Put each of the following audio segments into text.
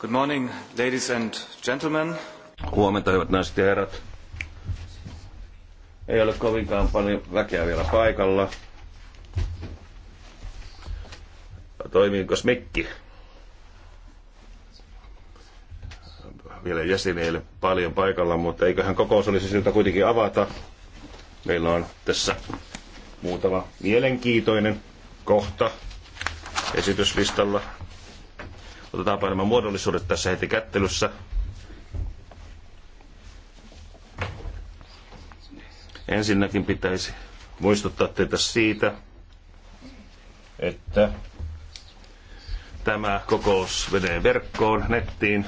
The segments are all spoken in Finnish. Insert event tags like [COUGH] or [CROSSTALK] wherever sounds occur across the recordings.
Good morning, ladies and gentlemen. Huomenta, hyvät naiset ja herrat. Ei ole kovinkaan paljon väkeä vielä paikalla. Toimiiko mikki? Vielä jäsenille paljon paikalla, mutta eiköhän kokous olisi siltä kuitenkin avata. Meillä on tässä muutama mielenkiintoinen kohta esityslistalla Otetaanpa nämä muodollisuudet tässä heti kättelyssä. Ensinnäkin pitäisi muistuttaa teitä siitä, että tämä kokous menee verkkoon, nettiin.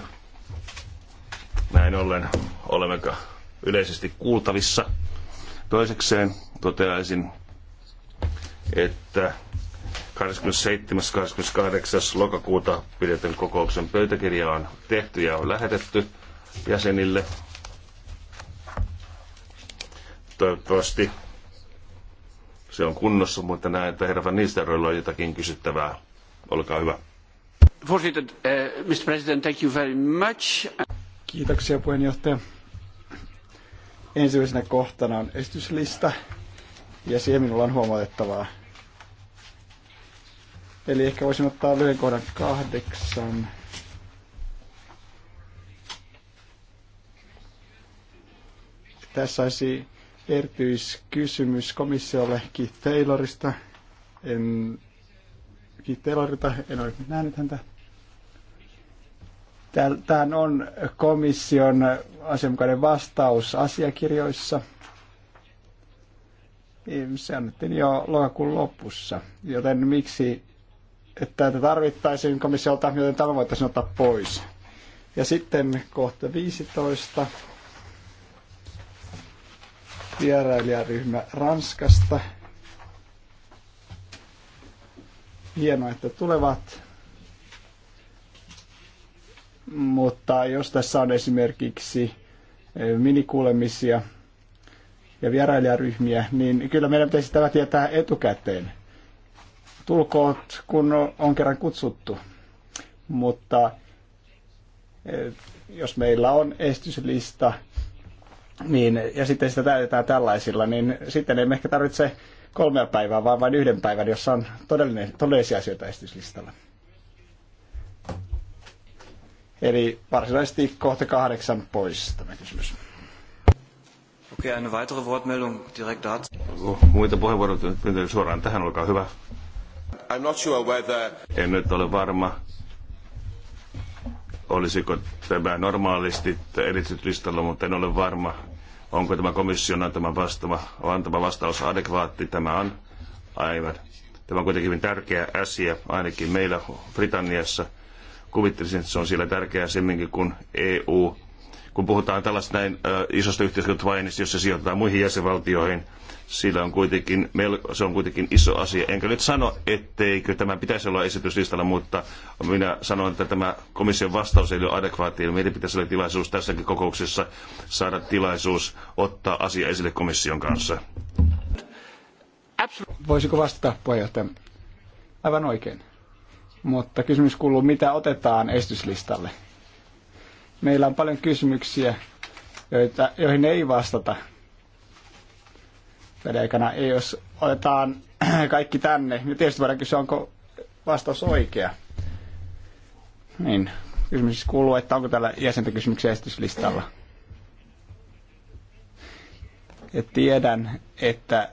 Näin ollen olemme yleisesti kuultavissa. Toisekseen toteaisin, että 27.28. lokakuuta pidetyn kokouksen pöytäkirja on tehty ja on lähetetty jäsenille. Toivottavasti se on kunnossa, mutta näen, että herra Van Nistelrooylla on jotakin kysyttävää. Olkaa hyvä. Mr. Eh, President, thank you very much. Kiitoksia puheenjohtaja. Ensimmäisenä kohtana on esityslista ja siihen minulla on huomautettavaa. Eli ehkä voisin ottaa vielä kohdan kahdeksan. Tässä olisi erityiskysymys komissiolle Keith Taylorista. En, Keith Taylorita, en ole nähnyt häntä. Tämä on komission asianmukainen vastaus asiakirjoissa. Se annettiin jo lokakuun lopussa, joten miksi että tätä tarvittaisiin komissiolta, joten tämä voitaisiin ottaa pois. Ja sitten kohta 15. Vierailijaryhmä Ranskasta. Hienoa, että tulevat. Mutta jos tässä on esimerkiksi eh, minikuulemisia ja vierailijaryhmiä, niin kyllä meidän pitäisi tämä tietää etukäteen tulkoot, kun on kerran kutsuttu. Mutta e, jos meillä on estyslista, niin, ja sitten sitä täytetään tällaisilla, niin sitten emme ehkä tarvitse kolmea päivää, vaan vain yhden päivän, jossa on todellinen, todellisia asioita estyslistalla. Eli varsinaisesti kohta kahdeksan pois tämä kysymys. Okei, okay, eine weitere Wortmeldung direkt dazu. Muita puheenvuoroja suoraan tähän, olkaa hyvä. I'm not sure whether... En nyt ole varma, olisiko tämä normaalisti erityislistalla, mutta en ole varma, onko tämä komission antama, vastava, antama vastaus adekvaatti. Tämä on aivan. Tämä on kuitenkin hyvin tärkeä asia, ainakin meillä Britanniassa. Kuvittelisin, että se on siellä tärkeää semminkin, kun EU kun puhutaan tällaisesta näin isosta yhteiskuntavainista, jossa sijoitetaan muihin jäsenvaltioihin, sillä on kuitenkin, se on kuitenkin iso asia. Enkä nyt sano, etteikö tämä pitäisi olla esityslistalla, mutta minä sanon, että tämä komission vastaus ei ole adekvaatti. Meidän pitäisi olla tilaisuus tässäkin kokouksessa saada tilaisuus ottaa asia esille komission kanssa. Voisiko vastata puheenjohtaja? Aivan oikein. Mutta kysymys kuuluu, mitä otetaan esityslistalle? meillä on paljon kysymyksiä, joita, joihin ei vastata Fedekana. Ei jos otetaan [CLEARS THROAT] kaikki tänne, Ja niin tietysti voidaan kysyä, onko vastaus oikea. Niin, kysymys siis kuuluu, että onko täällä jäsentökysymyksiä esityslistalla. Ja tiedän, että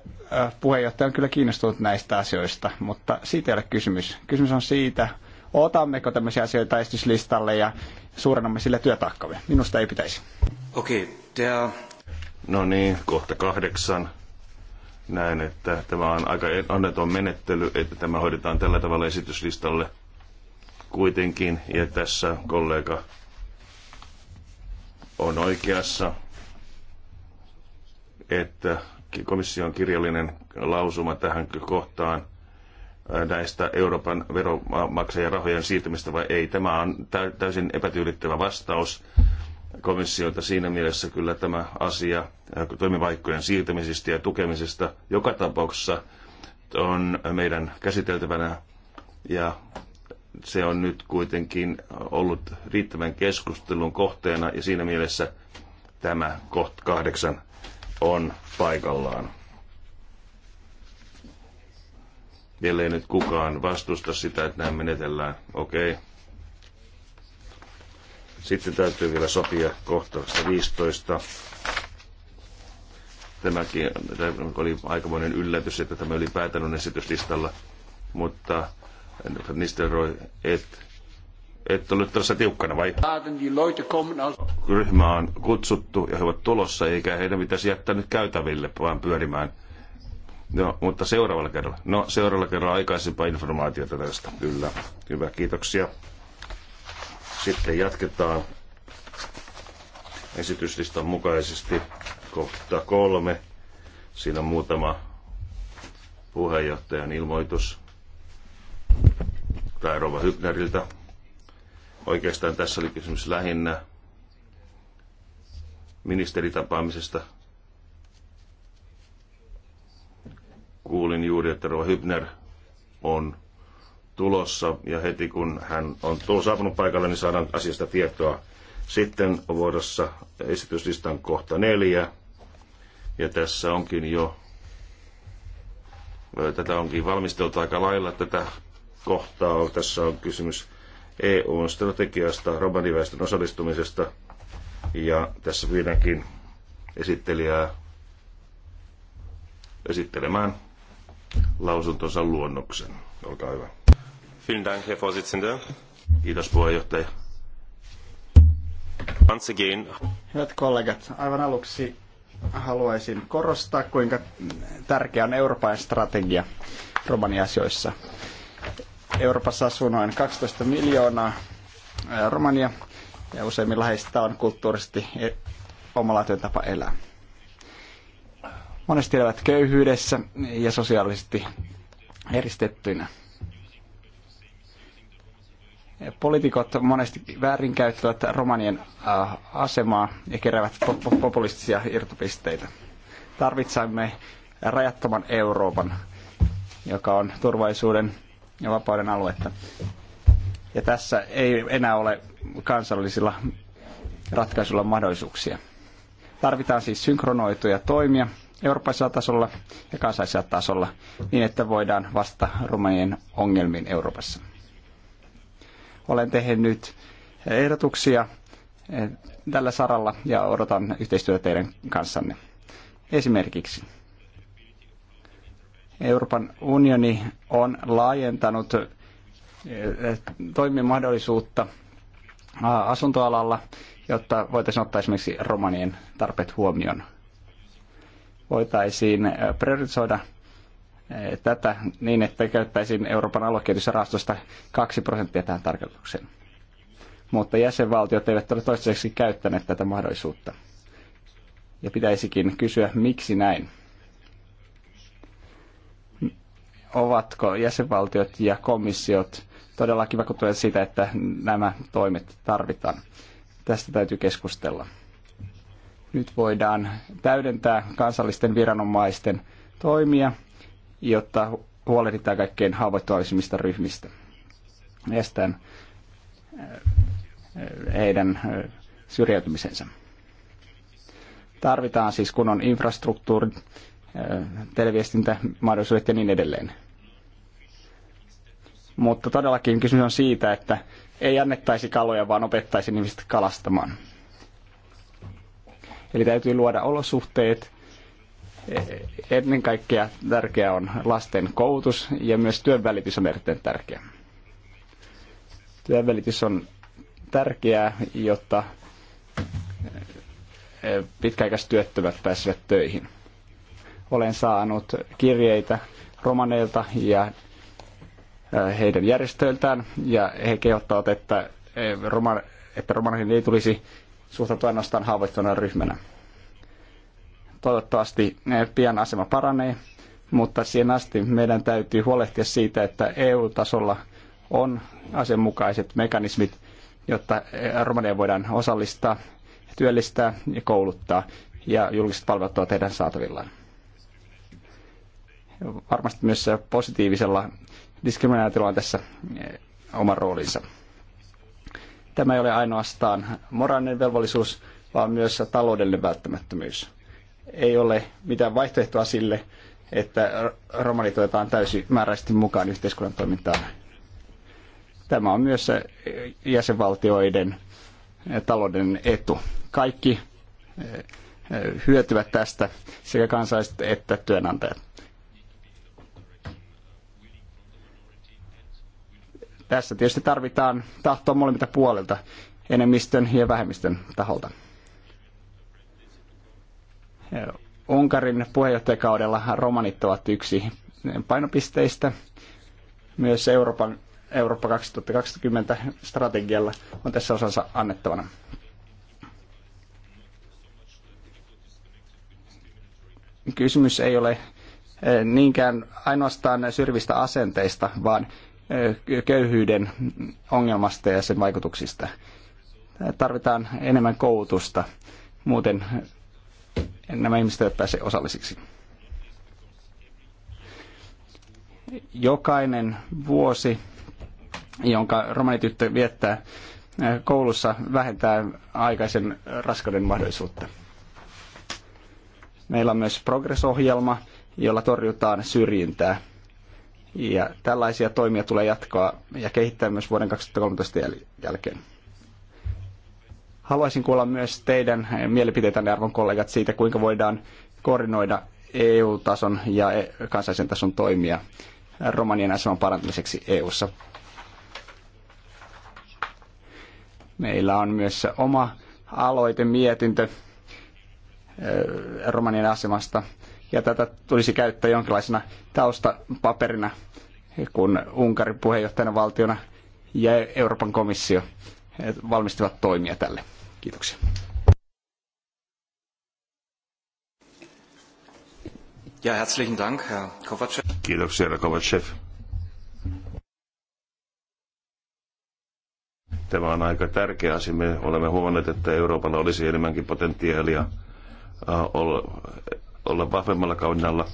puheenjohtaja on kyllä kiinnostunut näistä asioista, mutta siitä ei ole kysymys. Kysymys on siitä, otammeko tämmöisiä asioita esityslistalle ja suurennamme sillä työtaakkamme. Minusta ei pitäisi. Okei, okay, tämä... No niin, kohta kahdeksan. Näen, että tämä on aika onneton menettely, että tämä hoidetaan tällä tavalla esityslistalle kuitenkin. Ja tässä kollega on oikeassa, että komission kirjallinen lausuma tähän kohtaan – näistä Euroopan veronmaksajien rahojen siirtymistä vai ei. Tämä on täysin epätyydyttävä vastaus komissiolta siinä mielessä kyllä tämä asia toimivaikkojen siirtämisestä ja tukemisesta joka tapauksessa on meidän käsiteltävänä ja se on nyt kuitenkin ollut riittävän keskustelun kohteena ja siinä mielessä tämä koht kahdeksan on paikallaan. ellei nyt kukaan vastusta sitä, että näin menetellään. Okei. Okay. Sitten täytyy vielä sopia kohtauksesta 15. Tämäkin oli aikamoinen yllätys, että tämä ylipäätään on esityslistalla, mutta Roy, et, et ole tuossa tiukkana vai? Ryhmä on kutsuttu ja he ovat tulossa, eikä heidän pitäisi jättää nyt käytäville, vaan pyörimään. No, mutta seuraavalla kerralla. No, seuraavalla kerralla aikaisempaa informaatiota tästä. Kyllä. Hyvä, kiitoksia. Sitten jatketaan esityslistan mukaisesti kohta kolme. Siinä on muutama puheenjohtajan ilmoitus tai Rova Hybneriltä. Oikeastaan tässä oli kysymys lähinnä ministeritapaamisesta Kuulin juuri, että Rova Hybner on tulossa ja heti kun hän on tulossa saapunut paikalle, niin saadaan asiasta tietoa. Sitten vuodossa esityslistan kohta neljä. Ja tässä onkin jo, tätä onkin valmisteltu aika lailla tätä kohtaa. Tässä on kysymys EUn strategiasta, romaniväestön osallistumisesta. Ja tässä pyydänkin esittelijää esittelemään lausuntonsa luonnoksen. Olkaa hyvä. Vielen Dank, Herr Vorsitzender. Kiitos puheenjohtaja. Once again. Hyvät kollegat, aivan aluksi haluaisin korostaa, kuinka tärkeä on Euroopan strategia romaniasioissa. Euroopassa asuu noin 12 miljoonaa romania ja useimmilla heistä on kulttuurisesti e- omalla tapa elää monesti elävät köyhyydessä ja sosiaalisesti eristettyinä. Poliitikot monesti väärinkäyttävät romanien äh, asemaa ja keräävät populistisia irtopisteitä. Tarvitsemme rajattoman Euroopan, joka on turvallisuuden ja vapauden aluetta. Ja tässä ei enää ole kansallisilla ratkaisuilla mahdollisuuksia. Tarvitaan siis synkronoituja toimia, eurooppalaisella tasolla ja kansallisella tasolla niin, että voidaan vastata romanien ongelmiin Euroopassa. Olen tehnyt ehdotuksia eh, tällä saralla ja odotan yhteistyötä teidän kanssanne. Esimerkiksi Euroopan unioni on laajentanut eh, eh, toimimahdollisuutta asuntoalalla, jotta voitaisiin ottaa esimerkiksi romanien tarpeet huomioon voitaisiin priorisoida tätä niin, että käyttäisiin Euroopan aluekehitysrahastosta 2 prosenttia tähän tarkoitukseen. Mutta jäsenvaltiot eivät ole toistaiseksi käyttäneet tätä mahdollisuutta. Ja pitäisikin kysyä, miksi näin? Ovatko jäsenvaltiot ja komissiot todellakin vakuuttuneet siitä, että nämä toimet tarvitaan? Tästä täytyy keskustella. Nyt voidaan täydentää kansallisten viranomaisten toimia, jotta huolehditaan kaikkein haavoittuvallisimmista ryhmistä. Estään eh, heidän eh, syrjäytymisensä. Tarvitaan siis kunnon infrastruktuuri, eh, televiestintämahdollisuudet ja niin edelleen. Mutta todellakin kysymys on siitä, että ei annettaisi kaloja, vaan opettaisi ihmiset kalastamaan. Eli täytyy luoda olosuhteet. Ennen kaikkea tärkeää on lasten koulutus ja myös työnvälitys on erittäin tärkeä. Työnvälitys on tärkeää, jotta e, pitkäaikaistyöttömät pääsevät töihin. Olen saanut kirjeitä romaneilta ja e, heidän järjestöiltään ja he kehottavat, että e, romaneihin ei tulisi suhtautuu ainoastaan haavoittuvana ryhmänä. Toivottavasti eh, pian asema paranee, mutta siihen asti meidän täytyy huolehtia siitä, että EU-tasolla on asianmukaiset mekanismit, jotta eh, Romania voidaan osallistaa, työllistää ja kouluttaa ja julkiset palvelut ovat heidän saatavillaan. Varmasti myös positiivisella diskriminaatiolla on tässä eh, oma roolinsa. Tämä ei ole ainoastaan moraalinen velvollisuus, vaan myös taloudellinen välttämättömyys. Ei ole mitään vaihtoehtoa sille, että romanit otetaan täysimääräisesti mukaan yhteiskunnan toimintaan. Tämä on myös jäsenvaltioiden talouden etu. Kaikki eh, eh, hyötyvät tästä sekä kansalaiset että työnantajat. Tässä tietysti tarvitaan tahtoa molemmilta puolilta, enemmistön ja vähemmistön taholta. Unkarin puheenjohtajakaudella romanit ovat yksi painopisteistä. Myös Euroopan, Eurooppa 2020 strategialla on tässä osansa annettavana. Kysymys ei ole niinkään ainoastaan syrjivistä asenteista, vaan Eh, köyhyyden ongelmasta ja sen vaikutuksista. Tarvitaan enemmän koulutusta, muuten nämä ihmiset eivät pääse osallisiksi. Jokainen vuosi, jonka romanityttö viettää eh, koulussa, vähentää aikaisen raskauden mahdollisuutta. Meillä on myös progressohjelma, jolla torjutaan syrjintää ja tällaisia toimia tulee jatkaa ja kehittää myös vuoden 2013 jäl- jälkeen. Haluaisin kuulla myös teidän mielipiteitänne, arvon kollegat, siitä, kuinka voidaan koordinoida EU-tason ja e- kansallisen tason toimia romanien aseman parantamiseksi EU:ssa. Meillä on myös oma aloite mietintö romanien asemasta – ja tätä tulisi käyttää jonkinlaisena taustapaperina, kun Unkarin puheenjohtajana valtiona ja Euroopan komissio valmistivat toimia tälle. Kiitoksia. Ja, herzlichen Dank, Herr Kovacev. Kiitoksia, herra Kovacev. Tämä on aika tärkeä asia. Me olemme huomanneet, että Euroopalla olisi enemmänkin potentiaalia äh, olla olla vahvemmalla kaudella.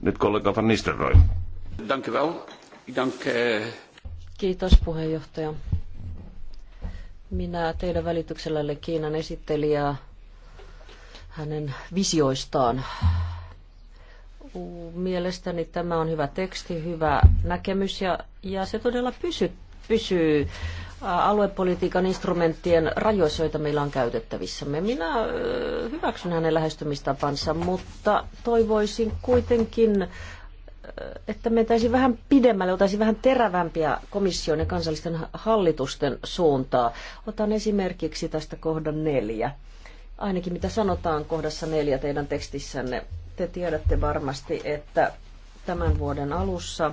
Nyt kollega Van Nistelrooy. Eh, Kiitos puheenjohtaja. Minä teidän välityksellänne Kiinan esittelijää hänen visioistaan. Mielestäni tämä on hyvä teksti, hyvä näkemys ja, ja se todella pysy, pysyy aluepolitiikan instrumenttien rajoissa, joita meillä on käytettävissämme. Minä hyväksyn hänen lähestymistapansa, mutta toivoisin kuitenkin, että mentäisi vähän pidemmälle, otaisi vähän terävämpiä komission ja kansallisten hallitusten suuntaa. Otan esimerkiksi tästä kohdan neljä. Ainakin mitä sanotaan kohdassa neljä teidän tekstissänne. Te tiedätte varmasti, että tämän vuoden alussa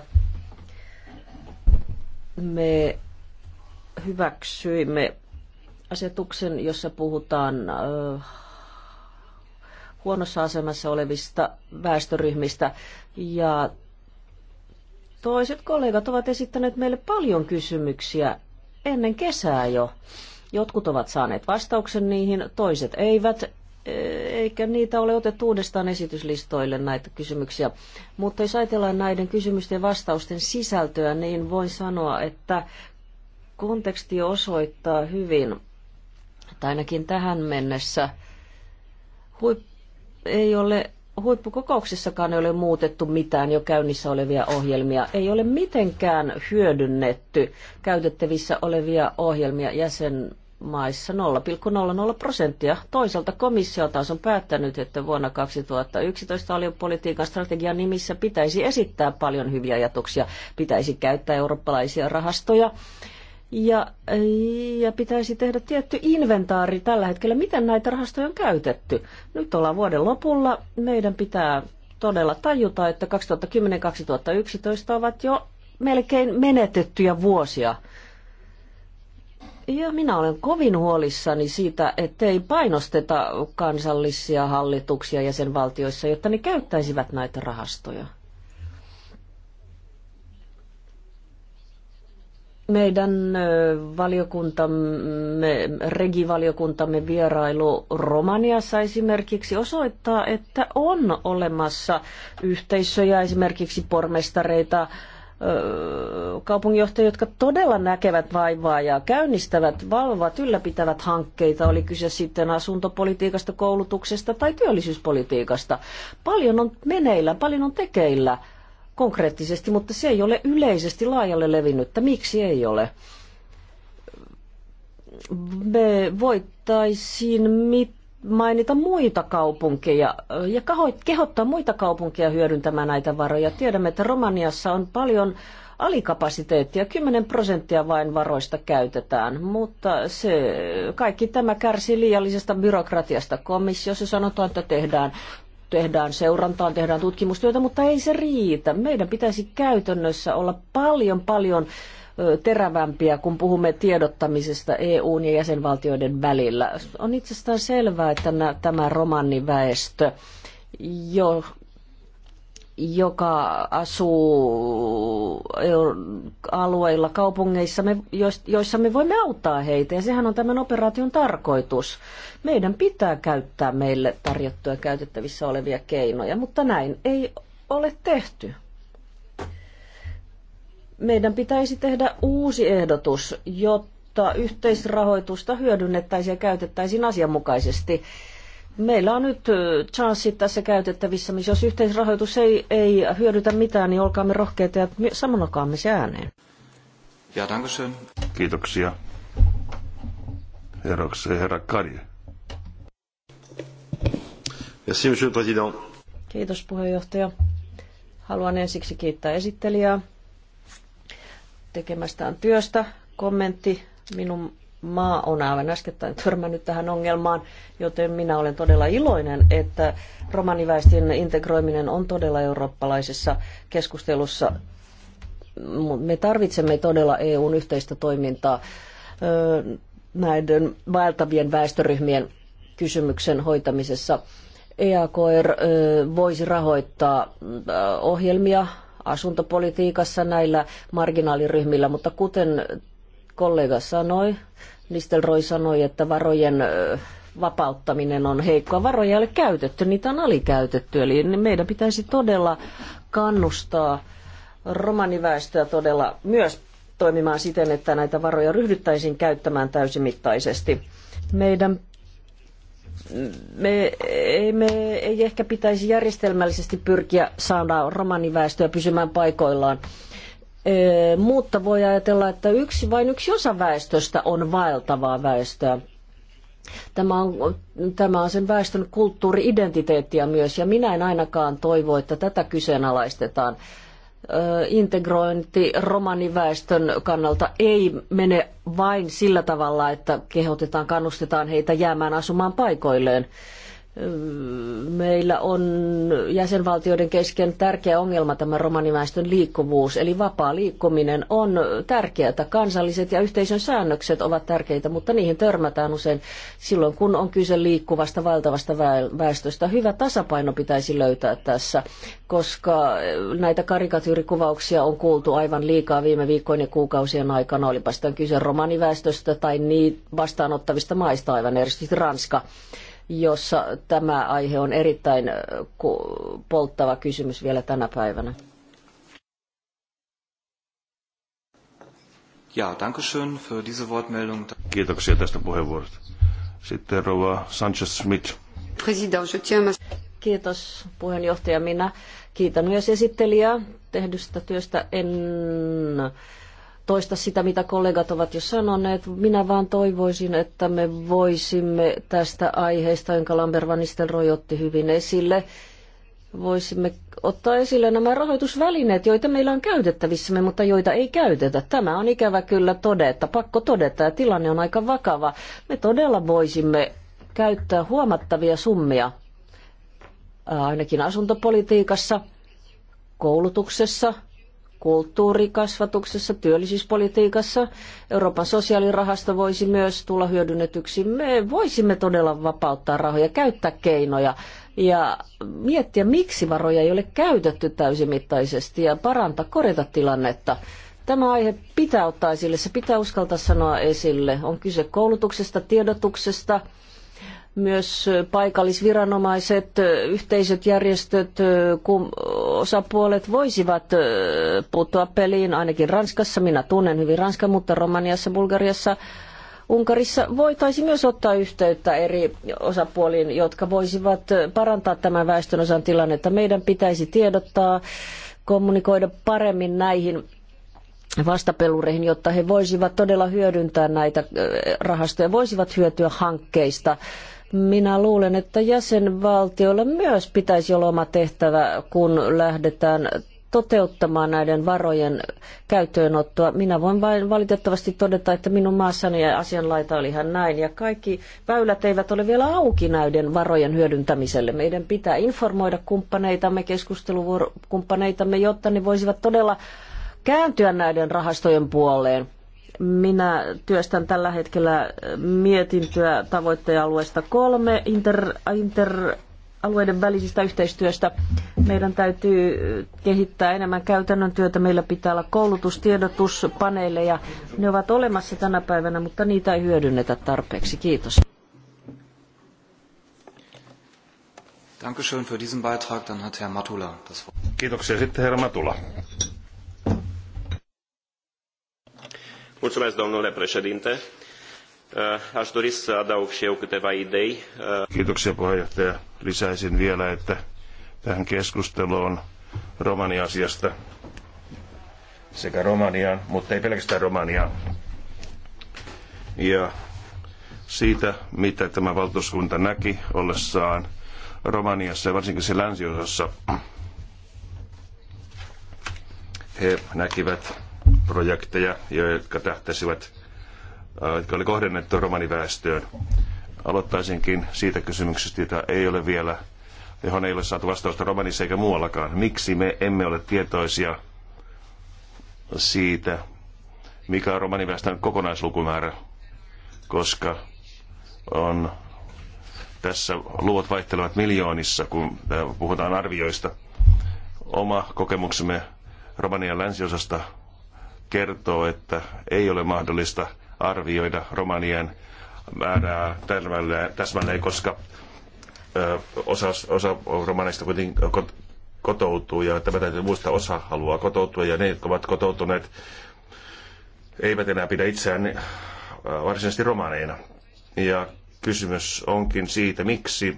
me hyväksyimme asetuksen, jossa puhutaan huonossa asemassa olevista väestöryhmistä. Ja toiset kollegat ovat esittäneet meille paljon kysymyksiä ennen kesää jo. Jotkut ovat saaneet vastauksen niihin, toiset eivät, e, eikä niitä ole otettu uudestaan esityslistoille näitä kysymyksiä. Mutta jos ajatellaan näiden kysymysten ja vastausten sisältöä, niin voin sanoa, että Konteksti osoittaa hyvin, tai ainakin tähän mennessä, huip, ei ole huippukokouksissakaan ei ole muutettu mitään jo käynnissä olevia ohjelmia. Ei ole mitenkään hyödynnetty käytettävissä olevia ohjelmia jäsenmaissa 0,00 prosenttia. Toisaalta komissio taas on päättänyt, että vuonna 2011 aliopolitiikan strategian nimissä pitäisi esittää paljon hyviä ajatuksia, pitäisi käyttää eurooppalaisia rahastoja ja, ja pitäisi tehdä tietty inventaari tällä hetkellä, miten näitä rahastoja on käytetty. Nyt ollaan vuoden lopulla. Meidän pitää todella tajuta, että 2010-2011 ovat jo melkein menetettyjä vuosia. Ja minä olen kovin huolissani siitä, ettei painosteta kansallisia hallituksia jäsenvaltioissa, jotta ne käyttäisivät näitä rahastoja. meidän valiokuntamme, regivaliokuntamme vierailu Romaniassa esimerkiksi osoittaa, että on olemassa yhteisöjä, esimerkiksi pormestareita, kaupunginjohtajia, jotka todella näkevät vaivaa ja käynnistävät, valvovat, ylläpitävät hankkeita, oli kyse sitten asuntopolitiikasta, koulutuksesta tai työllisyyspolitiikasta. Paljon on meneillä, paljon on tekeillä konkreettisesti, mutta se ei ole yleisesti laajalle levinnyttä. Miksi ei ole? Me voitaisiin mit- mainita muita kaupunkeja ja kehottaa muita kaupunkeja hyödyntämään näitä varoja. Tiedämme, että Romaniassa on paljon alikapasiteettia, 10 prosenttia vain varoista käytetään, mutta se, kaikki tämä kärsii liiallisesta byrokratiasta komissiossa. Sanotaan, että tehdään tehdään seurantaan, tehdään tutkimustyötä, mutta ei se riitä. Meidän pitäisi käytännössä olla paljon, paljon terävämpiä, kun puhumme tiedottamisesta EUn ja jäsenvaltioiden välillä. On itsestään selvää, että tämä romanniväestö jo, joka asuu alueilla, kaupungeissa, me, joissa me voimme auttaa heitä. Ja sehän on tämän operaation tarkoitus. Meidän pitää käyttää meille tarjottuja käytettävissä olevia keinoja, mutta näin ei ole tehty. Meidän pitäisi tehdä uusi ehdotus, jotta yhteisrahoitusta hyödynnettäisiin ja käytettäisiin asianmukaisesti Meillä on nyt chanssit tässä käytettävissä, missä jos yhteisrahoitus ei, ei hyödytä mitään, niin olkaamme rohkeita ja sanokaamme se ääneen. Ja, dankeschön. Kiitoksia. Herraksi herra Kari. Merci, monsieur le président. Kiitos puheenjohtaja. Haluan ensiksi kiittää esittelijää tekemästään työstä. Kommentti minun maa on aivan äskettäin törmännyt tähän ongelmaan, joten minä olen todella iloinen, että romaniväestön integroiminen on todella eurooppalaisessa keskustelussa. Me tarvitsemme todella EUn yhteistä toimintaa näiden vaeltavien väestöryhmien kysymyksen hoitamisessa. EAKR voisi rahoittaa ohjelmia asuntopolitiikassa näillä marginaaliryhmillä, mutta kuten kollega sanoi, Nistelroi sanoi, että varojen vapauttaminen on heikkoa. Varoja ei ole käytetty, niitä on alikäytetty. Eli meidän pitäisi todella kannustaa romaniväestöä todella myös toimimaan siten, että näitä varoja ryhdyttäisiin käyttämään täysimittaisesti. Meidän me, ei, me ei ehkä pitäisi järjestelmällisesti pyrkiä saada romaniväestöä pysymään paikoillaan mutta voi ajatella, että yksi, vain yksi osa väestöstä on vaeltavaa väestöä. Tämä on, tämä on sen väestön kulttuuriidentiteettiä myös, ja minä en ainakaan toivo, että tätä kyseenalaistetaan. Integrointi romaniväestön kannalta ei mene vain sillä tavalla, että kehotetaan, kannustetaan heitä jäämään asumaan paikoilleen meillä on jäsenvaltioiden kesken tärkeä ongelma tämä romaniväestön liikkuvuus, eli vapaa liikkuminen on tärkeää. Kansalliset ja yhteisön säännökset ovat tärkeitä, mutta niihin törmätään usein silloin, kun on kyse liikkuvasta valtavasta väestöstä. Hyvä tasapaino pitäisi löytää tässä, koska näitä karikatyyrikuvauksia on kuultu aivan liikaa viime viikkojen ja kuukausien aikana, olipa sitten kyse romaniväestöstä tai niin vastaanottavista maista, aivan erityisesti Ranska jossa tämä aihe on erittäin äh, polttava kysymys vielä tänä päivänä. Ja, danke schön für diese Wortmeldung. Kiitoksia tästä puheenvuorosta. Sitten rouva Sanchez-Smith. Kiitos puheenjohtaja. Minä kiitän myös esittelijää tehdystä työstä. En toista sitä, mitä kollegat ovat jo sanoneet. Minä vaan toivoisin, että me voisimme tästä aiheesta, jonka Lambert Van Nistelrooy otti hyvin esille, voisimme ottaa esille nämä rahoitusvälineet, joita meillä on käytettävissämme, mutta joita ei käytetä. Tämä on ikävä kyllä todeta, pakko todeta ja tilanne on aika vakava. Me todella voisimme käyttää huomattavia summia, ainakin asuntopolitiikassa, koulutuksessa – kulttuurikasvatuksessa, työllisyyspolitiikassa. Euroopan sosiaalirahasto voisi myös tulla hyödynnetyksi. Me voisimme todella vapauttaa rahoja, käyttää keinoja ja miettiä, miksi varoja ei ole käytetty täysimittaisesti ja parantaa, korjata tilannetta. Tämä aihe pitää ottaa esille, se pitää uskaltaa sanoa esille. On kyse koulutuksesta, tiedotuksesta, myös paikallisviranomaiset, yhteisöt, järjestöt, kun osapuolet voisivat puuttua peliin, ainakin Ranskassa, minä tunnen hyvin Ranskan, mutta Romaniassa, Bulgariassa, Unkarissa voitaisiin myös ottaa yhteyttä eri osapuoliin, jotka voisivat parantaa tämän väestönosan tilannetta. Meidän pitäisi tiedottaa, kommunikoida paremmin näihin vastapelureihin, jotta he voisivat todella hyödyntää näitä rahastoja, voisivat hyötyä hankkeista minä luulen, että jäsenvaltioilla myös pitäisi olla oma tehtävä, kun lähdetään toteuttamaan näiden varojen käyttöönottoa. Minä voin vain valitettavasti todeta, että minun maassani asianlaita oli ihan näin. Ja kaikki väylät eivät ole vielä auki näiden varojen hyödyntämiselle. Meidän pitää informoida kumppaneitamme, keskustelukumppaneitamme, jotta ne voisivat todella kääntyä näiden rahastojen puoleen minä työstän tällä hetkellä mietintöä tavoittealueesta kolme inter, inter, alueiden välisestä yhteistyöstä. Meidän täytyy kehittää enemmän käytännön työtä. Meillä pitää olla koulutustiedotuspaneeleja. Ne ovat olemassa tänä päivänä, mutta niitä ei hyödynnetä tarpeeksi. Kiitos. Dankeschön für diesen Beitrag. Dann hat Herr Matula das Wort. Kiitoksia. Sitten herra Matula. Mulțumesc, domnule președinte. Uh, aș dori să adaug și eu câteva idei. Uh, Kiitoksia puheenjohtaja. Lisäisin vielä, että tähän keskusteluun romaniasiasta sekä Romaniaan, mutta ei pelkästään Romaniaan. Ja siitä, mitä tämä valtuuskunta näki ollessaan Romaniassa ja varsinkin se länsiosassa. He näkivät projekteja, jotka tähtäisivät, äh, jotka oli kohdennettu romaniväestöön. Aloittaisinkin siitä kysymyksestä, jota ei ole vielä, johon ei ole saatu vastausta romanissa eikä muuallakaan. Miksi me emme ole tietoisia siitä, mikä on romaniväestön kokonaislukumäärä, koska on tässä luvut vaihtelevat miljoonissa, kun äh, puhutaan arvioista. Oma kokemuksemme Romanian länsiosasta kertoo, että ei ole mahdollista arvioida romanien määrää täsmälleen, koska osa, osa romaneista kuitenkin kotoutuu ja tämä täytyy muistaa, osa haluaa kotoutua ja ne, jotka ovat kotoutuneet, eivät enää pidä itseään varsinaisesti romaneina. Ja kysymys onkin siitä, miksi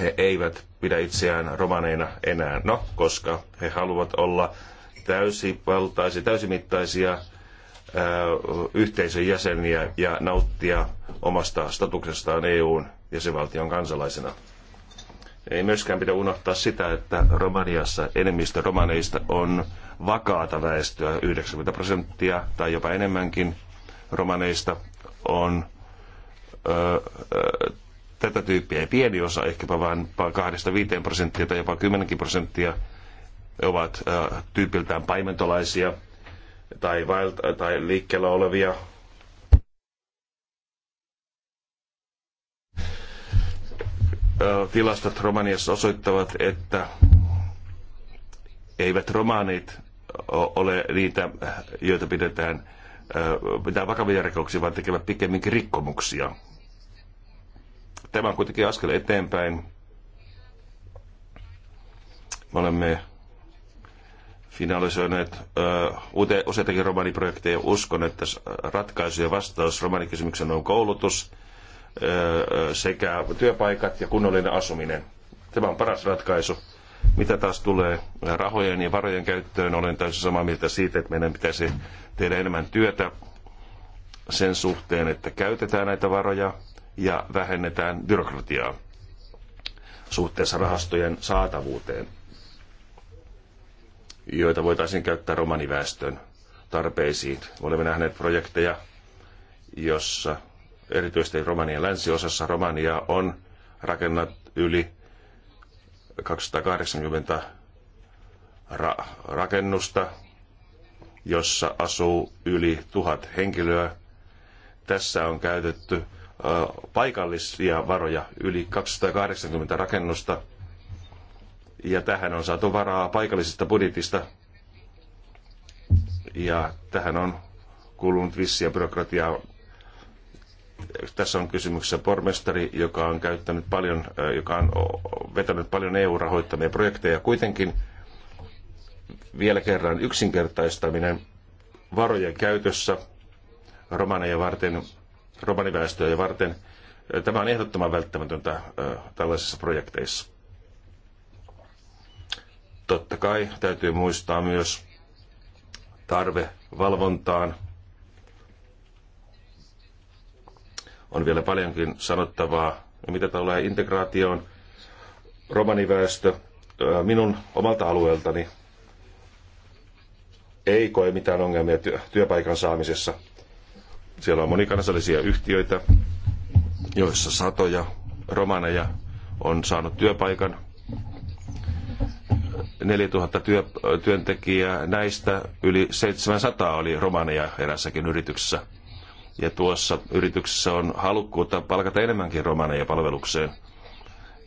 he eivät pidä itseään romaneina enää. No, koska he haluavat olla täysivaltaisia, täysimittaisia yhteisön jäseniä ja nauttia omasta statuksestaan EUn jäsenvaltion kansalaisena. Ei myöskään pidä unohtaa sitä, että Romaniassa enemmistö romaneista on vakaata väestöä, 90 prosenttia tai jopa enemmänkin romaneista on ö, ö, tätä tyyppiä, ei pieni osa ehkäpä vain 2-5 prosenttia tai jopa 10 prosenttia ovat tyypiltään paimentolaisia tai, vaelta, tai liikkeellä olevia. Tilastot Romaniassa osoittavat, että eivät romaanit ole niitä, joita pidetään mitään vakavia rikoksia, vaan tekevät pikemminkin rikkomuksia. Tämä on kuitenkin askel eteenpäin. Me olemme finalisoineet uh, useitakin romaniprojekteja. Uskon, että ratkaisu ja vastaus romanikysymykseen on koulutus sekä työpaikat ja kunnollinen asuminen. Tämä on paras ratkaisu. Mitä taas tulee rahojen ja varojen käyttöön, olen täysin samaa mieltä siitä, että meidän pitäisi tehdä enemmän työtä sen suhteen, että käytetään näitä varoja ja vähennetään byrokratiaa suhteessa rahastojen saatavuuteen joita voitaisiin käyttää romaniväestön tarpeisiin. Olemme nähneet projekteja, jossa erityisesti Romanian länsiosassa Romania on rakennat yli 280 ra- rakennusta, jossa asuu yli tuhat henkilöä. Tässä on käytetty paikallisia varoja yli 280 rakennusta ja tähän on saatu varaa paikallisesta budjetista. Ja tähän on kulunut vissiä byrokratiaa. Tässä on kysymyksessä pormestari, joka on käyttänyt paljon, joka on vetänyt paljon EU-rahoittamia projekteja. Kuitenkin vielä kerran yksinkertaistaminen varojen käytössä romaneja varten, romaniväestöä varten. Tämä on ehdottoman välttämätöntä tällaisissa projekteissa. Totta kai täytyy muistaa myös tarve valvontaan. On vielä paljonkin sanottavaa. Ja mitä tulee integraatioon, romaniväestö minun omalta alueeltani ei koe mitään ongelmia työpaikan saamisessa. Siellä on monikansallisia yhtiöitä, joissa satoja romaneja on saanut työpaikan 4000 työ, työntekijää, näistä yli 700 oli romaneja erässäkin yrityksessä. Ja tuossa yrityksessä on halukkuutta palkata enemmänkin romaneja palvelukseen.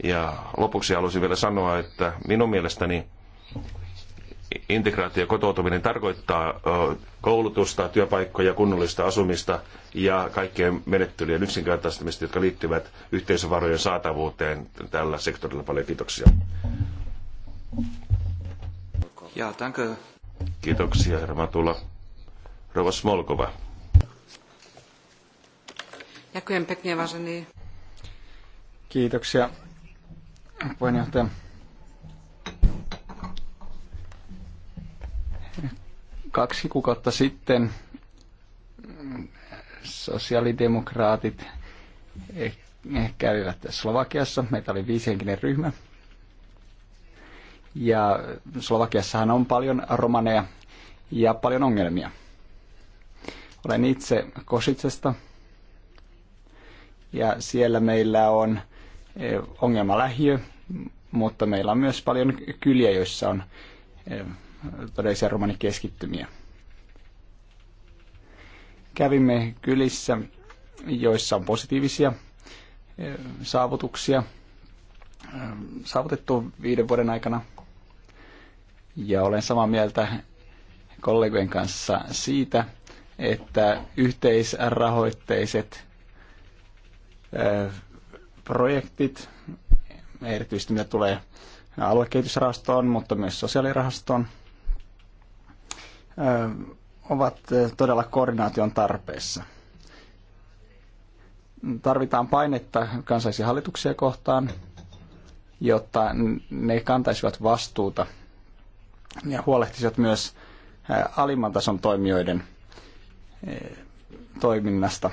Ja lopuksi haluaisin vielä sanoa, että minun mielestäni integraatio ja kotoutuminen tarkoittaa koulutusta, työpaikkoja, kunnollista asumista ja kaikkien menettelyjen yksinkertaistamista, jotka liittyvät yhteisövarojen saatavuuteen tällä sektorilla. Paljon kiitoksia. Ja, danke. Kiitoksia, herra Matula. Rova Smolkova. Kiitoksia, puheenjohtaja. Kaksi kuukautta sitten sosiaalidemokraatit eh- eh- kävivät Slovakiassa. Meitä oli viisihenkinen ryhmä ja Slovakiassahan on paljon romaneja ja paljon ongelmia. Olen itse Kositsesta ja siellä meillä on e, ongelmalähiö, mutta meillä on myös paljon kyliä, joissa on e, todellisia romanikeskittymiä. Kävimme kylissä, joissa on positiivisia e, saavutuksia saavutettu viiden vuoden aikana – ja olen samaa mieltä kollegojen kanssa siitä, että yhteisrahoitteiset projektit, erityisesti mitä tulee aluekehitysrahastoon, mutta myös sosiaalirahastoon, ovat todella koordinaation tarpeessa. Tarvitaan painetta kansallisia hallituksia kohtaan, jotta ne kantaisivat vastuuta ja huolehtisivat myös alimman tason toimijoiden toiminnasta.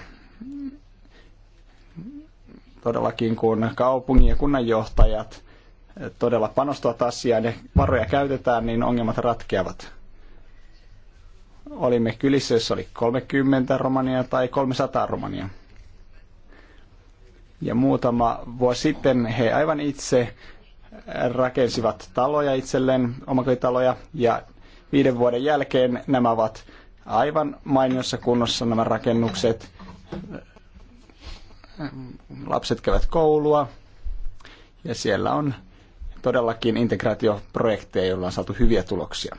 Todellakin kun kaupungin ja kunnanjohtajat todella panostavat asiaan ja varoja käytetään, niin ongelmat ratkeavat. Olimme kylissä, jossa oli 30 romania tai 300 romania. Ja muutama vuosi sitten he aivan itse rakensivat taloja itselleen, omakotitaloja, ja viiden vuoden jälkeen nämä ovat aivan mainiossa kunnossa nämä rakennukset. Lapset käyvät koulua, ja siellä on todellakin integraatioprojekteja, joilla on saatu hyviä tuloksia.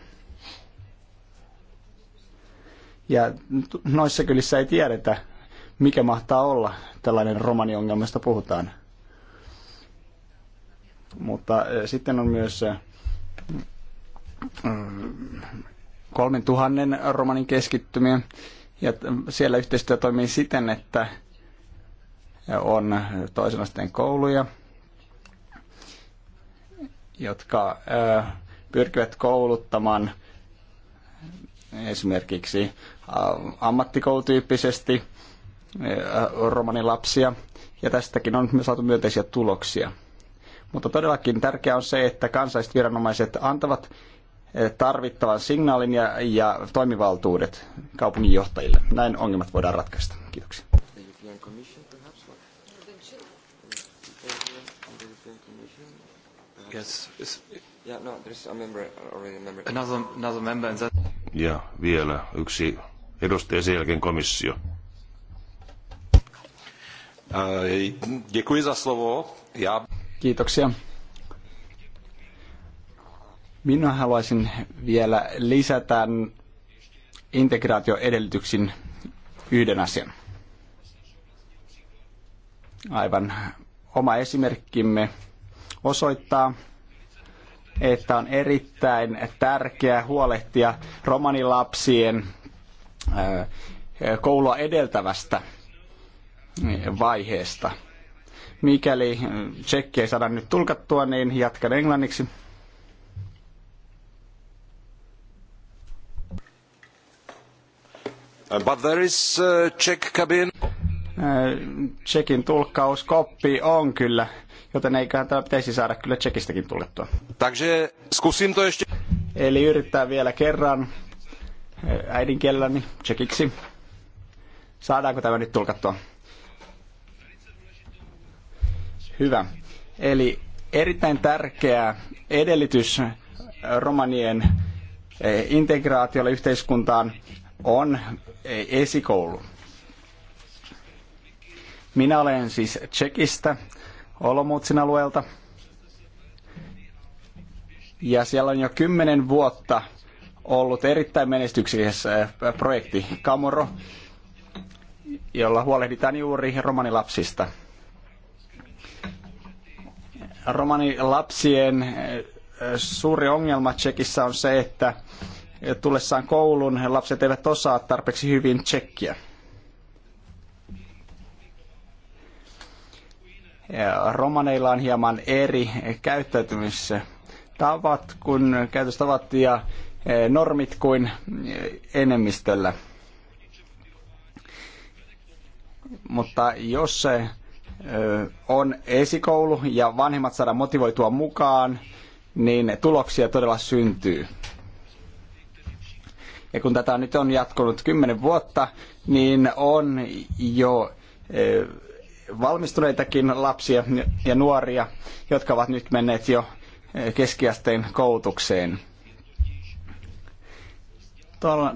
Ja noissa kylissä ei tiedetä, mikä mahtaa olla tällainen romaniongelma, josta puhutaan – mutta eh, sitten on myös eh, mm, kolmen tuhannen romanin keskittymiä. Ja siellä yhteistyö toimii siten, että eh, on toisen asteen kouluja, jotka pyrkivät kouluttamaan esimerkiksi ammattikoulutyyppisesti romanilapsia. Ja tästäkin on saatu myönteisiä tuloksia. Mutta todellakin tärkeää on se, että kansalliset viranomaiset antavat eh, tarvittavan signaalin ja, ja toimivaltuudet kaupunginjohtajille. Näin ongelmat voidaan ratkaista. Kiitoksia. Yes. Ja vielä yksi edustaja sen jälkeen komissio. Děkuji za slovo. Já... Kiitoksia. Minä haluaisin vielä lisätä integraatioedellytyksin yhden asian. Aivan oma esimerkkimme osoittaa, että on erittäin tärkeää huolehtia romanilapsien koulua edeltävästä vaiheesta – Mikäli tsekki ei saada nyt tulkattua, niin jatkan englanniksi. Uh, but there is uh, Czech cabin. Uh, Tsekin tulkkauskoppi on kyllä, joten eiköhän tämä pitäisi saada kyllä Tsekistäkin tulkattua. Takže zkusím to ještě. Eli yrittää vielä kerran uh, äidinkielelläni tsekiksi. Saadaanko tämä nyt tulkattua? Hyvä. Eli erittäin tärkeä edellytys romanien eh, integraatiolle yhteiskuntaan on eh, esikoulu. Minä olen siis Tsekistä, Olomutsin alueelta. Ja siellä on jo kymmenen vuotta ollut erittäin menestyksellisessä eh, projekti Kamoro, jolla huolehditaan juuri romanilapsista – romanilapsien eh, suuri ongelma Tsekissä on se, että eh, tullessaan kouluun lapset eivät osaa tarpeeksi hyvin tsekkiä. Romaneilla on hieman eri käyttäytymistavat kun käytöstavat ja eh, normit kuin enemmistöllä. Mutta jos se on esikoulu ja vanhemmat saada motivoitua mukaan, niin tuloksia todella syntyy. Ja kun tätä nyt on jatkunut kymmenen vuotta, niin on jo valmistuneitakin lapsia ja nuoria, jotka ovat nyt menneet jo keskiasteen koulutukseen.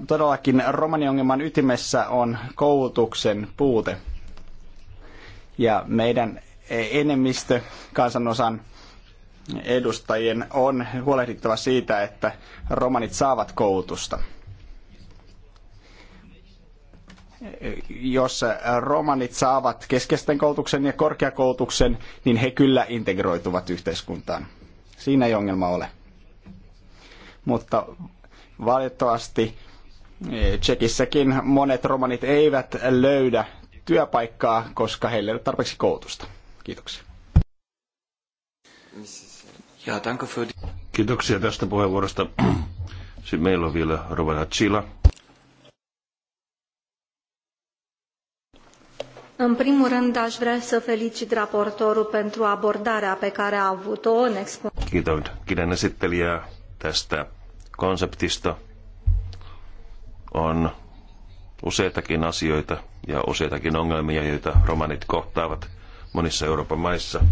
Todellakin romaniongelman ytimessä on koulutuksen puute. Ja meidän enemmistö kansanosan edustajien on huolehdittava siitä, että romanit saavat koulutusta. Jos romanit saavat keskeisten koulutuksen ja korkeakoulutuksen, niin he kyllä integroituvat yhteiskuntaan. Siinä ei ongelma ole. Mutta valitettavasti Tsekissäkin monet romanit eivät löydä työpaikkaa, koska heillä ei ole tarpeeksi koulutusta. Kiitoksia. Kiitoksia tästä puheenvuorosta. [CLEARS THROAT] Sitten meillä on vielä Rovana Chila. În primul rând, aș vrea să felicit raportorul pentru abordarea pe care a avut-o în expunere. Kiitän esittelijää tästä konseptista. On useitakin asioita, ja useitakin ongelmia, joita romanit kohtaavat monissa Euroopan maissa.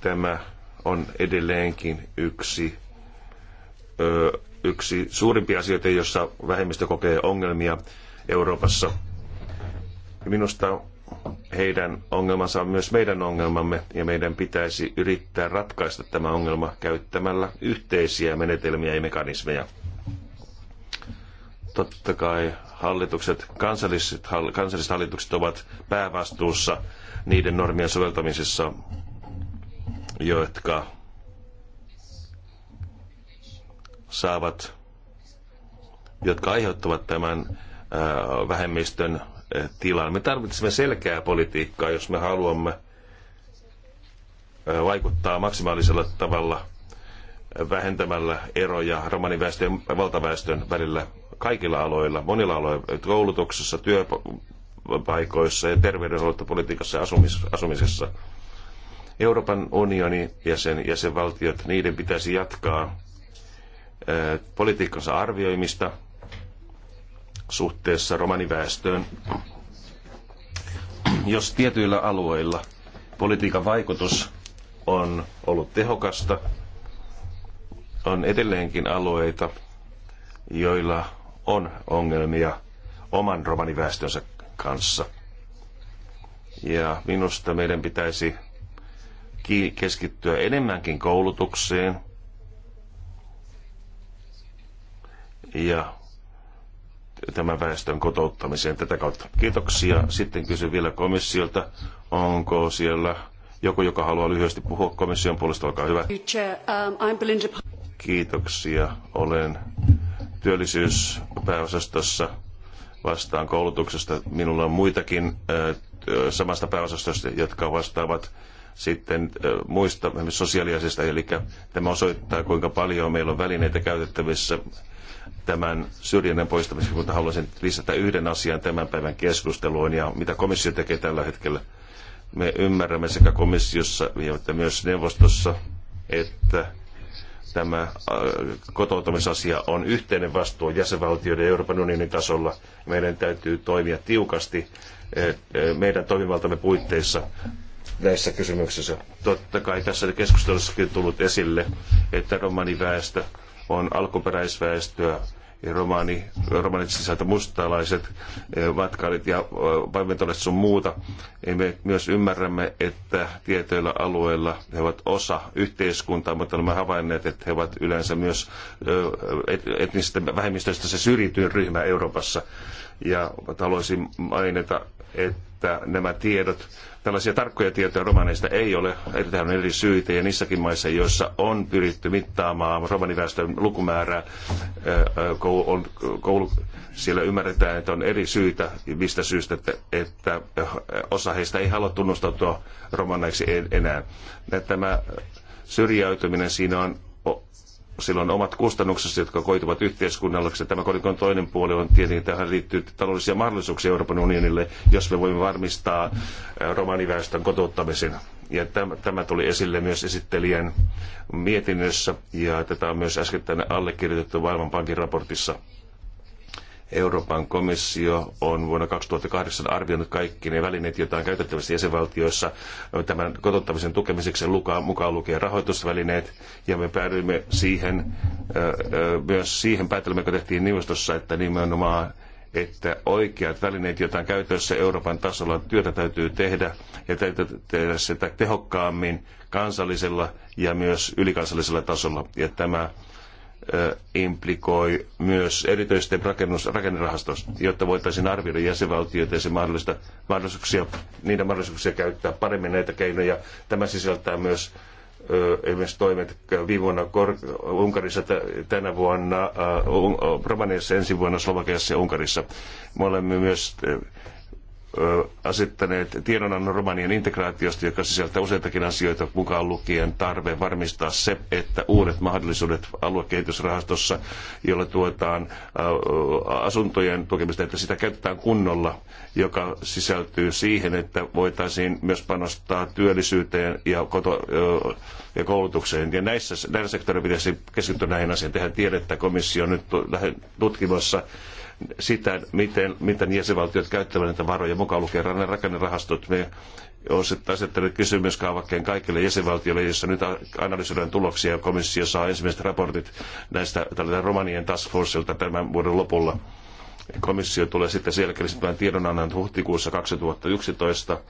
Tämä on edelleenkin yksi, ö, yksi suurimpia asioita, jossa vähemmistö kokee ongelmia Euroopassa. Minusta heidän ongelmansa on myös meidän ongelmamme ja meidän pitäisi yrittää ratkaista tämä ongelma käyttämällä yhteisiä menetelmiä ja mekanismeja. Totta kai hallitukset, kansalliset, kansalliset hallitukset ovat päävastuussa niiden normien soveltamisessa, jotka saavat, jotka aiheuttavat tämän äh, vähemmistön äh, tilan. Me tarvitsemme selkeää politiikkaa, jos me haluamme äh, vaikuttaa maksimaalisella tavalla vähentämällä eroja romaniväestön ja valtaväestön välillä kaikilla aloilla, monilla aloilla, koulutuksessa, työpaikoissa ja terveydenhuoltopolitiikassa ja asumis, asumisessa. Euroopan unioni ja sen jäsenvaltiot, niiden pitäisi jatkaa politiikkansa arvioimista suhteessa romaniväestöön. Jos tietyillä alueilla politiikan vaikutus on ollut tehokasta, on edelleenkin alueita, joilla on ongelmia oman romaniväestönsä kanssa. Ja minusta meidän pitäisi keskittyä enemmänkin koulutukseen ja tämän väestön kotouttamiseen tätä kautta. Kiitoksia. Sitten kysyn vielä komissiolta, onko siellä joku, joka haluaa lyhyesti puhua komission puolesta, olkaa hyvä. Um, Kiitoksia. Olen työllisyyspääosastossa vastaan koulutuksesta. Minulla on muitakin samasta pääosastosta, jotka vastaavat sitten muista sosiaaliasista, Eli tämä osoittaa, kuinka paljon meillä on välineitä käytettävissä tämän syrjinnän poistamiseksi, mutta haluaisin lisätä yhden asian tämän päivän keskusteluun ja mitä komissio tekee tällä hetkellä. Me ymmärrämme sekä komissiossa että myös neuvostossa, että tämä äh, kotoutumisasia on yhteinen vastuu jäsenvaltioiden ja Euroopan unionin tasolla. Meidän täytyy toimia tiukasti äh, äh, meidän toimivaltamme puitteissa näissä kysymyksissä. Totta kai tässä keskustelussakin tullut esille, että romaniväestö on alkuperäisväestöä romaani, romaanit sisältä mustalaiset, matkailit eh, ja eh, paimentolaiset sun muuta. Ja me myös ymmärrämme, että tietyillä alueilla he ovat osa yhteiskuntaa, mutta olemme havainneet, että he ovat yleensä myös eh, etnisistä vähemmistöistä se syrjityin ryhmä Euroopassa. Ja haluaisin mainita, että että nämä tiedot, tällaisia tarkkoja tietoja romaneista ei ole, tähän on eri syitä, ja niissäkin maissa, joissa on pyritty mittaamaan romaniväestön lukumäärää, on, koulu, siellä ymmärretään, että on eri syitä, mistä syystä, että, että osa heistä ei halua tunnustautua romaneiksi enää. Tämä syrjäytyminen siinä on sillä on omat kustannuksensa, jotka koituvat yhteiskunnalleksi. Tämä kolikon toinen puoli on tietenkin, tähän liittyy taloudellisia mahdollisuuksia Euroopan unionille, jos me voimme varmistaa äh, romaniväestön kotouttamisen. Ja tämä, tämä tuli esille myös esittelijän mietinnössä, ja tätä on myös äskettäin allekirjoitettu Maailmanpankin raportissa. Euroopan komissio on vuonna 2008 arvioinut kaikki ne välineet, joita on käytettävissä jäsenvaltioissa tämän kotouttamisen tukemiseksi mukaan lukien rahoitusvälineet. Ja me päädyimme siihen, myös siihen päätelmään, joka tehtiin neuvostossa, että nimenomaan että oikeat välineet, joita on käytössä Euroopan tasolla, työtä täytyy tehdä ja täytyy tehdä sitä tehokkaammin kansallisella ja myös ylikansallisella tasolla. Ja tämä implikoi myös erityisesti rakennus, rakennerahastosta, jotta voitaisiin arvioida jäsenvaltioita ja mahdollista, mahdollisuuksia, niiden mahdollisuuksia käyttää paremmin näitä keinoja. Tämä sisältää myös esimerkiksi toimet viime vuonna Unkarissa, tänä vuonna Romaniassa, ensi vuonna Slovakiassa ja Unkarissa. Me olemme myös asettaneet tiedonannon Romanian integraatiosta, joka sisältää useitakin asioita, mukaan lukien tarve varmistaa se, että uudet mahdollisuudet aluekehitysrahastossa, jolla tuetaan asuntojen tukemista, että sitä käytetään kunnolla, joka sisältyy siihen, että voitaisiin myös panostaa työllisyyteen ja, koto, ja koulutukseen. Ja näissä, näillä sektoreilla pitäisi keskittyä näihin asioihin. Tehän tiedettä komissio on nyt tutkimassa sitä, miten, miten jäsenvaltiot käyttävät näitä varoja, mukaan lukien rakennerahastot. Me asettanut kysymyskaavakkeen kaikille jäsenvaltioille, jossa nyt analysoidaan tuloksia. Komissio saa ensimmäiset raportit näistä tältä Romanien task forceilta tämän vuoden lopulla. Komissio tulee sitten selkeästi tiedonannan huhtikuussa 2011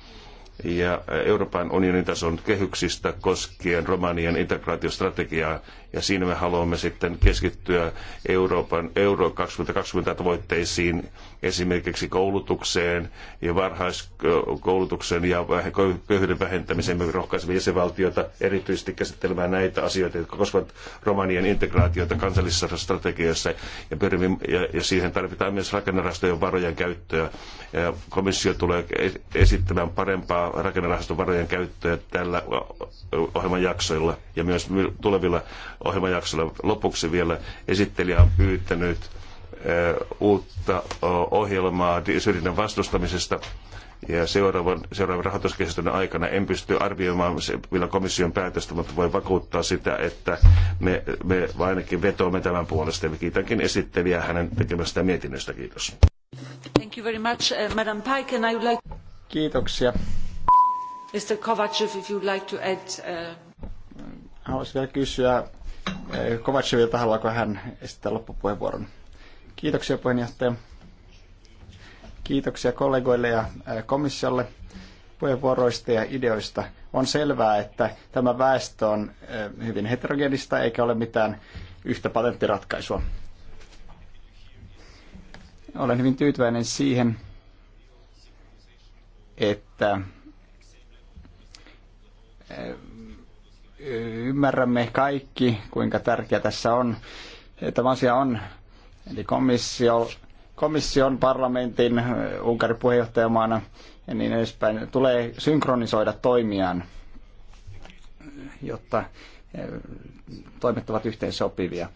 ja Euroopan unionin tason kehyksistä koskien Romanian integraatiostrategiaa ja siinä me haluamme sitten keskittyä Euroopan Euro 2020 tavoitteisiin, esimerkiksi koulutukseen ja varhaiskoulutuksen ja köyhyyden vähentämiseen. Me rohkaisemme jäsenvaltiota erityisesti käsittelemään näitä asioita, jotka koskevat romanien integraatiota kansallisissa strategioissa ja, pyrimme, ja, ja siihen tarvitaan myös rakennerahastojen varojen käyttöä. Ja komissio tulee esittämään parempaa rakennerahastovarojen käyttöä tällä ohjelman jaksoilla ja myös tulevilla Ohjelmajaksolle Lopuksi vielä esittelijä on pyytänyt eh, uutta ohjelmaa syrjinnän vastustamisesta ja seuraavan, seuraavan rahoituskehityksen aikana en pysty arvioimaan se, vielä komission päätöstä, mutta voi vakuuttaa sitä, että me, me ainakin vetoamme tämän puolesta. Ja kiitänkin esittelijää hänen tekemästä mietinnöstä. Kiitos. Thank you very much, uh, Madam Pike, and I would like... Kiitoksia. Mr. Kovacev, if you'd like to add... Uh... Haluaisin vielä kysyä, Kovacevilta, haluaako hän esittää loppupuheenvuoron? Kiitoksia puheenjohtaja. Kiitoksia kollegoille ja komissiolle puheenvuoroista ja ideoista. On selvää, että tämä väestö on hyvin heterogenista eikä ole mitään yhtä patenttiratkaisua. Olen hyvin tyytyväinen siihen, että ymmärrämme kaikki, kuinka tärkeä tässä on. Tämä asia on, eli komissio, komission, parlamentin, Unkarin puheenjohtajamaana ja niin edespäin, tulee synkronisoida toimiaan, jotta eh, toimet ovat yhteensopivia.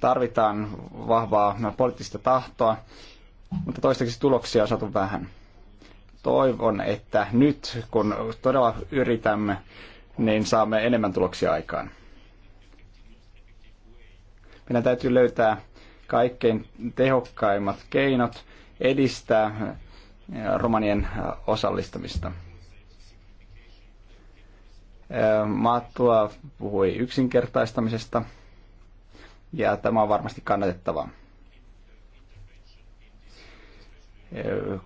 Tarvitaan vahvaa poliittista tahtoa, mutta toistaiseksi tuloksia on saatu vähän. Toivon, että nyt kun todella yritämme niin saamme enemmän tuloksia aikaan. Meidän täytyy löytää kaikkein tehokkaimmat keinot edistää äh, romanien äh, osallistamista. Äh, Maattua puhui yksinkertaistamisesta ja tämä on varmasti kannatettavaa.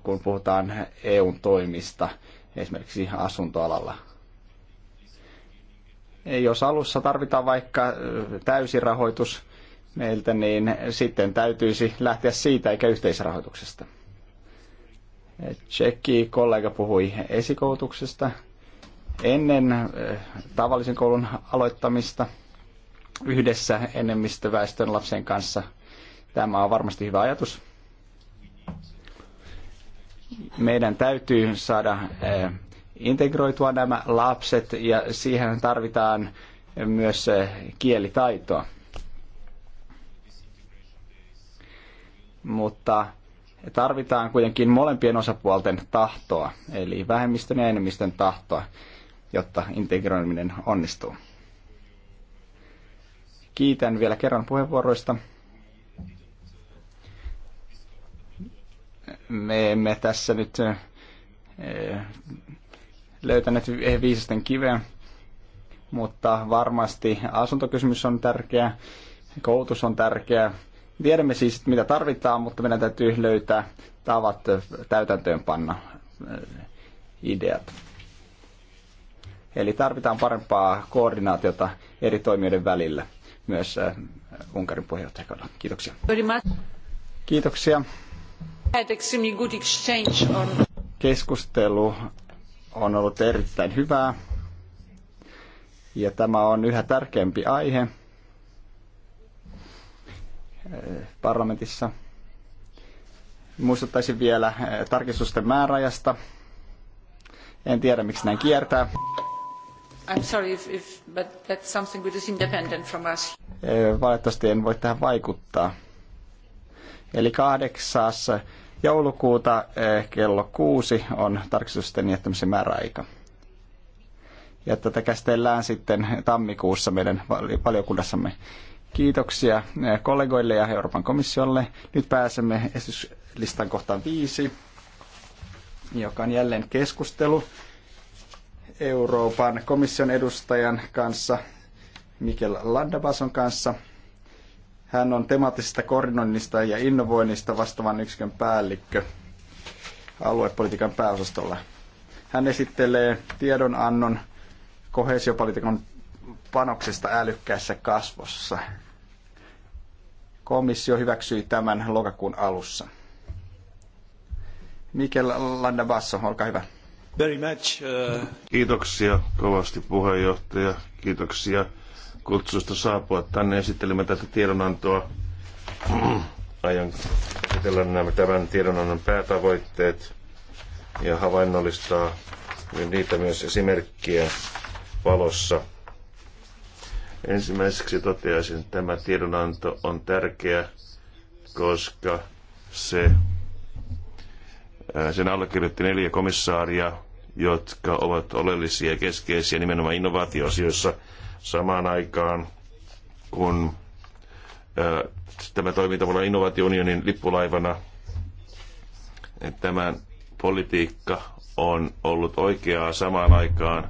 Kun puhutaan EUn toimista esimerkiksi asuntoalalla jos alussa tarvitaan vaikka täysi rahoitus meiltä, niin sitten täytyisi lähteä siitä eikä yhteisrahoituksesta. Tsekki kollega puhui esikoulutuksesta ennen tavallisen koulun aloittamista yhdessä enemmistöväestön lapsen kanssa. Tämä on varmasti hyvä ajatus. Meidän täytyy saada integroitua nämä lapset ja siihen tarvitaan myös kielitaitoa. Mutta tarvitaan kuitenkin molempien osapuolten tahtoa, eli vähemmistön ja enemmistön tahtoa, jotta integroiminen onnistuu. Kiitän vielä kerran puheenvuoroista. Me emme tässä nyt eh, löytäneet eh, viisasten kiveä, mutta varmasti asuntokysymys on tärkeä, koulutus on tärkeä. Tiedämme siis, mitä tarvitaan, mutta meidän täytyy löytää tavat täytäntöönpanna eh, ideat. Eli tarvitaan parempaa koordinaatiota eri toimijoiden välillä myös eh, Unkarin puheenjohtajakaudella. Kiitoksia. Kiitoksia. Keskustelu on ollut erittäin hyvää. Ja tämä on yhä tärkeämpi aihe eh, parlamentissa. Muistuttaisin vielä eh, tarkistusten määräajasta. En tiedä, miksi näin kiertää. I'm sorry if, if, but that's something which is independent from us. Eh, valitettavasti en voi tähän vaikuttaa. Eli kahdeksas Joulukuuta eh, kello kuusi on tarkistusten jättämisen määräaika. Ja tätä käsitellään sitten tammikuussa meidän valiokunnassamme. Kiitoksia eh, kollegoille ja Euroopan komissiolle. Nyt pääsemme esityslistan kohtaan viisi, joka on jälleen keskustelu Euroopan komission edustajan kanssa Mikel Landabason kanssa – hän on temaattisesta koordinoinnista ja innovoinnista vastaavan yksikön päällikkö aluepolitiikan pääosastolla. Hän esittelee tiedonannon kohesiopolitiikan panoksesta älykkäässä kasvossa. Komissio hyväksyi tämän lokakuun alussa. Mikel Landabasso, olkaa hyvä. Very much, uh... Kiitoksia kovasti puheenjohtaja. Kiitoksia kutsusta saapua tänne esittelemään tätä tiedonantoa. [CLEARS THROAT] Aion esitellä nämä tämän tiedonannon päätavoitteet ja havainnollistaa niitä myös esimerkkiä valossa. Ensimmäiseksi toteaisin, että tämä tiedonanto on tärkeä, koska se, sen allekirjoitti neljä komissaaria, jotka ovat oleellisia ja keskeisiä nimenomaan innovaatioasioissa – samaan aikaan, kun tämä toimii tavallaan innovaationionin lippulaivana. Tämän politiikka on ollut oikeaa samaan aikaan,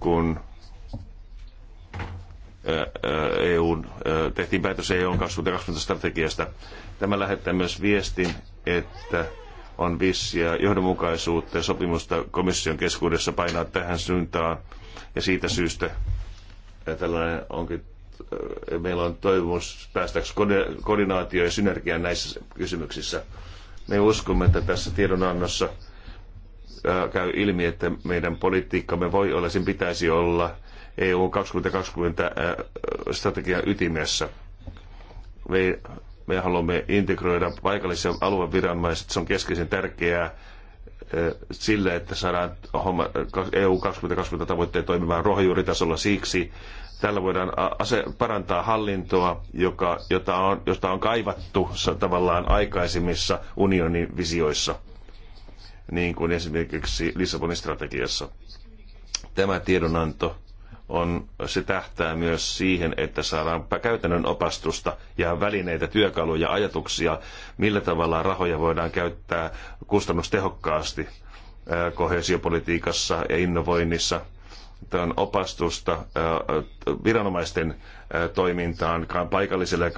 kun EUn, tehtiin päätös EUn 2020-strategiasta. Tämä lähettää myös viestin, että on vissiä johdonmukaisuutta ja sopimusta komission keskuudessa painaa tähän suuntaan. Ja siitä syystä ja tällainen onkin, meillä on toivomus päästäksi koordinaatioon ja synergiaan näissä kysymyksissä. Me uskomme, että tässä tiedonannossa käy ilmi, että meidän politiikkamme voi olla, sen pitäisi olla EU 2020 strategian ytimessä. Me, me haluamme integroida paikallisia alueviranomaiset, se on keskeisen tärkeää sille, että saadaan homma, EU 2020 tavoitteet toimimaan rohjuuritasolla siksi. Tällä voidaan ase- parantaa hallintoa, joka, jota on, josta on kaivattu tavallaan aikaisemmissa unionin visioissa, niin kuin esimerkiksi Lissabonin strategiassa. Tämä tiedonanto on, se tähtää myös siihen, että saadaan käytännön opastusta ja välineitä, työkaluja, ajatuksia, millä tavalla rahoja voidaan käyttää kustannustehokkaasti kohesiopolitiikassa ja innovoinnissa. Tämä on opastusta viranomaisten toimintaan paikallisella ja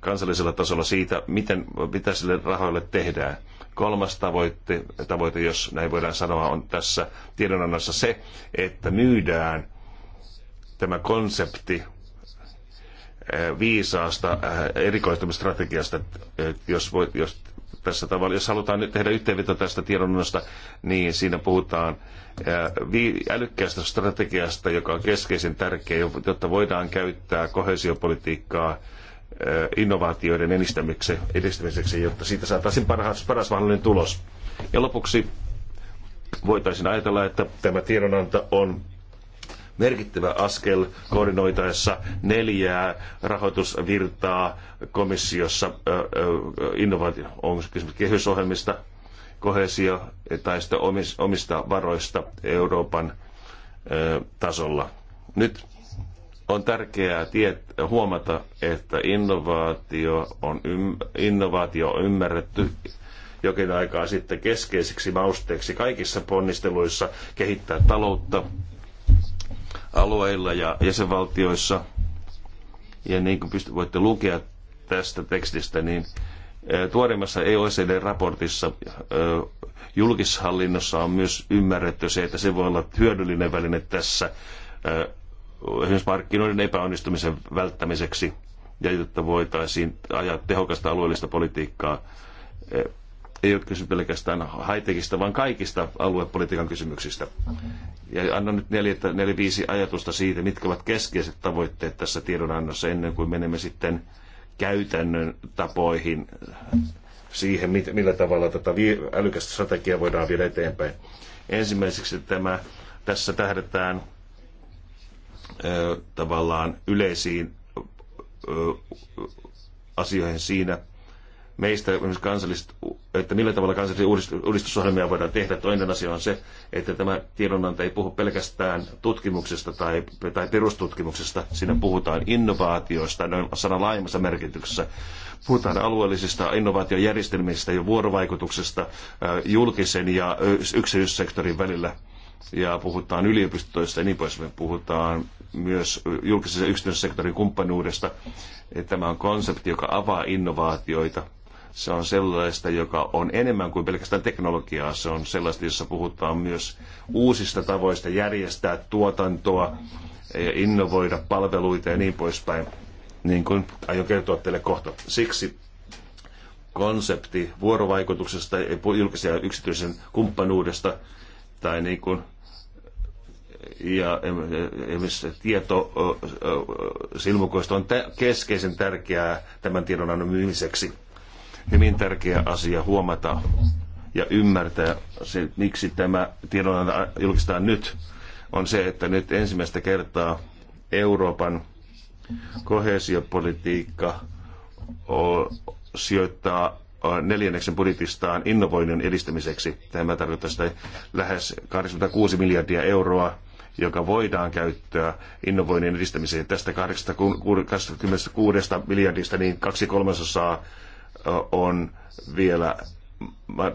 kansallisella tasolla siitä, miten, mitä sille rahoille tehdään. Kolmas tavoite, tavoite, jos näin voidaan sanoa, on tässä tiedonannossa se, että myydään tämä konsepti viisaasta erikoistumistrategiasta, jos, voi, jos tässä tavalla, jos halutaan nyt tehdä yhteenveto tästä tiedonannosta, niin siinä puhutaan älykkäästä strategiasta, joka on keskeisen tärkeä, jotta voidaan käyttää kohesiopolitiikkaa innovaatioiden edistämiseksi, jotta siitä saataisiin paras, paras mahdollinen tulos. Ja lopuksi voitaisiin ajatella, että tämä tiedonanto on merkittävä askel koordinoitaessa neljää rahoitusvirtaa komissiossa innovaatio, onko kehysohjelmista, kohesio tai sitten omista varoista Euroopan tasolla. Nyt on tärkeää tiet, huomata, että innovaatio on, innovaatio on ymmärretty jokin aikaa sitten keskeiseksi mausteeksi kaikissa ponnisteluissa kehittää taloutta, alueilla ja jäsenvaltioissa. Ja niin kuin pystyt, voitte lukea tästä tekstistä, niin eh, tuoreimmassa EOCD-raportissa eh, julkishallinnossa on myös ymmärretty se, että se voi olla hyödyllinen väline tässä eh, esimerkiksi markkinoiden epäonnistumisen välttämiseksi ja jotta voitaisiin ajaa tehokasta alueellista politiikkaa ei ole kysymys pelkästään haitekista, vaan kaikista aluepolitiikan kysymyksistä. Ja annan nyt neljä, neljä, viisi ajatusta siitä, mitkä ovat keskeiset tavoitteet tässä tiedonannossa ennen kuin menemme sitten käytännön tapoihin siihen, millä tavalla tätä älykästä strategiaa voidaan viedä eteenpäin. Ensimmäiseksi tämä, tässä tähdetään ö, tavallaan yleisiin ö, asioihin siinä, meistä myös kansalliset, että millä tavalla kansallisia uudistusohjelmia voidaan tehdä. Toinen asia on se, että tämä tiedonanto ei puhu pelkästään tutkimuksesta tai, tai perustutkimuksesta. Siinä puhutaan innovaatioista, noin sanan laajemmassa merkityksessä. Puhutaan alueellisista innovaatiojärjestelmistä ja vuorovaikutuksesta julkisen ja yksityissektorin välillä ja puhutaan yliopistoista ja niin poispäin. Puhutaan myös julkisen ja yksityisen sektorin kumppanuudesta. Tämä on konsepti, joka avaa innovaatioita se on sellaista, joka on enemmän kuin pelkästään teknologiaa. Se on sellaista, jossa puhutaan myös uusista tavoista järjestää tuotantoa, ja innovoida palveluita ja niin poispäin, niin kuin aion kertoa teille kohta. Siksi konsepti vuorovaikutuksesta, julkisen ja yksityisen kumppanuudesta tai niin kuin ja tieto silmukoista on keskeisen tärkeää tämän tiedon myymiseksi hyvin tärkeä asia huomata ja ymmärtää se, miksi tämä tiedonanto julkistetaan nyt, on se, että nyt ensimmäistä kertaa Euroopan kohesiopolitiikka sijoittaa neljänneksen budjetistaan innovoinnin edistämiseksi. Tämä tarkoittaa sitä lähes 86 miljardia euroa, joka voidaan käyttää innovoinnin edistämiseen. Tästä 86 miljardista niin kaksi kolmasosaa on vielä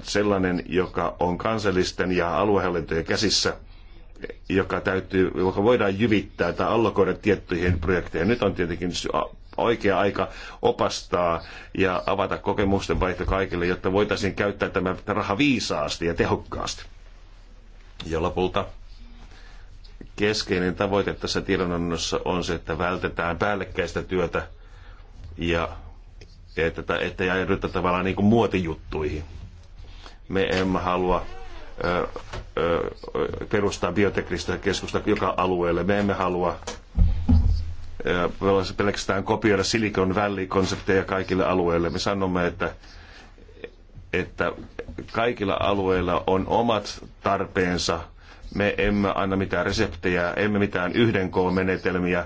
sellainen, joka on kansallisten ja aluehallintojen käsissä, joka, täytyy, joka voidaan jyvittää tai allokoida tiettyihin projekteihin. Nyt on tietenkin oikea aika opastaa ja avata kokemusten vaihto kaikille, jotta voitaisiin käyttää tämä raha viisaasti ja tehokkaasti. Ja lopulta keskeinen tavoite tässä tiedonannossa on se, että vältetään päällekkäistä työtä ja että, että jäädytä tavallaan niin kuin muotijuttuihin. Me emme halua ö, ö, perustaa bioteknistä keskusta joka alueelle. Me emme halua ö, pelkästään kopioida Silicon Valley-konsepteja kaikille alueille. Me sanomme, että, että kaikilla alueilla on omat tarpeensa. Me emme anna mitään reseptejä, emme mitään yhden K-menetelmiä.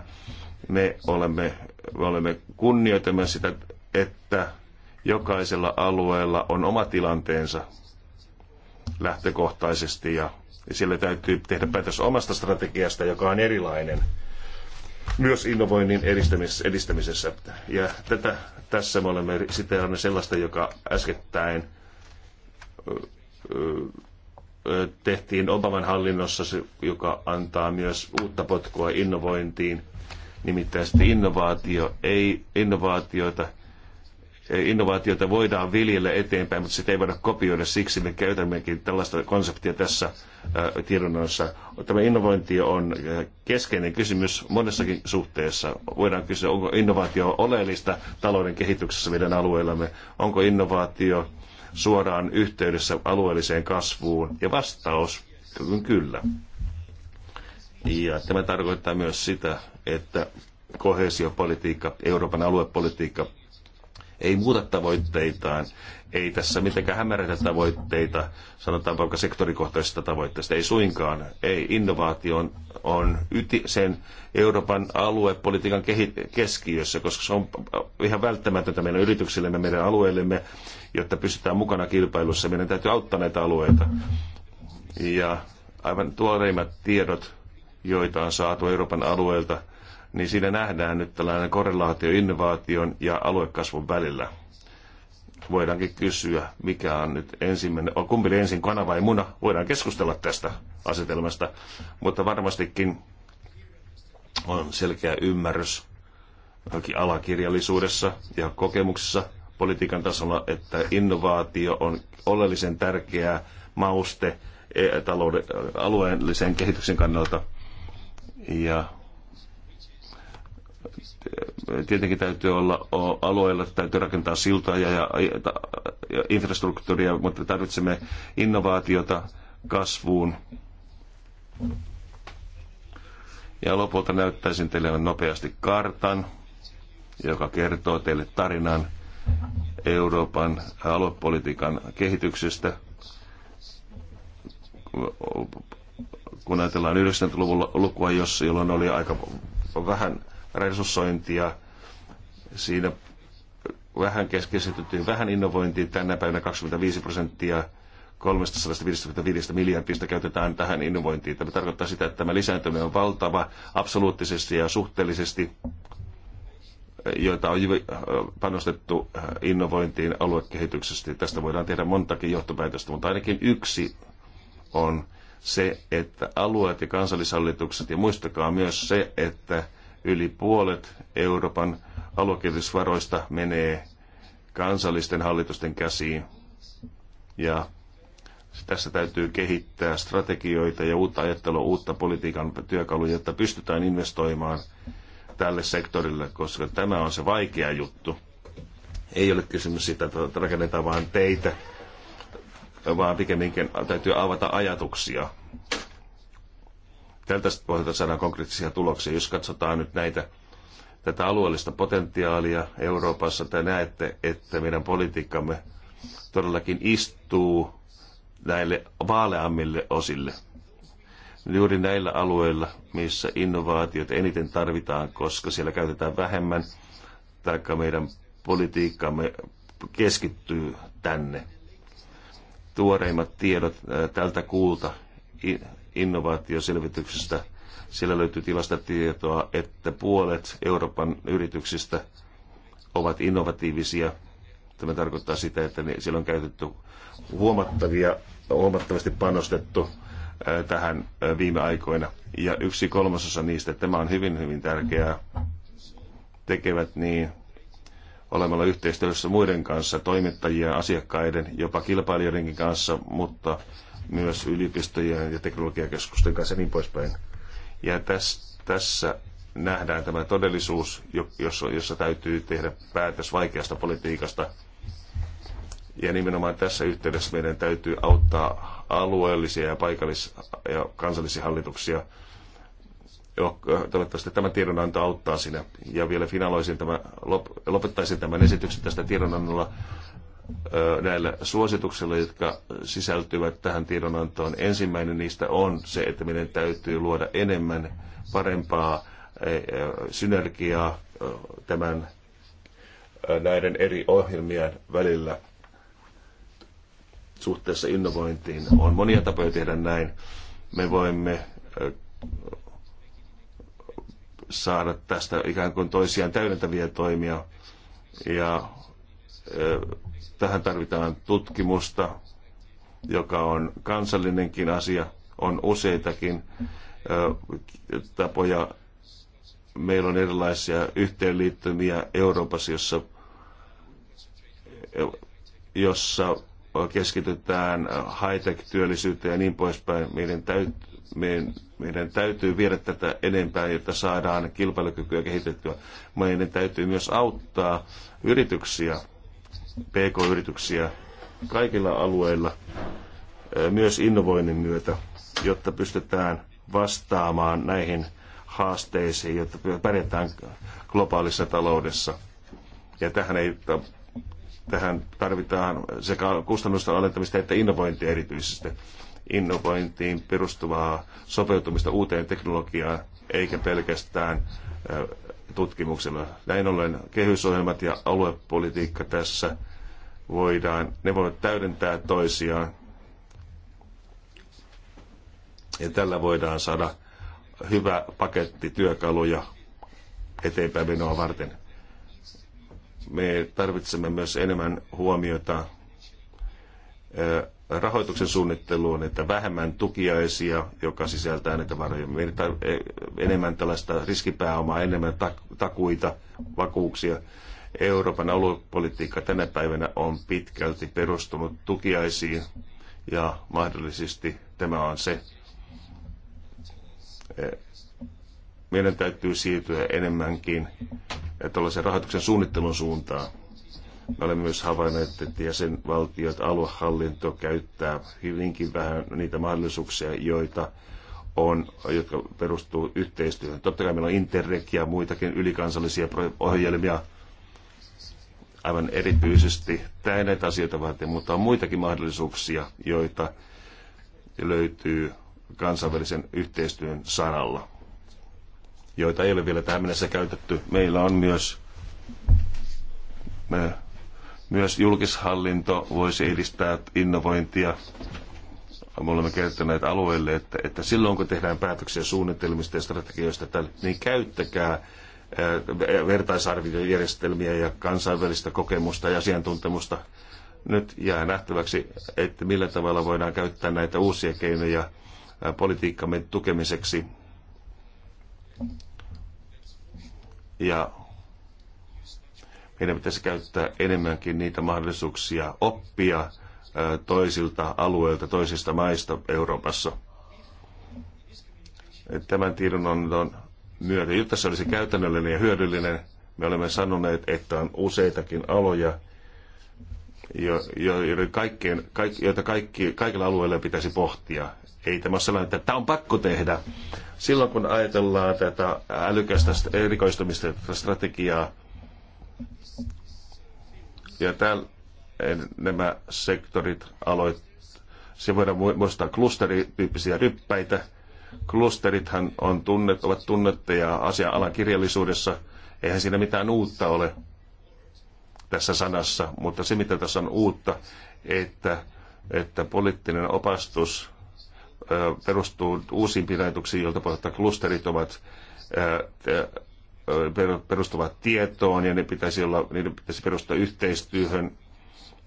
Me olemme, me olemme kunnioitamme sitä että jokaisella alueella on oma tilanteensa lähtökohtaisesti ja siellä täytyy tehdä päätös omasta strategiasta, joka on erilainen myös innovoinnin edistämisessä. edistämisessä. Ja tätä, tässä me olemme siteeranneet sellaista, joka äskettäin tehtiin Obaman hallinnossa, joka antaa myös uutta potkua innovointiin. Nimittäin innovaatio, ei innovaatioita – innovaatioita voidaan viljellä eteenpäin, mutta sitä ei voida kopioida. Siksi me käytämmekin tällaista konseptia tässä äh, tiedonannossa. Tämä innovointi on äh, keskeinen kysymys monessakin suhteessa. Voidaan kysyä, onko innovaatio oleellista talouden kehityksessä meidän alueellamme? Onko innovaatio suoraan yhteydessä alueelliseen kasvuun? Ja vastaus on kyllä. Ja tämä tarkoittaa myös sitä, että kohesiopolitiikka, Euroopan aluepolitiikka ei muuta tavoitteitaan, ei tässä mitenkään hämärätä tavoitteita, sanotaan vaikka sektorikohtaisista tavoitteista, ei suinkaan. Ei, innovaatio on, on yti, sen Euroopan aluepolitiikan kehi, keskiössä, koska se on ihan välttämätöntä meidän yrityksillemme, meidän alueillemme, jotta pysytään mukana kilpailussa. Meidän täytyy auttaa näitä alueita. Ja aivan tuoreimmat tiedot, joita on saatu Euroopan alueelta – niin siinä nähdään nyt tällainen korrelaatio innovaation ja aluekasvun välillä. Voidaankin kysyä, mikä on nyt ensimmäinen, kumpi ensin kana vai muna. Voidaan keskustella tästä asetelmasta, mutta varmastikin on selkeä ymmärrys alakirjallisuudessa ja kokemuksessa politiikan tasolla, että innovaatio on oleellisen tärkeää mauste e-, talouden, alueellisen kehityksen kannalta. Ja tietenkin täytyy olla alueilla, täytyy rakentaa siltoja ja, ja, ja infrastruktuuria, mutta tarvitsemme innovaatiota kasvuun. Ja lopulta näyttäisin teille nopeasti kartan, joka kertoo teille tarinan Euroopan aluepolitiikan kehityksestä. Kun ajatellaan 90-luvun lukua, jos jolloin oli aika vähän resurssointia. Siinä vähän keskityttiin vähän innovointiin. Tänä päivänä 25 prosenttia 355 miljardista käytetään tähän innovointiin. Tämä tarkoittaa sitä, että tämä lisääntyminen on valtava absoluuttisesti ja suhteellisesti, joita on panostettu innovointiin aluekehityksestä. Tästä voidaan tehdä montakin johtopäätöstä, mutta ainakin yksi on se, että alueet ja kansallishallitukset, ja muistakaa myös se, että Yli puolet Euroopan aluekehitysvaroista menee kansallisten hallitusten käsiin. Ja tässä täytyy kehittää strategioita ja uutta ajattelua, uutta politiikan työkaluja, jotta pystytään investoimaan tälle sektorille, koska tämä on se vaikea juttu. Ei ole kysymys siitä, että rakennetaan vain teitä, vaan pikemminkin täytyy avata ajatuksia. Tältä pohjalta saadaan konkreettisia tuloksia. Jos katsotaan nyt näitä, tätä alueellista potentiaalia Euroopassa, te näette, että meidän politiikkamme todellakin istuu näille vaaleammille osille. Juuri näillä alueilla, missä innovaatiot eniten tarvitaan, koska siellä käytetään vähemmän, taikka meidän politiikkamme keskittyy tänne. Tuoreimmat tiedot tältä kuulta innovaatioselvityksestä. Siellä löytyy tietoa, että puolet Euroopan yrityksistä ovat innovatiivisia. Tämä tarkoittaa sitä, että siellä on käytetty huomattavia, huomattavasti panostettu tähän viime aikoina. Ja yksi kolmasosa niistä, tämä on hyvin, hyvin tärkeää, tekevät niin olemalla yhteistyössä muiden kanssa, toimittajien, asiakkaiden, jopa kilpailijoidenkin kanssa, mutta myös yliopistojen ja teknologiakeskusten kanssa ja niin poispäin. Ja täs, tässä nähdään tämä todellisuus, jossa, jossa täytyy tehdä päätös vaikeasta politiikasta. Ja nimenomaan tässä yhteydessä meidän täytyy auttaa alueellisia ja paikallis- ja kansallisia hallituksia. Toivottavasti tämä tiedonanto auttaa sinne. Ja vielä finaloisin tämä, lopettaisin tämän esityksen tästä tiedonannolla näillä suosituksilla, jotka sisältyvät tähän tiedonantoon. Ensimmäinen niistä on se, että meidän täytyy luoda enemmän parempaa e, e, synergiaa tämän näiden eri ohjelmien välillä suhteessa innovointiin. On monia tapoja tehdä näin. Me voimme saada tästä ikään kuin toisiaan täydentäviä toimia ja Tähän tarvitaan tutkimusta, joka on kansallinenkin asia. On useitakin tapoja. Meillä on erilaisia yhteenliittymiä Euroopassa, jossa, jossa keskitytään high-tech-työllisyyteen ja niin poispäin. Meidän täytyy meidän, meidän täytyy viedä tätä enempää, jotta saadaan kilpailukykyä kehitettyä. Meidän täytyy myös auttaa yrityksiä PK-yrityksiä kaikilla alueilla, myös innovoinnin myötä, jotta pystytään vastaamaan näihin haasteisiin, jotta pärjätään globaalissa taloudessa. Ja tähän, ei, tähän tarvitaan sekä kustannusten alentamista että innovointia erityisesti. Innovointiin perustuvaa sopeutumista uuteen teknologiaan, eikä pelkästään tutkimuksemme. Näin ollen kehysohjelmat ja aluepolitiikka tässä voidaan, ne voivat täydentää toisiaan. Ja tällä voidaan saada hyvä paketti työkaluja eteenpäin menoa varten. Me tarvitsemme myös enemmän huomiota rahoituksen suunnitteluun, että vähemmän tukiaisia, joka sisältää näitä varoja, e, enemmän tällaista riskipääomaa, enemmän takuita, vakuuksia. Euroopan aluepolitiikka tänä päivänä on pitkälti perustunut tukiaisiin ja mahdollisesti tämä on se. E, meidän täytyy siirtyä enemmänkin e, tällaisen rahoituksen suunnittelun suuntaan me olemme myös havainneet, että jäsenvaltiot, aluehallinto käyttää hyvinkin vähän niitä mahdollisuuksia, joita on, jotka perustuu yhteistyöhön. Totta kai meillä on Interreg ja muitakin ylikansallisia ohjelmia, aivan erityisesti tämä näitä asioita varten, mutta on muitakin mahdollisuuksia, joita löytyy kansainvälisen yhteistyön saralla, joita ei ole vielä tähän mennessä käytetty. Meillä on myös me myös julkishallinto voisi edistää innovointia. Me olemme kertoneet alueelle, että, että silloin kun tehdään päätöksiä suunnitelmista ja strategioista, niin käyttäkää vertaisarviojärjestelmiä ja kansainvälistä kokemusta ja asiantuntemusta. Nyt jää nähtäväksi, että millä tavalla voidaan käyttää näitä uusia keinoja politiikkamme tukemiseksi. Ja meidän pitäisi käyttää enemmänkin niitä mahdollisuuksia oppia toisilta alueilta, toisista maista Euroopassa. Tämän tiedonannon myötä, jotta se olisi käytännöllinen ja hyödyllinen, me olemme sanoneet, että on useitakin aloja, jo, jo, kaik, joita kaikki, kaikilla alueilla pitäisi pohtia. Ei tämä ole sellainen, että tämä on pakko tehdä. Silloin kun ajatellaan tätä älykästä erikoistumista strategiaa, ja täällä e, nämä sektorit aloit, Se voidaan muistaa klusterityyppisiä ryppäitä. Klusterithan on tunnet, ovat tunnetteja asia-alan kirjallisuudessa. Eihän siinä mitään uutta ole tässä sanassa, mutta se mitä tässä on uutta, että, että poliittinen opastus e, perustuu uusiin pidätyksiin, joilta pohjalta klusterit ovat e, perustuvat tietoon ja ne pitäisi olla, niiden pitäisi perustaa yhteistyöhön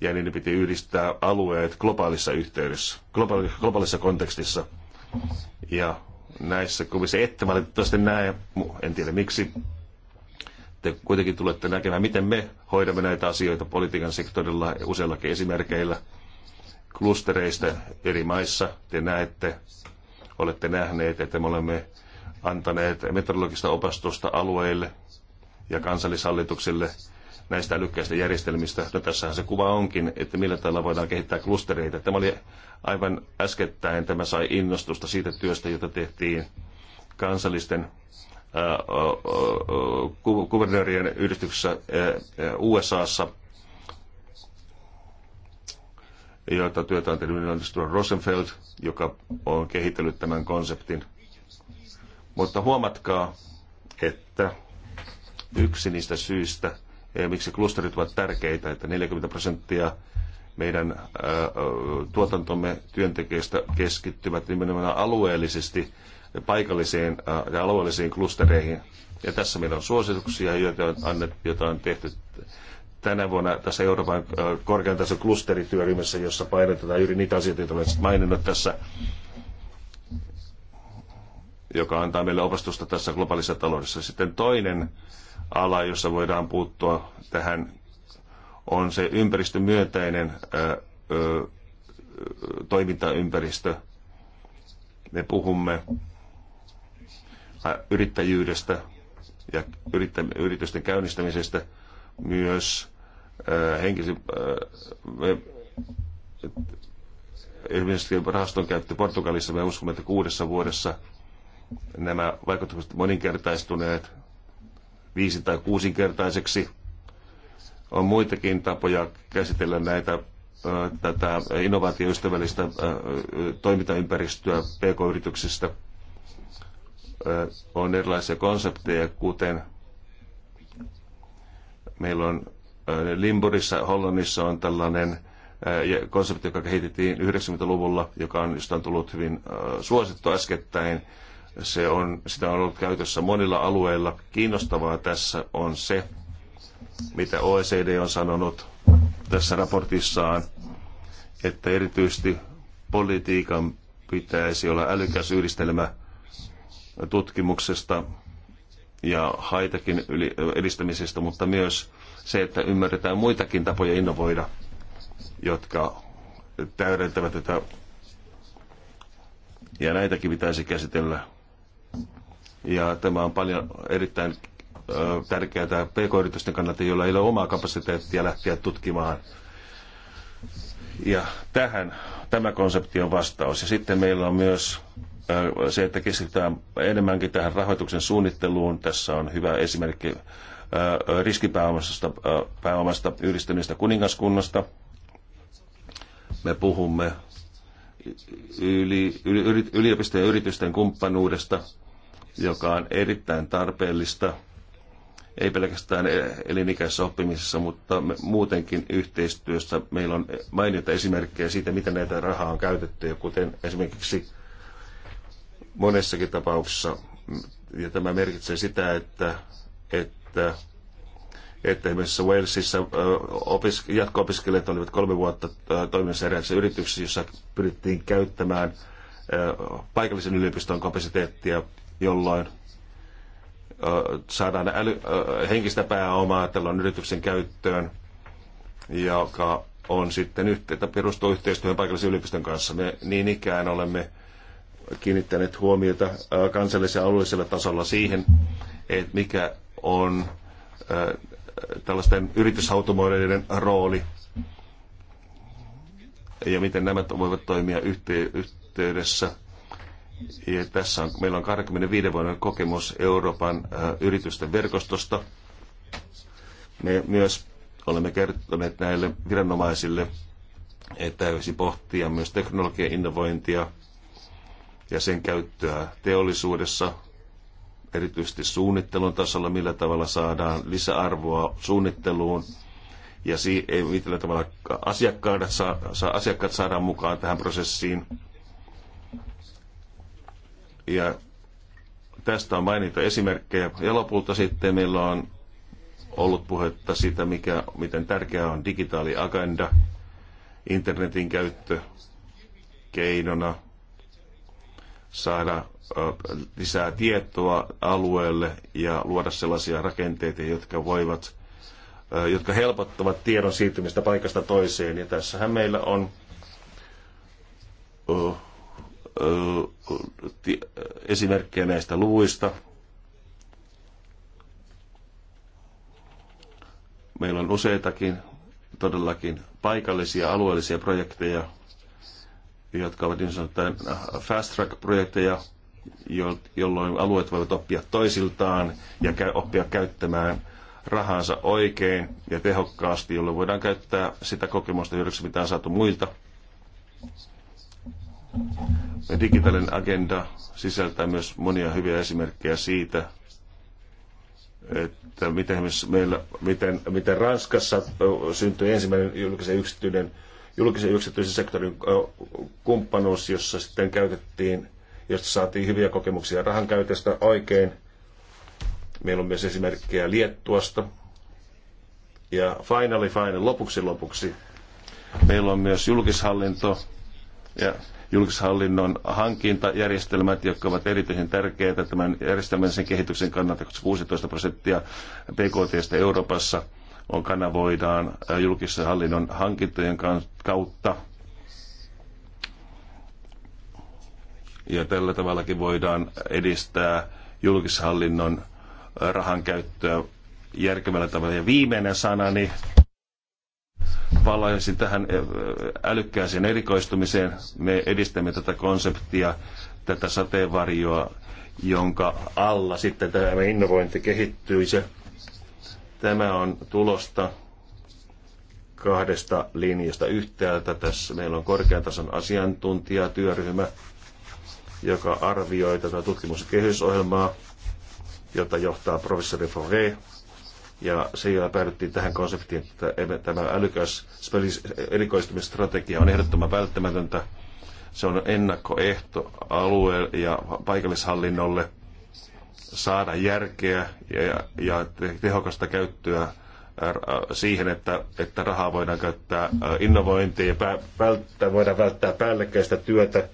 ja niiden piti yhdistää alueet globaalissa yhteydessä, globaalissa kontekstissa. Ja näissä kuvissa ette valitettavasti näe, en tiedä miksi, te kuitenkin tulette näkemään, miten me hoidamme näitä asioita politiikan sektorilla useillakin esimerkkeillä klustereista eri maissa. Te näette, olette nähneet, että me olemme antaneet meteorologista opastusta alueille ja kansallishallituksille näistä älykkäistä järjestelmistä. No tässähän se kuva onkin, että millä tavalla voidaan kehittää klustereita. Tämä oli aivan äskettäin, tämä sai innostusta siitä työstä, jota tehtiin kansallisten kuvernöörien yhdistyksessä USAssa, joita työtä on tehnyt Rosenfeld, joka on kehitellyt tämän konseptin – mutta huomatkaa, että yksi niistä syistä, eh, miksi klusterit ovat tärkeitä, että 40 prosenttia meidän eh, eh, tuotantomme työntekijöistä keskittyvät nimenomaan alueellisesti paikallisiin ja alueellisiin klustereihin. Ja tässä meillä on suosituksia, joita on, annettu, joita on tehty tänä vuonna tässä Euroopan korkean tason klusterityöryhmässä, jossa painotetaan juuri niitä asioita, joita olen maininnut tässä joka antaa meille opastusta tässä globaalissa taloudessa. Sitten toinen ala, jossa voidaan puuttua tähän, on se ympäristömyönteinen ö, ö, toimintaympäristö. Me puhumme äh, yrittäjyydestä ja yrittä, yritysten käynnistämisestä myös ö, henkisen, ö, me, esimerkiksi rahaston käyttö Portugalissa, me uskomme, että kuudessa vuodessa nämä vaikutukset moninkertaistuneet viisi- tai kuusinkertaiseksi. On muitakin tapoja käsitellä näitä tätä innovaatioystävällistä toimintaympäristöä pk-yrityksistä. On erilaisia konsepteja, kuten meillä on Limburissa, Hollannissa on tällainen konsepti, joka kehitettiin 90-luvulla, joka on, josta on tullut hyvin suosittu äskettäin, se on, sitä on ollut käytössä monilla alueilla. Kiinnostavaa tässä on se, mitä OECD on sanonut tässä raportissaan, että erityisesti politiikan pitäisi olla älykäs yhdistelmä tutkimuksesta ja haitakin edistämisestä, mutta myös se, että ymmärretään muitakin tapoja innovoida, jotka täydentävät tätä. Ja näitäkin pitäisi käsitellä ja tämä on paljon erittäin tärkeää pk-yritysten kannalta, joilla ei ole omaa kapasiteettia lähteä tutkimaan. Ja tähän tämä konsepti on vastaus. Ja sitten meillä on myös se, että keskitytään enemmänkin tähän rahoituksen suunnitteluun. Tässä on hyvä esimerkki riskipääomasta pääomasta yhdistyneestä kuningaskunnasta. Me puhumme yli, yli, yli, yliopistojen yritysten kumppanuudesta – joka on erittäin tarpeellista, ei pelkästään elinikäisessä oppimisessa, mutta muutenkin yhteistyössä. Meillä on mainita esimerkkejä siitä, miten näitä rahaa on käytetty, ja kuten esimerkiksi monessakin tapauksessa, ja tämä merkitsee sitä, että, että että esimerkiksi Walesissa jatko-opiskelijat olivat kolme vuotta toiminnassa eräässä yrityksessä, jossa pyrittiin käyttämään paikallisen yliopiston kapasiteettia jolloin saadaan äly, henkistä pääomaa on yrityksen käyttöön, joka on sitten yhteyttä, perustuu yhteistyöhön paikallisen yliopiston kanssa. Me niin ikään olemme kiinnittäneet huomiota kansallisella ja alueellisella tasolla siihen, että mikä on tällaisten yrityshautomoiden rooli ja miten nämä voivat toimia yhteydessä ja tässä on, meillä on 25 vuoden kokemus Euroopan ä, yritysten verkostosta. Me myös olemme kertoneet näille viranomaisille, että täysi pohtia myös teknologian innovointia ja sen käyttöä teollisuudessa, erityisesti suunnittelun tasolla, millä tavalla saadaan lisäarvoa suunnitteluun ja si- millä tavalla asiakkaat, saa, asiakkaat saadaan mukaan tähän prosessiin ja tästä on mainita esimerkkejä. Ja lopulta sitten meillä on ollut puhetta siitä, mikä, miten tärkeää on digitaali agenda, internetin käyttö keinona saada lisää tietoa alueelle ja luoda sellaisia rakenteita, jotka voivat, jotka helpottavat tiedon siirtymistä paikasta toiseen. Ja tässähän meillä on esimerkkejä näistä luvuista. Meillä on useitakin todellakin paikallisia alueellisia projekteja, jotka ovat niin sanottuja fast track projekteja, jolloin alueet voivat oppia toisiltaan ja oppia käyttämään rahansa oikein ja tehokkaasti, jolloin voidaan käyttää sitä kokemusta hyödyksi, mitä on saatu muilta Digitaalinen agenda sisältää myös monia hyviä esimerkkejä siitä, että miten, meillä, miten, miten Ranskassa syntyi ensimmäinen julkisen yksityinen julkisen yksityisen sektorin kumppanuus, jossa sitten käytettiin, josta saatiin hyviä kokemuksia rahan käytöstä oikein. Meillä on myös esimerkkejä Liettuasta. Ja finally, final, lopuksi lopuksi. Meillä on myös julkishallinto ja julkishallinnon hankintajärjestelmät, jotka ovat erityisen tärkeitä tämän järjestelmällisen kehityksen kannalta, koska 16 prosenttia PKTstä Euroopassa on kanavoidaan julkisen hallinnon hankintojen kautta. Ja tällä tavallakin voidaan edistää julkishallinnon rahan käyttöä järkevällä tavalla. Ja viimeinen sanani palaisin tähän älykkääseen erikoistumiseen. Me edistämme tätä konseptia, tätä sateenvarjoa, jonka alla sitten tämä innovointi kehittyy. Se, tämä on tulosta kahdesta linjasta yhtäältä. Tässä meillä on korkean tason asiantuntijatyöryhmä, joka arvioi tätä tutkimus- ja kehysohjelmaa, jota johtaa professori Fauré ja siellä päädyttiin tähän konseptiin, että tämä älykäs erikoistumisstrategia on ehdottoman välttämätöntä. Se on ennakkoehto alueelle ja paikallishallinnolle saada järkeä ja, ja tehokasta käyttöä äh, siihen, että, että rahaa voidaan käyttää äh, innovointiin ja pä, välttää, voidaan välttää päällekkäistä työtä.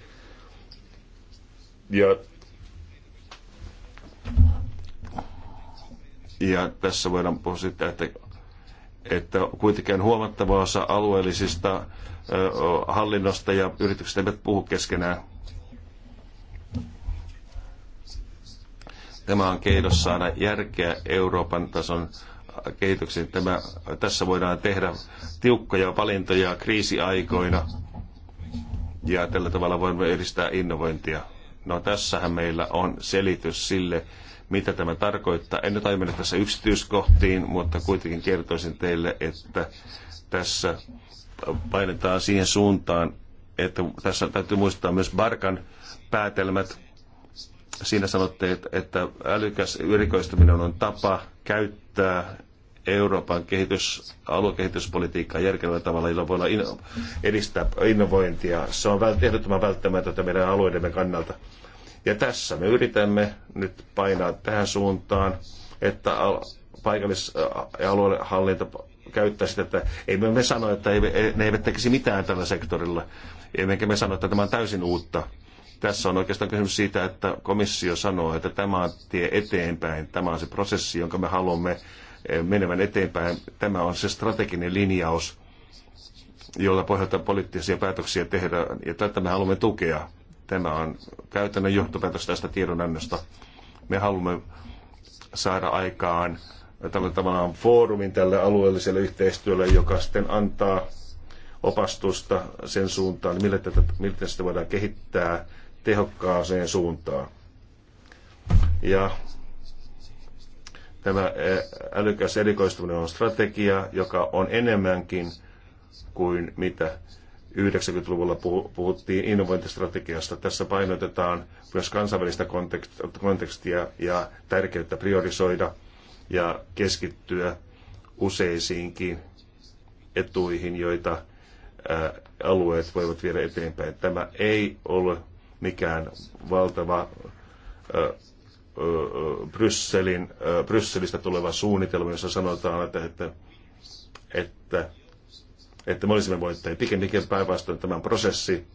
Ja ja tässä voidaan puhua sitä, että, että kuitenkin huomattava osa alueellisista hallinnosta ja yrityksistä eivät puhu keskenään. Tämä on keinos saada järkeä Euroopan tason kehitykseen. Tämä, tässä voidaan tehdä tiukkoja valintoja kriisiaikoina ja tällä tavalla voimme edistää innovointia. No tässähän meillä on selitys sille, mitä tämä tarkoittaa. En nyt aio mennä tässä yksityiskohtiin, mutta kuitenkin kertoisin teille, että tässä painetaan siihen suuntaan, että tässä täytyy muistaa myös Barkan päätelmät. Siinä sanotte, että älykäs erikoistuminen on tapa käyttää Euroopan kehitys, aluekehityspolitiikkaa järkevällä tavalla, jolla voidaan edistää innovointia. Se on ehdottoman välttämätöntä meidän alueidemme kannalta. Ja tässä me yritämme nyt painaa tähän suuntaan, että paikallis- ja aluehallinto käyttäisi tätä. Ei me, sano, että ei, ne eivät tekisi mitään tällä sektorilla. Emmekä me sano, että tämä on täysin uutta. Tässä on oikeastaan kysymys siitä, että komissio sanoo, että tämä on tie eteenpäin. Tämä on se prosessi, jonka me haluamme eh, menevän eteenpäin. Tämä on se strateginen linjaus, jolla pohjalta poliittisia päätöksiä tehdään, ja tätä me haluamme tukea. Tämä on käytännön johtopäätös tästä tiedonannosta. Me haluamme saada aikaan tavallaan foorumin tälle alueelliselle yhteistyölle, joka sitten antaa opastusta sen suuntaan, millä tätä, miten sitä voidaan kehittää tehokkaaseen suuntaan. Ja tämä älykäs erikoistuminen on strategia, joka on enemmänkin kuin mitä 90-luvulla puhuttiin innovointistrategiasta. Tässä painotetaan myös kansainvälistä kontekstia ja tärkeyttä priorisoida ja keskittyä useisiinkin etuihin, joita alueet voivat viedä eteenpäin. Tämä ei ole mikään valtava Brysselin, Brysselistä tuleva suunnitelma, jossa sanotaan, että, että, että että me olisimme voittajia. Pikemminkin päinvastoin tämän prosessi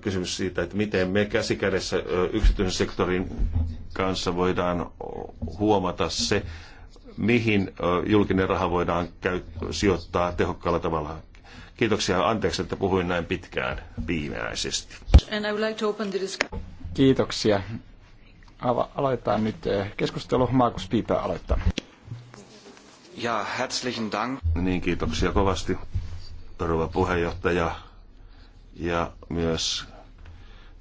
kysymys siitä, että miten me käsikädessä yksityisen sektorin kanssa voidaan huomata se, mihin julkinen raha voidaan sijoittaa tehokkaalla tavalla. Kiitoksia. Anteeksi, että puhuin näin pitkään viimeäisesti. Kiitoksia. Aloitetaan nyt keskustelu. Markus Piipä aloittaa. Ja, herzlichen Dank. Niin, kiitoksia kovasti, rouva puheenjohtaja. Ja myös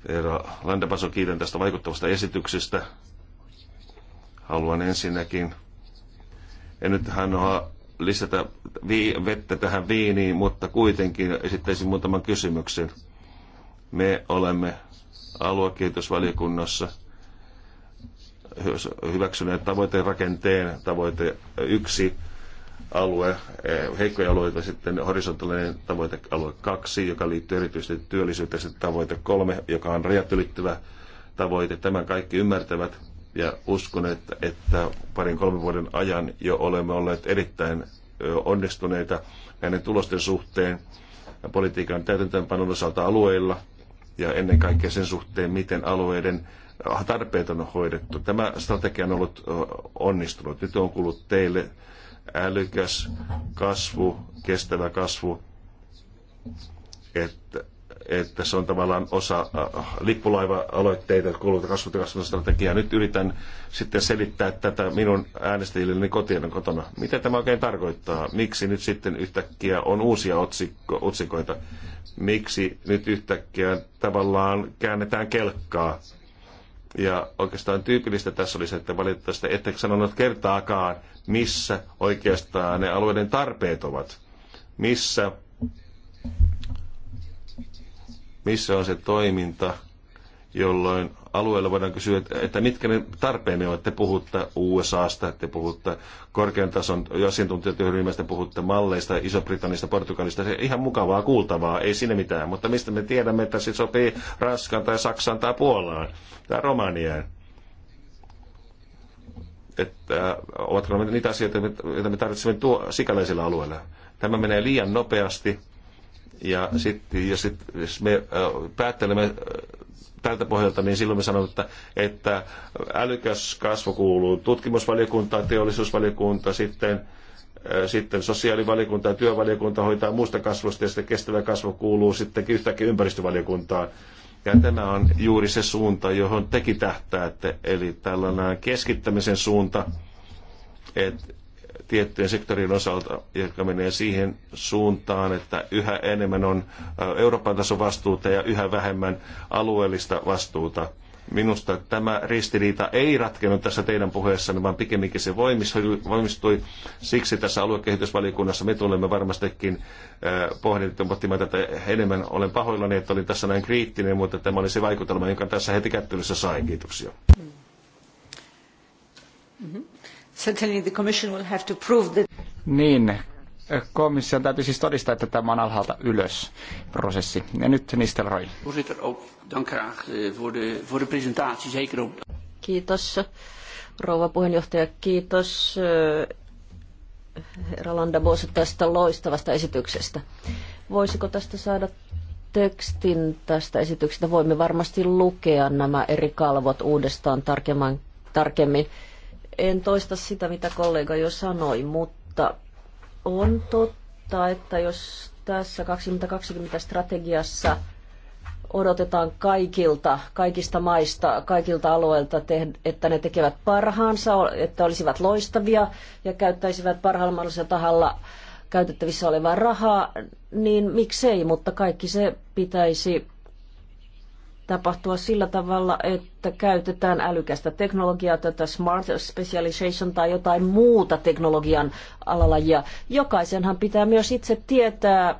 Eero Landepaso, kiitän tästä vaikuttavasta esityksestä. Haluan ensinnäkin, en nyt hanoa lisätä vii, vettä tähän viiniin, mutta kuitenkin esittäisin muutaman kysymyksen. Me olemme aluekehitysvaliokunnassa hyväksyneet tavoiterakenteen, tavoite yksi alue, eh, heikkoja alueita, sitten horisontaalinen tavoite alue kaksi, joka liittyy erityisesti työllisyyteen, sitten tavoite kolme, joka on rajat ylittävä tavoite. Tämän kaikki ymmärtävät ja uskon, että, että parin kolmen vuoden ajan jo olemme olleet erittäin onnistuneita näiden tulosten suhteen politiikan täytäntöönpanon osalta alueilla ja ennen kaikkea sen suhteen, miten alueiden tarpeet on hoidettu. Tämä strategia on ollut onnistunut. Nyt on kuullut teille älykäs kasvu, kestävä kasvu, että, että se on tavallaan osa lippulaiva-aloitteita, jotka kuuluvat kasvut ja strategiaa. Nyt yritän sitten selittää tätä minun äänestäjilleni kotien kotona. Mitä tämä oikein tarkoittaa? Miksi nyt sitten yhtäkkiä on uusia otsikko, otsikoita? Miksi nyt yhtäkkiä tavallaan käännetään kelkkaa? Ja oikeastaan tyypillistä tässä oli se, että valitettavasti ette sanonut kertaakaan, missä oikeastaan ne alueiden tarpeet ovat. Missä, missä on se toiminta, jolloin alueella voidaan kysyä, että mitkä ne tarpeemme että Te puhutte USAsta, te puhutte korkean tason asiantuntijatyöryhmästä, puhutte malleista, Iso-Britannista, Portugalista. Se ihan mukavaa kuultavaa, ei siinä mitään. Mutta mistä me tiedämme, että se sopii Ranskan tai Saksan tai Puolaan tai Romaniaan? Että äh, ovatko ne niitä asioita, joita me tarvitsemme tuo sikäläisillä alueilla? Tämä menee liian nopeasti. Ja sitten jos sit, jos me äh, päättelemme äh, tältä pohjalta, niin silloin me sanoin, että, että älykäs kasvu kuuluu tutkimusvaliokuntaan, teollisuusvaliokunta, sitten, äh, sitten sosiaalivaliokunta ja työvaliokunta hoitaa muusta kasvusta ja sitten kestävä kasvu kuuluu sitten yhtäkkiä ympäristövaliokuntaan. Ja tämä on juuri se suunta, johon tekin että eli tällainen keskittämisen suunta, että tiettyjen sektorin osalta, jotka menee siihen suuntaan, että yhä enemmän on Euroopan tason vastuuta ja yhä vähemmän alueellista vastuuta. Minusta tämä ristiriita ei ratkennut tässä teidän puheessanne, vaan pikemminkin se voimistui. Siksi tässä aluekehitysvaliokunnassa me tulemme varmastikin pohtimaan tätä enemmän. Olen pahoillani, että olin tässä näin kriittinen, mutta tämä oli se vaikutelma, jonka tässä heti kättelyssä sain. Kiitoksia. Mm-hmm. Certainly the commission will have to prove that... Niin, komission täytyy siis todistaa, että tämä on alhaalta ylös prosessi. Ja nyt Nistelrooy. Eh, kiitos rouva puheenjohtaja, kiitos eh, herra Landabos tästä loistavasta esityksestä. Voisiko tästä saada tekstin tästä esityksestä? Voimme varmasti lukea nämä eri kalvot uudestaan tarkemmin. En toista sitä, mitä kollega jo sanoi, mutta on totta, että jos tässä 2020 strategiassa odotetaan kaikilta, kaikista maista, kaikilta alueilta, että ne tekevät parhaansa, että olisivat loistavia ja käyttäisivät parhaalla mahdollisella tahalla käytettävissä olevaa rahaa, niin miksei, mutta kaikki se pitäisi tapahtua sillä tavalla, että käytetään älykästä teknologiaa, tätä smart specialization tai jotain muuta teknologian alalajia. Jokaisenhan pitää myös itse tietää,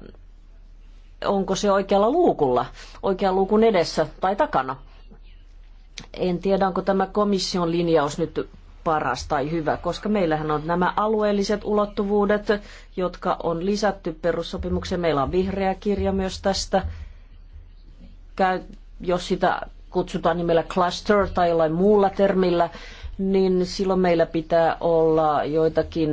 onko se oikealla luukulla, oikean luukun edessä tai takana. En tiedä, onko tämä komission linjaus nyt paras tai hyvä, koska meillähän on nämä alueelliset ulottuvuudet, jotka on lisätty perussopimukseen. Meillä on vihreä kirja myös tästä jos sitä kutsutaan nimellä cluster tai jollain muulla termillä, niin silloin meillä pitää olla joitakin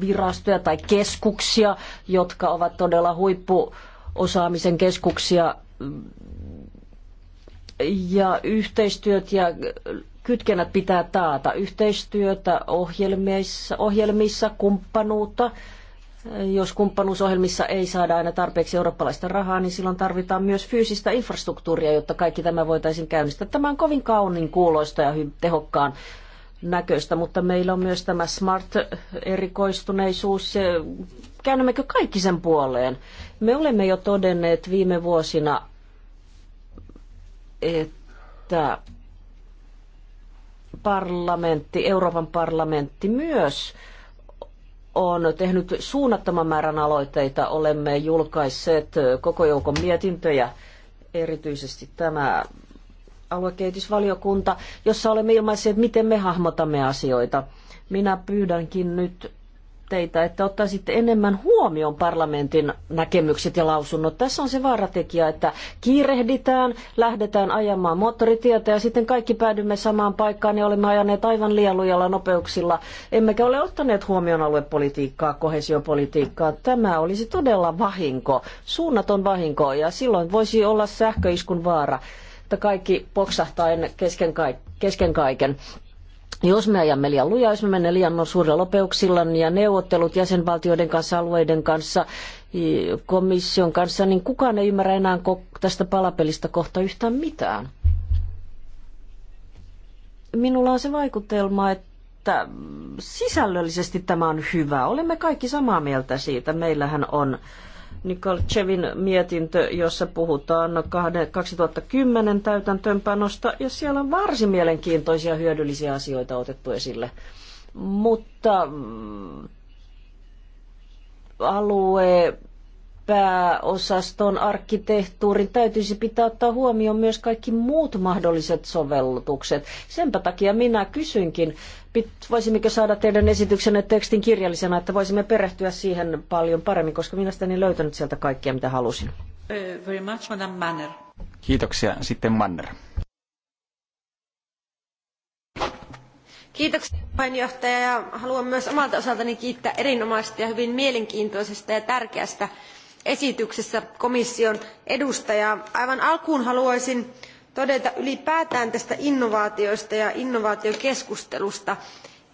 virastoja tai keskuksia, jotka ovat todella huippuosaamisen keskuksia. Ja yhteistyöt ja kytkennät pitää taata. Yhteistyötä ohjelmissa, ohjelmissa kumppanuutta jos kumppanuusohjelmissa ei saada aina tarpeeksi eurooppalaista rahaa, niin silloin tarvitaan myös fyysistä infrastruktuuria, jotta kaikki tämä voitaisiin käynnistää. Tämä on kovin kaunin kuuloista ja tehokkaan näköistä, mutta meillä on myös tämä smart-erikoistuneisuus. Käännämmekö kaikki sen puoleen? Me olemme jo todenneet viime vuosina, että parlamentti, Euroopan parlamentti myös – on tehnyt suunnattoman määrän aloitteita. Olemme julkaisseet koko joukon mietintöjä, erityisesti tämä aluekehitysvaliokunta, jossa olemme ilmaisseet, miten me hahmotamme asioita. Minä pyydänkin nyt teitä, että ottaisitte enemmän huomioon parlamentin näkemykset ja lausunnot. Tässä on se vaaratekijä, että kiirehditään, lähdetään ajamaan moottoritietä ja sitten kaikki päädymme samaan paikkaan ja olemme ajaneet aivan liian lujalla nopeuksilla, emmekä ole ottaneet huomioon aluepolitiikkaa, kohesiopolitiikkaa. Tämä olisi todella vahinko, suunnaton vahinko ja silloin voisi olla sähköiskun vaara, että kaikki poksahtaa kesken, kesken kaiken. Niin jos me ajamme liian lujaa, jos me menemme liian suurilla lopeuksilla niin ja neuvottelut jäsenvaltioiden kanssa, alueiden kanssa, komission kanssa, niin kukaan ei ymmärrä enää tästä palapelistä kohta yhtään mitään. Minulla on se vaikutelma, että että sisällöllisesti tämä on hyvä. Olemme kaikki samaa mieltä siitä. Meillähän on Nicole Chevin mietintö, jossa puhutaan 2010 täytäntöönpanosta, ja siellä on varsin mielenkiintoisia hyödyllisiä asioita otettu esille. Mutta mm, alue pääosaston arkkitehtuurin täytyisi pitää ottaa huomioon myös kaikki muut mahdolliset sovellutukset. Senpä takia minä kysynkin, voisimmeko saada teidän esityksenne tekstin kirjallisena, että voisimme perehtyä siihen paljon paremmin, koska minä sitä en löytänyt sieltä kaikkia, mitä halusin. Eh, very much, Kiitoksia. Sitten Manner. Kiitoksia painjohtaja ja haluan myös omalta osaltani kiittää erinomaisesta ja hyvin mielenkiintoisesta ja tärkeästä esityksessä komission edustaja. aivan alkuun haluaisin todeta ylipäätään tästä innovaatioista ja innovaatiokeskustelusta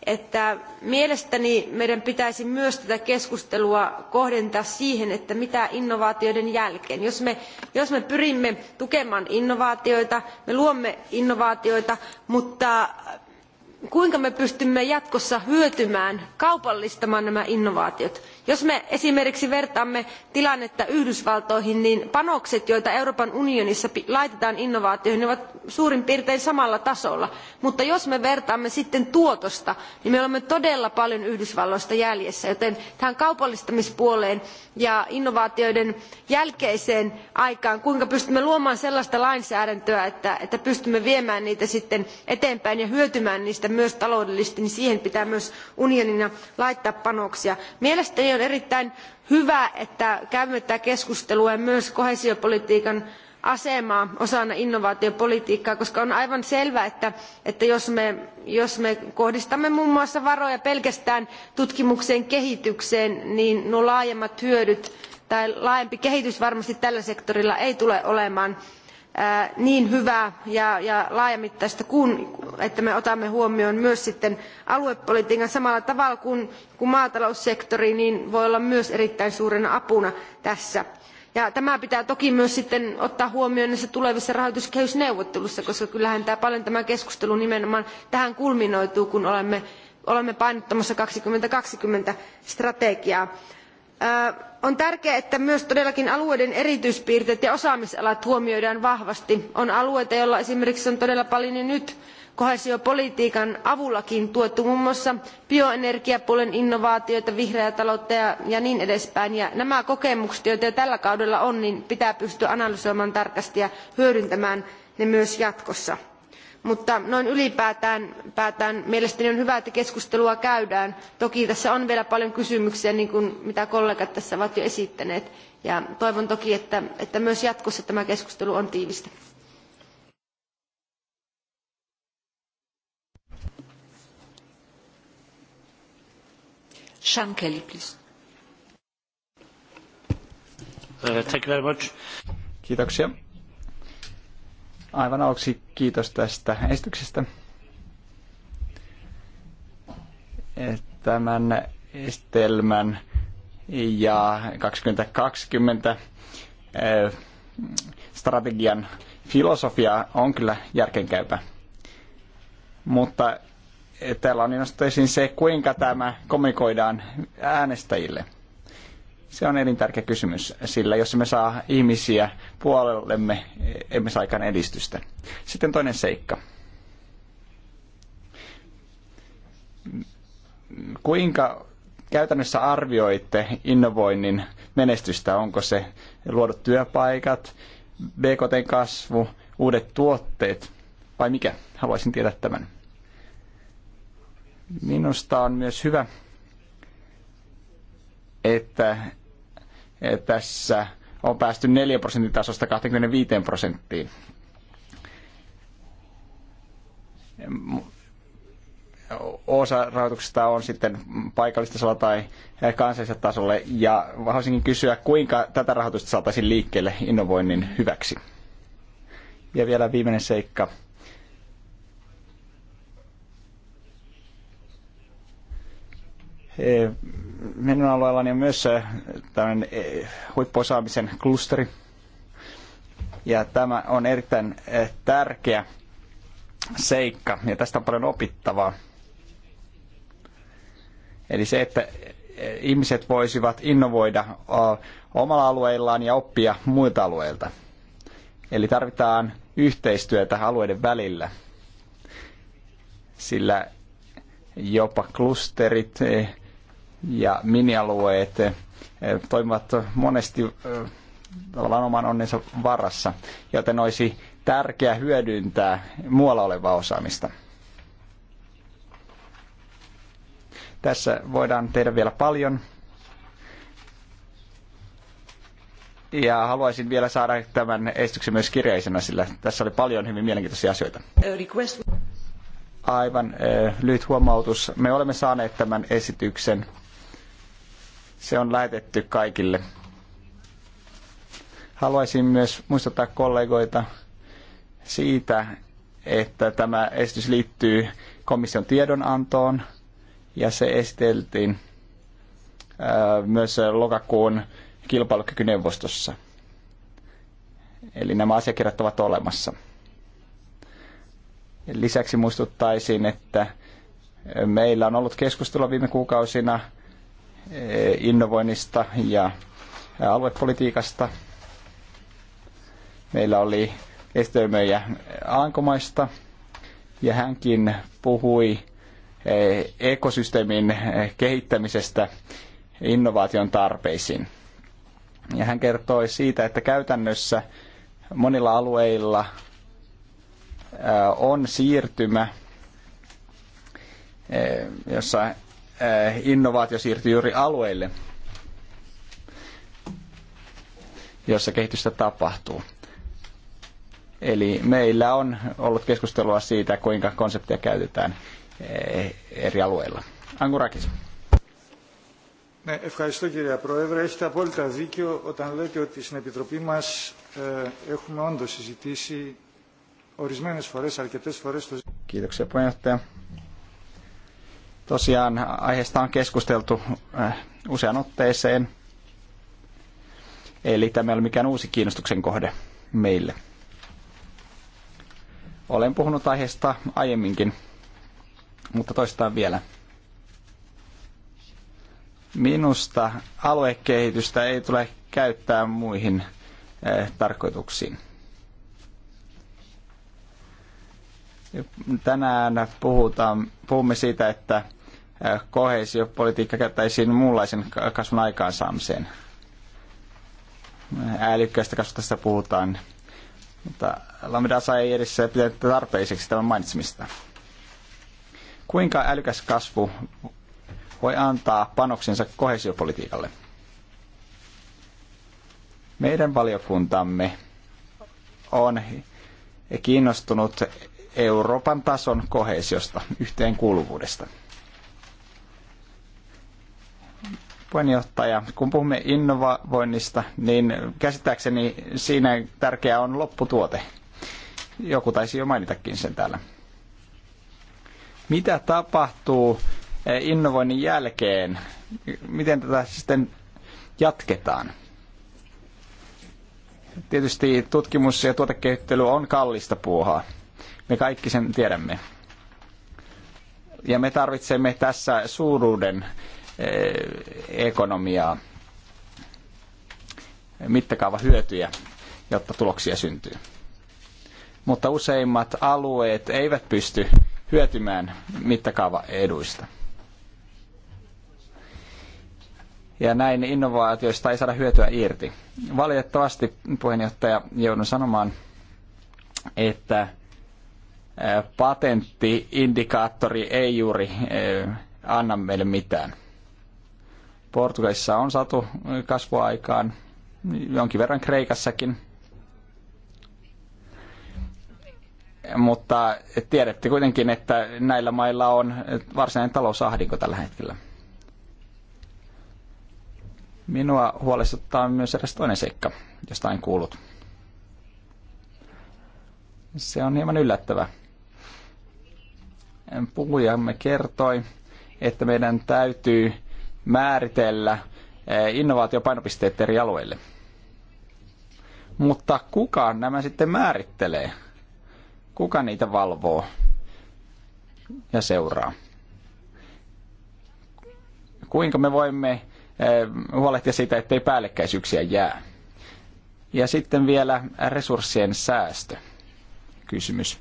että mielestäni meidän pitäisi myös tätä keskustelua kohdentaa siihen että mitä innovaatioiden jälkeen. jos me, jos me pyrimme tukemaan innovaatioita me luomme innovaatioita mutta kuinka me pystymme jatkossa hyötymään kaupallistamaan nämä innovaatiot? jos me esimerkiksi vertaamme tilannetta yhdysvaltoihin niin panokset joita euroopan unionissa laitetaan innovaatioihin ovat suurin piirtein samalla tasolla mutta jos me vertaamme sitten tuotosta niin me olemme todella paljon yhdysvalloista jäljessä joten tähän kaupallistamispuoleen ja innovaatioiden jälkeiseen aikaan kuinka pystymme luomaan sellaista lainsäädäntöä että, pystymme viemään niitä sitten eteenpäin ja hyötymään niistä myös taloudellisesti niin siihen pitää myös unionina laittaa panoksia. mielestäni on erittäin hyvä että käymme tätä keskustelua ja myös koheesiopolitiikan asemaa osana innovaatiopolitiikkaa koska on aivan selvää että, jos, me, jos me kohdistamme muun muassa varoja pelkästään tutkimukseen ja kehitykseen niin nuo laajemmat hyödyt tai laajempi kehitys varmasti tällä sektorilla ei tule olemaan niin hyvä ja, laajamittaista kuin että me otamme huomioon myös sitten aluepolitiikan samalla tavalla kuin, maataloussektori, niin voi olla myös erittäin suurena apuna tässä. Ja tämä pitää toki myös sitten ottaa huomioon näissä tulevissa rahoituskehysneuvotteluissa, koska kyllähän tämä paljon tämä keskustelu nimenomaan tähän kulminoituu, kun olemme, olemme kaksituhatta kaksikymmentä strategiaa on tärkeää että myös todellakin alueiden erityispiirteet ja osaamisalat huomioidaan vahvasti. on alueita joilla esimerkiksi on todella paljon jo nyt koheesiopolitiikan avullakin tuettu muun muassa bioenergiapuolen innovaatioita vihreää taloutta ja niin edespäin ja nämä kokemukset joita jo tällä kaudella on niin pitää pystyä analysoimaan tarkasti ja hyödyntämään ne myös jatkossa mutta noin ylipäätään mielestäni on hyvä että keskustelua käydään. toki tässä on vielä paljon kysymyksiä niin kuin mitä kollegat tässä ovat jo esittäneet ja toivon toki että, että myös jatkossa tämä keskustelu on tiivistä. Sean Kelly, please. Uh, thank you very much. Kiitoksia. Aivan aluksi kiitos tästä esityksestä. Tämän estelmän ja 2020 eh, strategian filosofia on kyllä järkenkäypä. Mutta täällä on nostettu se, kuinka tämä kommunikoidaan äänestäjille – se on elintärkeä kysymys, sillä jos me saa ihmisiä puolellemme, emme saa aikaan edistystä. Sitten toinen seikka. Kuinka käytännössä arvioitte innovoinnin menestystä? Onko se luodut työpaikat, bkt kasvu, uudet tuotteet vai mikä? Haluaisin tietää tämän. Minusta on myös hyvä että tässä on päästy 4 prosentin tasosta 25 prosenttiin. Osa rahoituksesta on sitten paikallistasolla tai kansallisella tasolla, ja haluaisinkin kysyä, kuinka tätä rahoitusta saataisiin liikkeelle innovoinnin hyväksi. Ja vielä viimeinen seikka E, minun alueellani on myös äh, tämmöinen e, huippuosaamisen klusteri. Ja tämä on erittäin e, tärkeä seikka ja tästä on paljon opittavaa. Eli se, että ihmiset voisivat innovoida omalla alueillaan ja oppia muilta alueilta. Eli tarvitaan yhteistyötä alueiden välillä, sillä jopa klusterit ja minialueet eh, toimivat monesti eh, tavallaan oman onnensa varassa, joten olisi tärkeää hyödyntää muualla olevaa osaamista. Tässä voidaan tehdä vielä paljon. Ja haluaisin vielä saada tämän esityksen myös kirjaisena sillä tässä oli paljon hyvin mielenkiintoisia asioita. Aivan eh, lyhyt huomautus. Me olemme saaneet tämän esityksen se on lähetetty kaikille. Haluaisin myös muistuttaa kollegoita siitä, että tämä esitys liittyy komission tiedonantoon ja se esiteltiin myös lokakuun kilpailukykyneuvostossa. Eli nämä asiakirjat ovat olemassa. Lisäksi muistuttaisin, että meillä on ollut keskustelua viime kuukausina Eh, innovoinnista ja eh, aluepolitiikasta. Meillä oli estömöjä Aankomaista ja hänkin puhui eh, ekosysteemin kehittämisestä innovaation tarpeisiin. Ja hän kertoi siitä, että käytännössä monilla alueilla on siirtymä, jossa innovaatio siirtyy juuri alueille, jossa kehitystä tapahtuu. Eli meillä on ollut keskustelua siitä, kuinka konseptia käytetään eri alueilla. Angurakis. ευχαριστώ κύριε Πρόεδρε. Έχετε απόλυτα δίκιο όταν λέτε ότι στην Επιτροπή μας ε, έχουμε όντως συζητήσει ορισμένες φορές, αρκετές φορές το ζήτημα. Κύριε Ξεπονιάστε. Tosiaan aiheesta on keskusteltu äh, usean otteeseen, eli tämä ei ole mikään uusi kiinnostuksen kohde meille. Olen puhunut aiheesta aiemminkin, mutta toistaan vielä. Minusta aluekehitystä ei tule käyttää muihin äh, tarkoituksiin. Tänään puhutaan, puhumme siitä, että Äh, kohesiopolitiikka käyttäisiin muunlaisen kasvun aikaansaamiseen. Älykkäistä kasvusta tässä puhutaan, mutta Lamedasa ei edes pitänyt tarpeiseksi tämän mainitsemista. Kuinka älykäs kasvu voi antaa panoksensa kohesiopolitiikalle? Meidän valiokuntamme on kiinnostunut Euroopan tason kohesiosta, yhteenkuuluvuudesta. puheenjohtaja, kun puhumme innovoinnista, niin käsittääkseni siinä tärkeää on lopputuote. Joku taisi jo mainitakin sen täällä. Mitä tapahtuu eh, innovoinnin jälkeen? Miten tätä sitten jatketaan? Tietysti tutkimus ja tuotekehittely on kallista puuhaa. Me kaikki sen tiedämme. Ja me tarvitsemme tässä suuruuden Eh, ekonomiaa, mittakaava hyötyjä, jotta tuloksia syntyy. Mutta useimmat alueet eivät pysty hyötymään mittakaava eduista. Ja näin innovaatioista ei saada hyötyä irti. Valitettavasti puheenjohtaja joudun sanomaan, että eh, patenttiindikaattori ei juuri eh, anna meille mitään. Portugalissa on saatu kasvuaikaan, jonkin verran Kreikassakin. Mutta tiedätte kuitenkin, että näillä mailla on varsinainen talousahdinko tällä hetkellä. Minua huolestuttaa myös eräs toinen seikka, josta en kuullut. Se on hieman yllättävä. Puhujamme kertoi, että meidän täytyy määritellä eh, innovaatiopainopisteet eri alueille. Mutta kuka nämä sitten määrittelee? Kuka niitä valvoo ja seuraa? Kuinka me voimme eh, huolehtia siitä, ettei päällekkäisyyksiä jää? Ja sitten vielä resurssien säästö kysymys.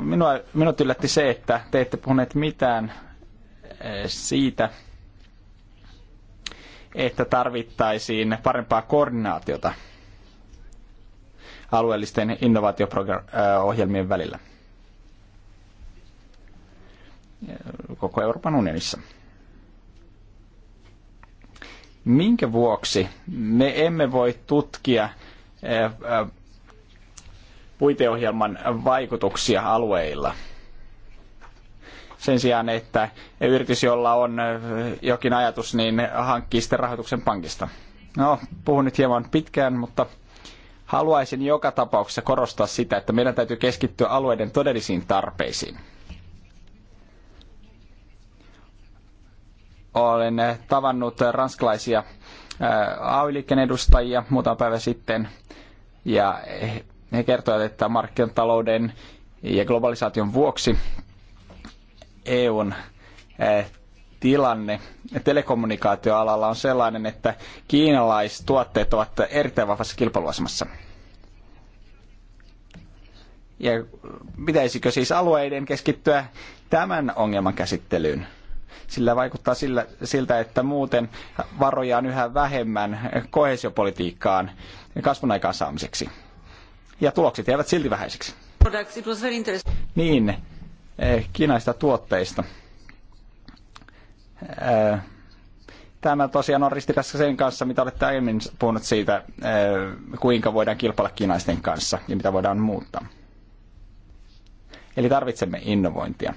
Minua, minut yllätti se, että te ette puhuneet mitään eh, siitä, että tarvittaisiin parempaa koordinaatiota alueellisten innovaatioohjelmien välillä koko Euroopan unionissa. Minkä vuoksi me emme voi tutkia eh, eh, puiteohjelman vaikutuksia alueilla – sen sijaan, että yritys, jolla on jokin ajatus, niin hankkii sitten rahoituksen pankista. No, puhun nyt hieman pitkään, mutta haluaisin joka tapauksessa korostaa sitä, että meidän täytyy keskittyä alueiden todellisiin tarpeisiin. Olen tavannut ranskalaisia AY-liikkeen edustajia muutama päivä sitten, ja he kertoivat, että markkinatalouden ja globalisaation vuoksi EUn eh, tilanne telekommunikaatioalalla on sellainen, että kiinalaistuotteet ovat erittäin vahvassa kilpailuasemassa. Ja pitäisikö siis alueiden keskittyä tämän ongelman käsittelyyn? Sillä vaikuttaa sillä, siltä, että muuten varoja on yhä vähemmän kohesiopolitiikkaan kasvun aikaansaamiseksi. Ja tulokset jäävät silti vähäiseksi. Niin, Eh, kiinaista tuotteista. Eh, Tämä tosiaan on ristiriidassa sen kanssa, mitä olette aiemmin puhunut siitä, eh, kuinka voidaan kilpailla kiinaisten kanssa ja mitä voidaan muuttaa. Eli tarvitsemme innovointia.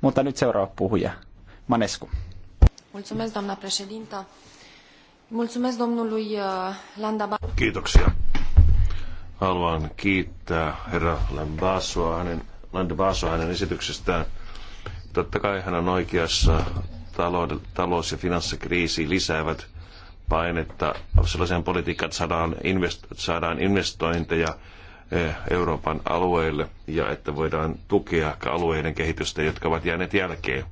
Mutta nyt seuraava puhuja, Manesku. Mulțumesc, doamna președintă. Mulțumesc domnului Kiitoksia. Haluan kiittää herra Lambasua hänen Landvaso hänen esityksestään. Totta kai hän on oikeassa. Talous- ja finanssikriisi lisäävät painetta sellaiseen politiikkaan, että saadaan, invest- saadaan investointeja eh, Euroopan alueille ja että voidaan tukea alueiden kehitystä, jotka ovat jääneet jälkeen.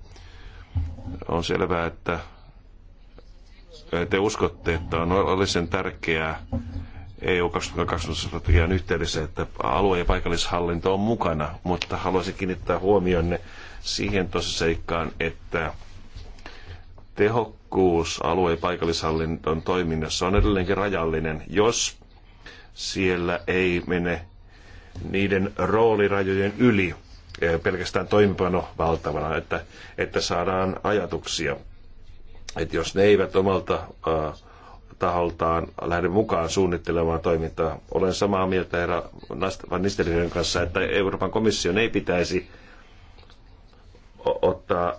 On selvää, että te uskotte, että on olisen tärkeää EU 2020-strategian yhteydessä, että alue- ja paikallishallinto on mukana, mutta haluaisin kiinnittää huomionne siihen tosiseikkaan, että tehokkuus alue- ja paikallishallinton toiminnassa on edelleenkin rajallinen, jos siellä ei mene niiden roolirajojen yli eh, pelkästään toimipano valtavana, että, että saadaan ajatuksia. Että jos ne eivät omalta äh, taholtaan lähde mukaan suunnittelemaan toimintaa. Olen samaa mieltä herra Van Nistelrooyn kanssa, että Euroopan komission ei pitäisi ottaa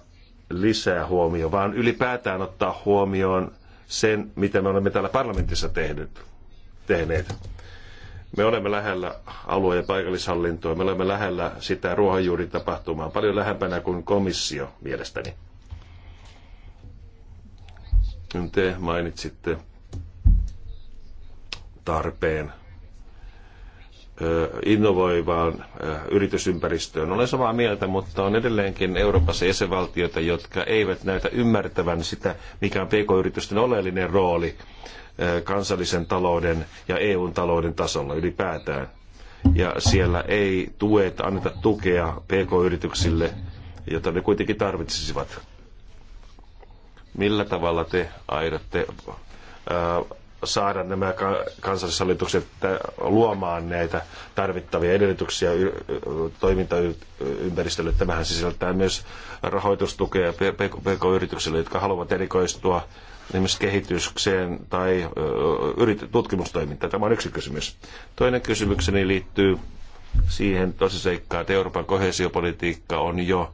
lisää huomioon, vaan ylipäätään ottaa huomioon sen, mitä me olemme täällä parlamentissa tehnyt, tehneet. Me olemme lähellä alue- ja paikallishallintoa, me olemme lähellä sitä ruohonjuuritapahtumaa, paljon lähempänä kuin komissio mielestäni. Te mainitsitte tarpeen innovoivaan yritysympäristöön. Olen samaa mieltä, mutta on edelleenkin Euroopassa jäsenvaltioita, jotka eivät näytä ymmärtävän sitä, mikä on pk-yritysten oleellinen rooli kansallisen talouden ja EUn talouden tasolla ylipäätään. Ja siellä ei tuet anneta tukea pk-yrityksille, jota ne kuitenkin tarvitsisivat. Millä tavalla te aidatte saada nämä kansallishallitukset luomaan näitä tarvittavia edellytyksiä toimintaympäristölle. Tämähän sisältää myös rahoitustukea pk-yrityksille, jotka haluavat erikoistua esimerkiksi kehitykseen tai tutkimustoimintaan. Tämä on yksi kysymys. Toinen kysymykseni liittyy siihen tosiseikkaan, että Euroopan kohesiopolitiikka on jo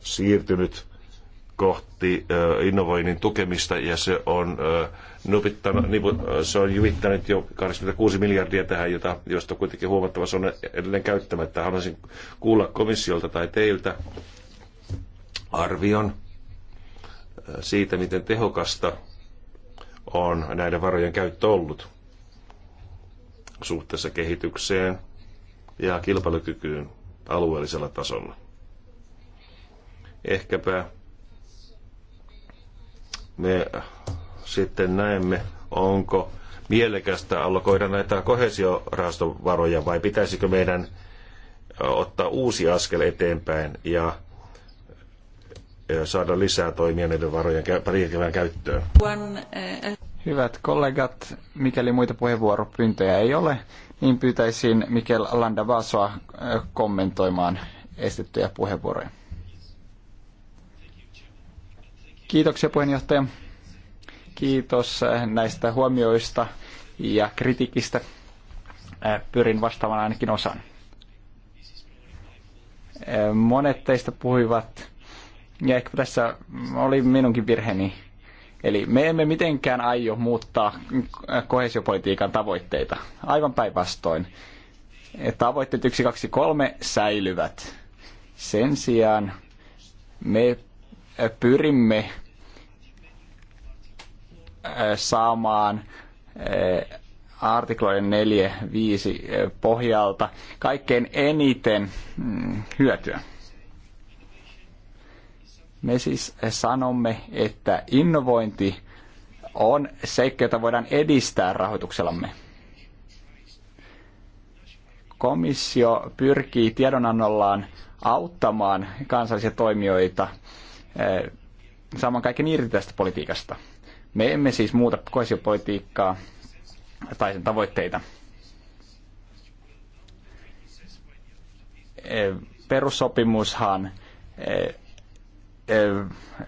siirtynyt kohti innovoinnin tukemista ja se on, nupittanut, niin se on jyvittänyt jo 26 miljardia tähän, jota, josta kuitenkin huomattava se on edelleen käyttämättä. Haluaisin kuulla komissiolta tai teiltä arvion siitä, miten tehokasta on näiden varojen käyttö ollut suhteessa kehitykseen ja kilpailukykyyn alueellisella tasolla. Ehkäpä me sitten näemme, onko mielekästä allokoida näitä kohesiorahastovaroja vai pitäisikö meidän ottaa uusi askel eteenpäin ja saada lisää toimia näiden varojen pariin käyttöön. Hyvät kollegat, mikäli muita puheenvuoropyyntöjä ei ole, niin pyytäisin Mikel vasoa kommentoimaan estettyjä puheenvuoroja. Kiitoksia puheenjohtaja. Kiitos eh, näistä huomioista ja kritiikistä. Eh, pyrin vastaamaan ainakin osan. Eh, monet teistä puhuivat, ja ehkä tässä oli minunkin virheeni, Eli me emme mitenkään aio muuttaa kohesiopolitiikan tavoitteita. Aivan päinvastoin. Tavoitteet 1, 2, 3 säilyvät. Sen sijaan me pyrimme äh, saamaan äh, artikloiden 4, 5 äh, pohjalta kaikkein eniten mm, hyötyä. Me siis sanomme, että innovointi on seikka, jota voidaan edistää rahoituksellamme. Komissio pyrkii tiedonannollaan auttamaan kansallisia toimijoita Eh, saamaan kaiken irti tästä politiikasta. Me emme siis muuta koesiopolitiikkaa tai sen tavoitteita. Eh, perussopimushan eh,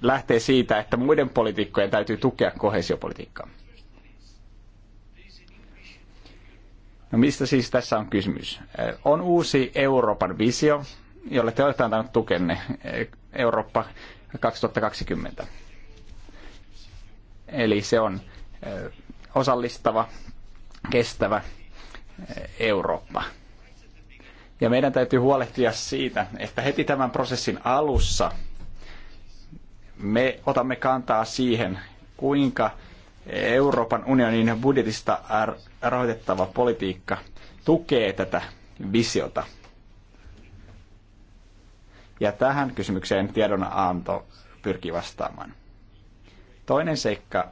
lähtee siitä, että muiden poliitikkojen täytyy tukea kohesiopolitiikkaa. No mistä siis tässä on kysymys? On uusi Euroopan visio, jolle te olette antaneet tukenne. Eurooppa 2020. Eli se on osallistava, kestävä Eurooppa. Ja meidän täytyy huolehtia siitä, että heti tämän prosessin alussa me otamme kantaa siihen, kuinka Euroopan unionin budjetista rahoitettava politiikka tukee tätä visiota – ja tähän kysymykseen tiedonanto pyrkii vastaamaan. Toinen seikka,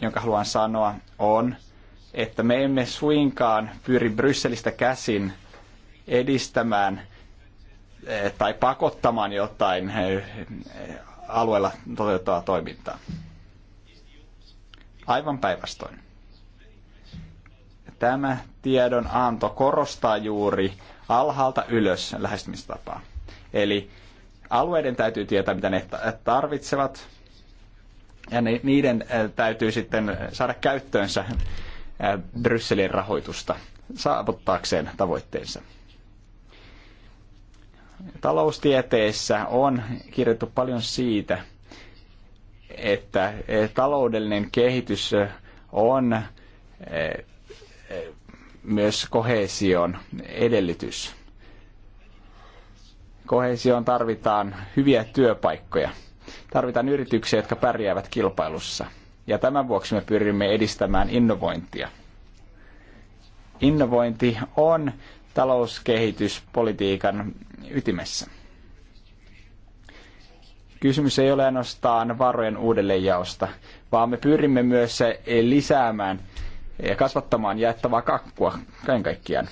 jonka haluan sanoa, on, että me emme suinkaan pyri Brysselistä käsin edistämään eh, tai pakottamaan jotain eh, alueella toteuttavaa toimintaa. Aivan päinvastoin. Tämä tiedonanto korostaa juuri alhaalta ylös lähestymistapaa. Eli alueiden täytyy tietää, mitä ne tarvitsevat, ja niiden täytyy sitten saada käyttöönsä Brysselin rahoitusta saavuttaakseen tavoitteensa. taloustieteessä on kirjoitettu paljon siitä, että taloudellinen kehitys on myös kohesion edellytys kohesioon tarvitaan hyviä työpaikkoja. Tarvitaan yrityksiä, jotka pärjäävät kilpailussa. Ja tämän vuoksi me pyrimme edistämään innovointia. Innovointi on talouskehityspolitiikan ytimessä. Kysymys ei ole ainoastaan varojen uudelleenjaosta, vaan me pyrimme myös lisäämään ja kasvattamaan jaettavaa kakkua kaiken kaikkiaan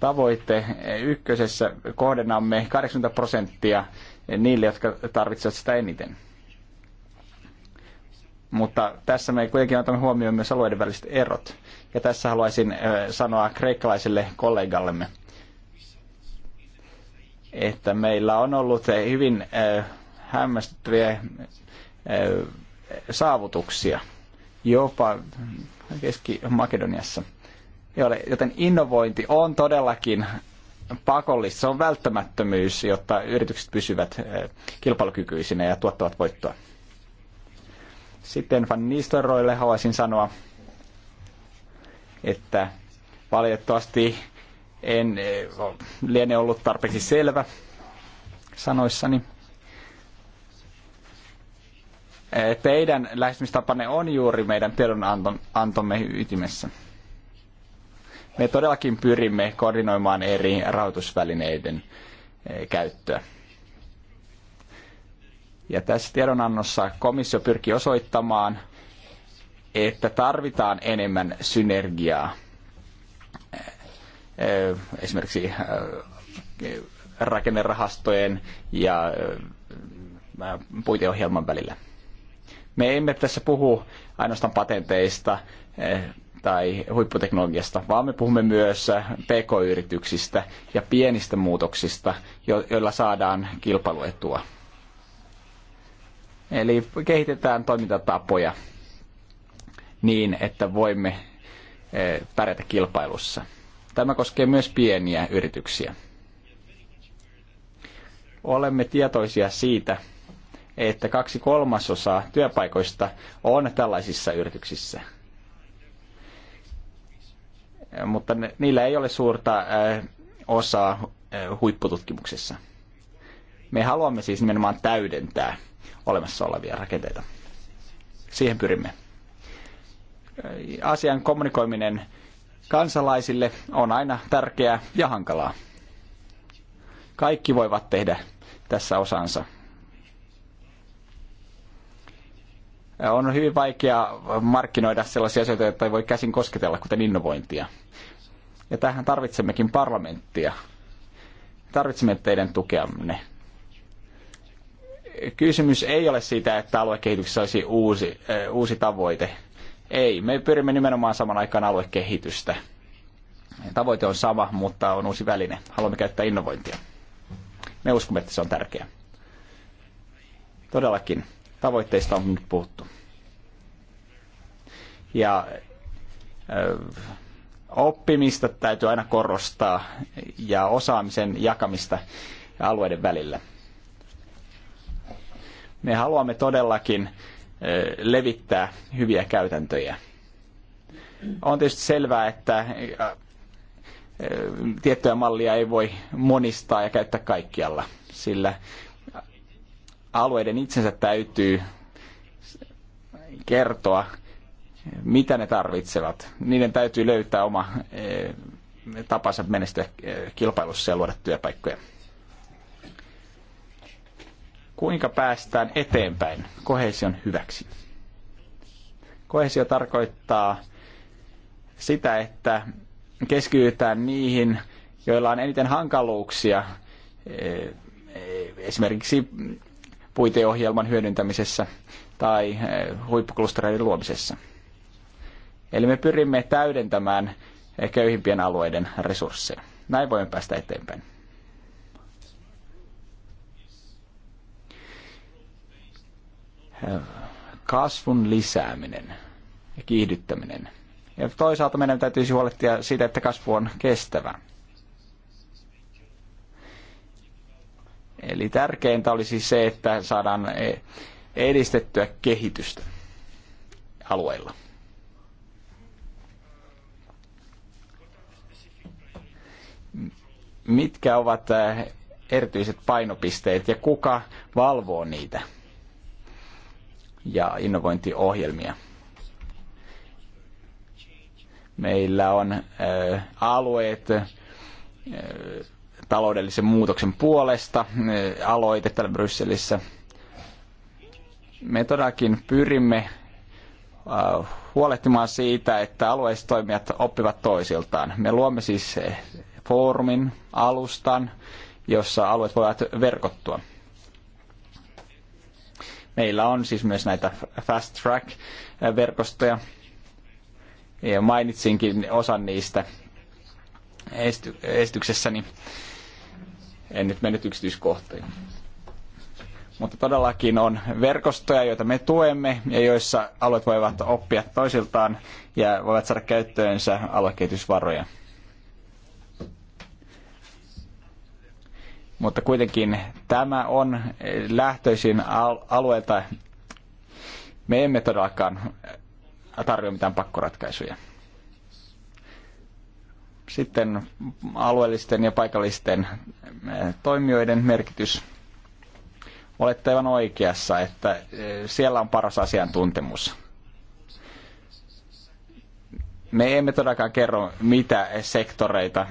tavoite. Ykkösessä kohdennamme 80 prosenttia niille, jotka tarvitsevat sitä eniten. Mutta tässä me kuitenkin otamme huomioon myös alueiden väliset erot. Ja tässä haluaisin sanoa kreikkalaiselle kollegallemme, että meillä on ollut hyvin hämmästyttäviä saavutuksia jopa Keski-Makedoniassa – Joten innovointi on todellakin pakollista, se on välttämättömyys, jotta yritykset pysyvät eh, kilpailukykyisinä ja tuottavat voittoa. Sitten Van Nistelrooylle haluaisin sanoa, että valitettavasti en eh, liene ollut tarpeeksi selvä sanoissani. Eh, teidän lähestymistapanne on juuri meidän tiedonantomme ytimessä me todellakin pyrimme koordinoimaan eri rahoitusvälineiden eh, käyttöä. Ja tässä tiedonannossa komissio pyrkii osoittamaan, että tarvitaan enemmän synergiaa eh, eh, esimerkiksi rakennerahastojen ja puiteohjelman välillä. Me emme tässä puhu ainoastaan patenteista, tai huipputeknologiasta, vaan me puhumme myös pk-yrityksistä ja pienistä muutoksista, joilla saadaan kilpailuetua. Eli kehitetään toimintatapoja niin, että voimme e, pärjätä kilpailussa. Tämä koskee myös pieniä yrityksiä. Olemme tietoisia siitä, että kaksi kolmasosaa työpaikoista on tällaisissa yrityksissä – mutta niillä ei ole suurta äh, osaa äh, huippututkimuksessa. Me haluamme siis nimenomaan täydentää olemassa olevia rakenteita. Siihen pyrimme. Äh, asian kommunikoiminen kansalaisille on aina tärkeää ja hankalaa. Kaikki voivat tehdä tässä osansa – on hyvin vaikea markkinoida sellaisia asioita, joita ei voi käsin kosketella, kuten innovointia. Ja tähän tarvitsemmekin parlamenttia. Tarvitsemme teidän tukeanne. Kysymys ei ole siitä, että aluekehityksessä olisi uusi, äh, uusi tavoite. Ei, me pyrimme nimenomaan saman aikaan aluekehitystä. Tavoite on sama, mutta on uusi väline. Haluamme käyttää innovointia. Me uskomme, että se on tärkeää. Todellakin tavoitteista on nyt puhuttu. Ja oppimista täytyy aina korostaa ja osaamisen jakamista alueiden välillä. Me haluamme todellakin levittää hyviä käytäntöjä. On tietysti selvää, että tiettyä mallia ei voi monistaa ja käyttää kaikkialla, sillä alueiden itsensä täytyy kertoa, mitä ne tarvitsevat. Niiden täytyy löytää oma eh, tapansa menestyä eh, kilpailussa ja luoda työpaikkoja. Kuinka päästään eteenpäin kohesion hyväksi? Kohesio tarkoittaa sitä, että keskitytään niihin, joilla on eniten hankaluuksia eh, esimerkiksi puiteohjelman hyödyntämisessä tai eh, huippuklustereiden luomisessa. Eli me pyrimme täydentämään eh, köyhimpien alueiden resursseja. Näin voimme päästä eteenpäin. Kasvun lisääminen ja kiihdyttäminen. Ja toisaalta meidän täytyisi huolehtia siitä, että kasvu on kestävä Eli tärkeintä olisi siis se, että saadaan e, edistettyä kehitystä alueilla. Mitkä ovat e, erityiset painopisteet ja kuka valvoo niitä ja innovointiohjelmia? Meillä on e, alueet taloudellisen muutoksen puolesta aloite täällä Brysselissä. Me todellakin pyrimme äh, huolehtimaan siitä, että alueelliset toimijat oppivat toisiltaan. Me luomme siis eh, foorumin, alustan, jossa alueet voivat verkottua. Meillä on siis myös näitä fast track verkostoja. Ja mainitsinkin osan niistä esty- esityksessäni. En nyt mennyt yksityiskohtiin. Mutta todellakin on verkostoja, joita me tuemme ja joissa alueet voivat oppia toisiltaan ja voivat saada käyttöönsä aluekehitysvaroja. Mutta kuitenkin tämä on lähtöisin alueelta. Me emme todellakaan tarjoa mitään pakkoratkaisuja. Sitten alueellisten ja paikallisten eh, toimijoiden merkitys. Olette aivan oikeassa, että eh, siellä on paras asiantuntemus. Me emme todellakaan kerro, mitä sektoreita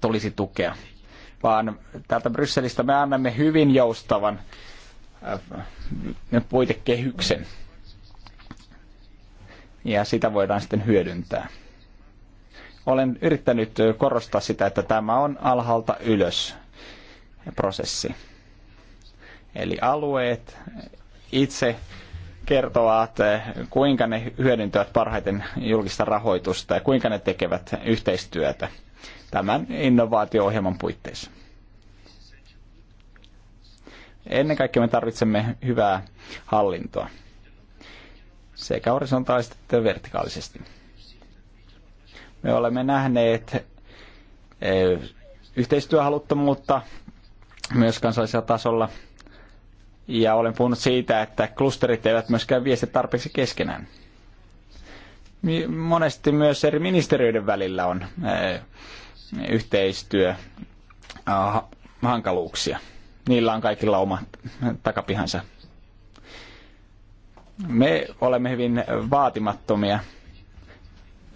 tulisi tukea, vaan täältä Brysselistä me annamme hyvin joustavan eh, puitekehyksen. Ja sitä voidaan sitten hyödyntää olen yrittänyt korostaa sitä, että tämä on alhaalta ylös prosessi. Eli alueet itse kertovat, kuinka ne hyödyntävät parhaiten julkista rahoitusta ja kuinka ne tekevät yhteistyötä tämän innovaatio-ohjelman puitteissa. Ennen kaikkea me tarvitsemme hyvää hallintoa sekä horisontaalisesti että vertikaalisesti me olemme nähneet eh, yhteistyöhaluttomuutta myös kansallisella tasolla. Ja olen puhunut siitä, että klusterit eivät myöskään viesti tarpeeksi keskenään. Monesti myös eri ministeriöiden välillä on eh, yhteistyö ah, hankaluuksia. Niillä on kaikilla oma takapihansa. Me olemme hyvin vaatimattomia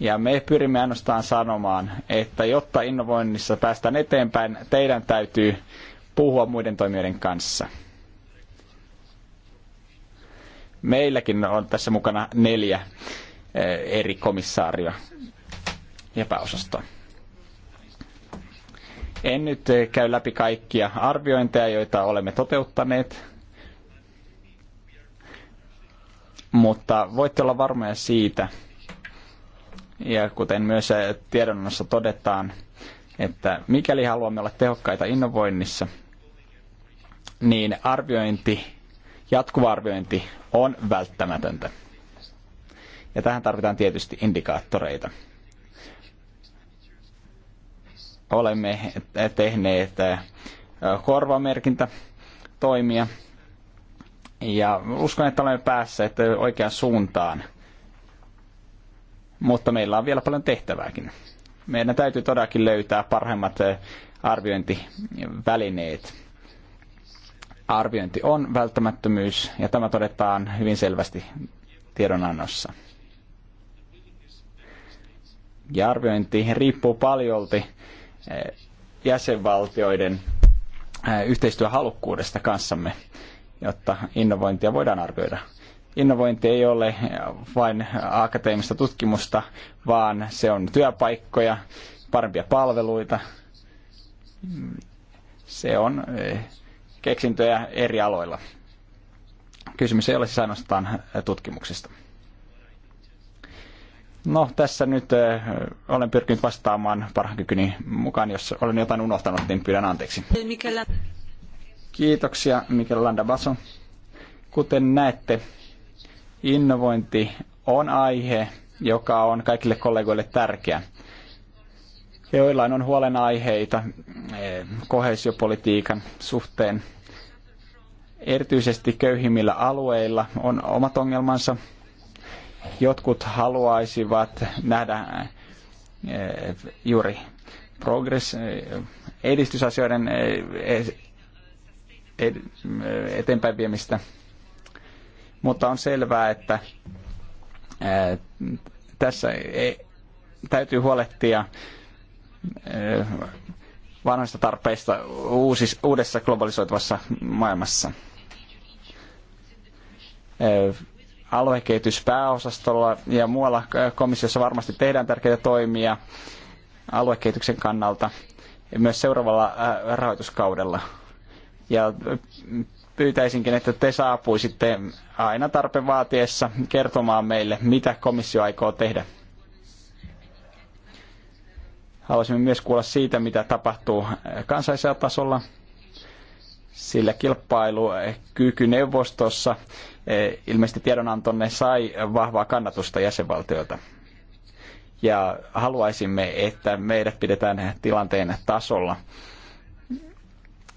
ja me pyrimme ainoastaan sanomaan, että jotta innovoinnissa päästään eteenpäin, teidän täytyy puhua muiden toimijoiden kanssa. Meilläkin on tässä mukana neljä eh, eri komissaaria ja pääosastoa. En nyt eh, käy läpi kaikkia arviointeja, joita olemme toteuttaneet, mutta voitte olla varmoja siitä, ja kuten myös tiedonnossa todetaan, että mikäli haluamme olla tehokkaita innovoinnissa, niin arviointi, jatkuva arviointi on välttämätöntä. Ja tähän tarvitaan tietysti indikaattoreita. Olemme tehneet korvamerkintä toimia ja uskon, että olemme päässeet oikeaan suuntaan mutta meillä on vielä paljon tehtävääkin. Meidän täytyy todellakin löytää parhaimmat eh, arviointivälineet. Arviointi on välttämättömyys ja tämä todetaan hyvin selvästi tiedonannossa. Ja arviointi riippuu paljolti eh, jäsenvaltioiden eh, yhteistyöhalukkuudesta kanssamme, jotta innovointia voidaan arvioida innovointi ei ole vain akateemista tutkimusta, vaan se on työpaikkoja, parempia palveluita. Se on eh, keksintöjä eri aloilla. Kysymys ei ole siis ainoastaan eh, tutkimuksesta. No tässä nyt ö, eh, olen pyrkinyt vastaamaan parhaan kykyni mukaan. Jos olen jotain unohtanut, niin pyydän anteeksi. Kiitoksia Mikel Landabaso. Kuten näette, Innovointi on aihe, joka on kaikille kollegoille tärkeä. Joillain on huolenaiheita eh, kohesiopolitiikan suhteen. Erityisesti köyhimmillä alueilla on omat ongelmansa. Jotkut haluaisivat nähdä eh, juuri progress, eh, edistysasioiden eteenpäin viemistä mutta on selvää, että eh, tässä ei, täytyy huolehtia eh, vanhoista tarpeista uusis, uudessa globalisoituvassa maailmassa. Eh, aluekehityspääosastolla ja muualla komissiossa varmasti tehdään tärkeitä toimia aluekehityksen kannalta myös seuraavalla rahoituskaudella. Ja pyytäisinkin, että te saapuisitte aina tarpeen vaatiessa kertomaan meille, mitä komissio aikoo tehdä. Haluaisimme myös kuulla siitä, mitä tapahtuu kansallisella tasolla, sillä kilpailukykyneuvostossa e, ilmeisesti tiedonantonne sai vahvaa kannatusta jäsenvaltioilta. Ja haluaisimme, että meidät pidetään tilanteen tasolla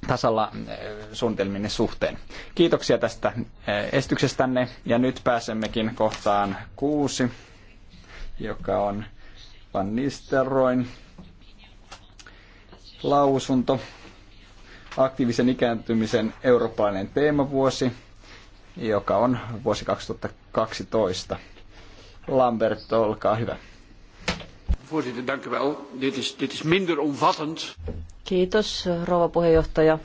tasalla äh, suunnitelminne suhteen. Kiitoksia tästä äh, estyksestänne ja nyt pääsemmekin kohtaan kuusi, joka on Van lausunto. Aktiivisen ikääntymisen eurooppalainen teemavuosi, joka on vuosi 2012. Lambert, olkaa hyvä. Voorzitter, dank u wel. Dit is, dit is minder omvattend. Kiitos, rouva puheenjohtaja.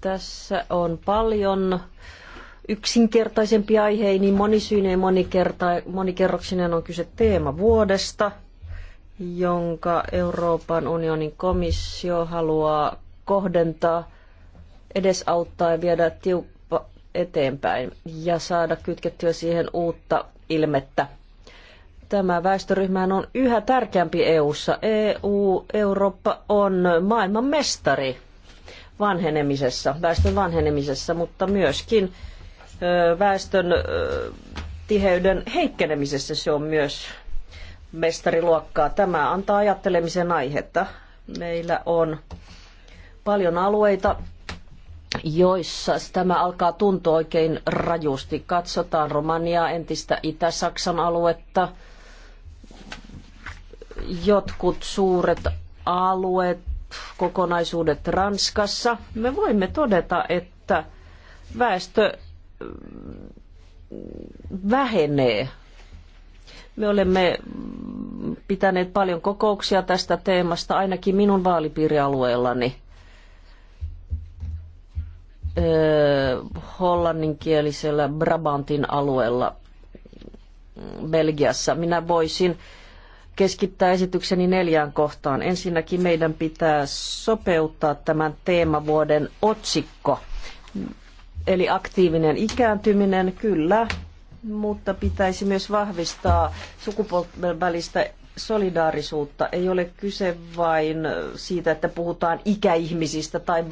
Tässä on paljon yksinkertaisempi aihe, niin monisyinen niin monikerta- monikerroksinen on kyse teemavuodesta, jonka Euroopan unionin komissio haluaa kohdentaa, edesauttaa ja viedä tiukka eteenpäin ja saada kytkettyä siihen uutta ilmettä. Tämä väestöryhmä on yhä tärkeämpi EU:ssa. EU, Eurooppa on maailman mestari vanhenemisessa, väestön vanhenemisessa, mutta myöskin väestön tiheyden heikkenemisessä se on myös mestariluokkaa. Tämä antaa ajattelemisen aihetta. Meillä on paljon alueita, joissa tämä alkaa tuntua oikein rajusti. Katsotaan Romaniaa, entistä Itä-Saksan aluetta, jotkut suuret alueet, kokonaisuudet Ranskassa, me voimme todeta, että väestö mm, vähenee. Me olemme pitäneet paljon kokouksia tästä teemasta, ainakin minun vaalipiirialueellani. Hollanninkielisellä Brabantin alueella mm, Belgiassa. Minä voisin keskittää esitykseni neljään kohtaan. Ensinnäkin meidän pitää sopeuttaa tämän teemavuoden otsikko, eli aktiivinen ikääntyminen, kyllä, mutta pitäisi myös vahvistaa sukupuolten välistä solidaarisuutta. Ei ole kyse vain siitä, että puhutaan ikäihmisistä tai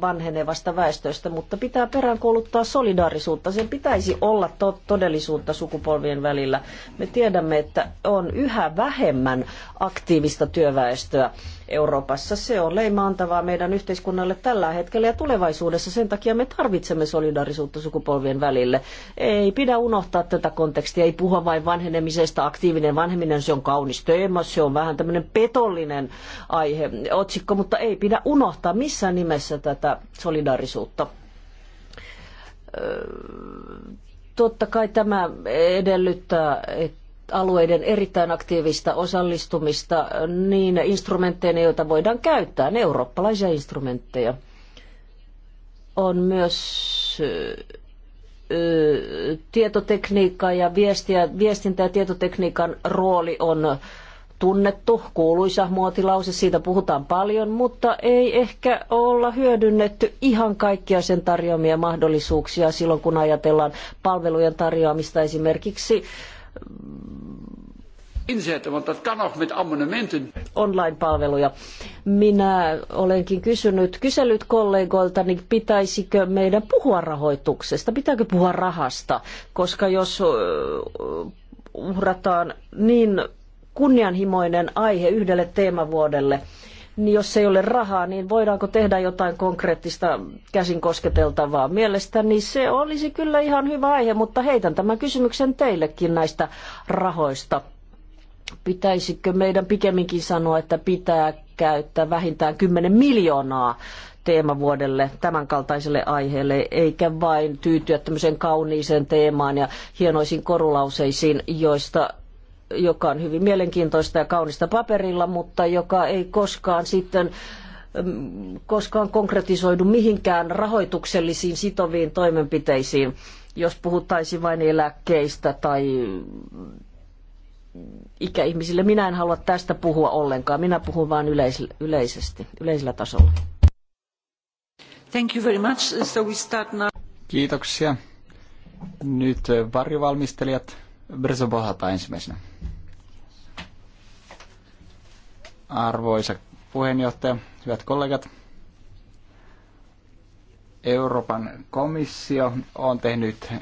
vanhenevasta väestöstä, mutta pitää peräänkouluttaa solidaarisuutta. Sen pitäisi olla to- todellisuutta sukupolvien välillä. Me tiedämme, että on yhä vähemmän aktiivista työväestöä Euroopassa. Se on leimaantavaa meidän yhteiskunnalle tällä hetkellä ja tulevaisuudessa. Sen takia me tarvitsemme solidarisuutta sukupolvien välille. Ei pidä unohtaa tätä kontekstia, ei puhua vain vanhenemisesta. Aktiivinen vanheminen, se on kaunis teema, se on vähän tämmöinen petollinen aihe, otsikko, mutta ei pidä unohtaa missään nimessä tätä solidarisuutta totta kai tämä edellyttää, että alueiden erittäin aktiivista osallistumista niin instrumentteina, joita voidaan käyttää, ne eurooppalaisia instrumentteja. On myös tietotekniikka ja viestiä, viestintä ja tietotekniikan rooli on tunnettu, kuuluisa muotilause, siitä puhutaan paljon, mutta ei ehkä olla hyödynnetty ihan kaikkia sen tarjoamia mahdollisuuksia silloin, kun ajatellaan palvelujen tarjoamista esimerkiksi online-palveluja. Minä olenkin kysynyt, kysellyt kollegoilta, niin pitäisikö meidän puhua rahoituksesta, pitääkö puhua rahasta, koska jos uhrataan niin kunnianhimoinen aihe yhdelle teemavuodelle, niin jos ei ole rahaa, niin voidaanko tehdä jotain konkreettista käsin kosketeltavaa? Mielestäni se olisi kyllä ihan hyvä aihe, mutta heitän tämän kysymyksen teillekin näistä rahoista. Pitäisikö meidän pikemminkin sanoa, että pitää käyttää vähintään 10 miljoonaa teemavuodelle tämänkaltaiselle aiheelle, eikä vain tyytyä tämmöiseen kauniiseen teemaan ja hienoisiin korulauseisiin, joista joka on hyvin mielenkiintoista ja kaunista paperilla, mutta joka ei koskaan sitten mm, koskaan konkretisoidu mihinkään rahoituksellisiin sitoviin toimenpiteisiin, jos puhuttaisiin vain eläkkeistä tai ikäihmisille. Minä en halua tästä puhua ollenkaan. Minä puhun vain yleis- yleisesti, yleisellä tasolla. Thank you very much. So we start now. Kiitoksia. Nyt eh, varjovalmistelijat Brzo Bohata ensimmäisenä. Arvoisa puheenjohtaja, hyvät kollegat. Euroopan komissio on tehnyt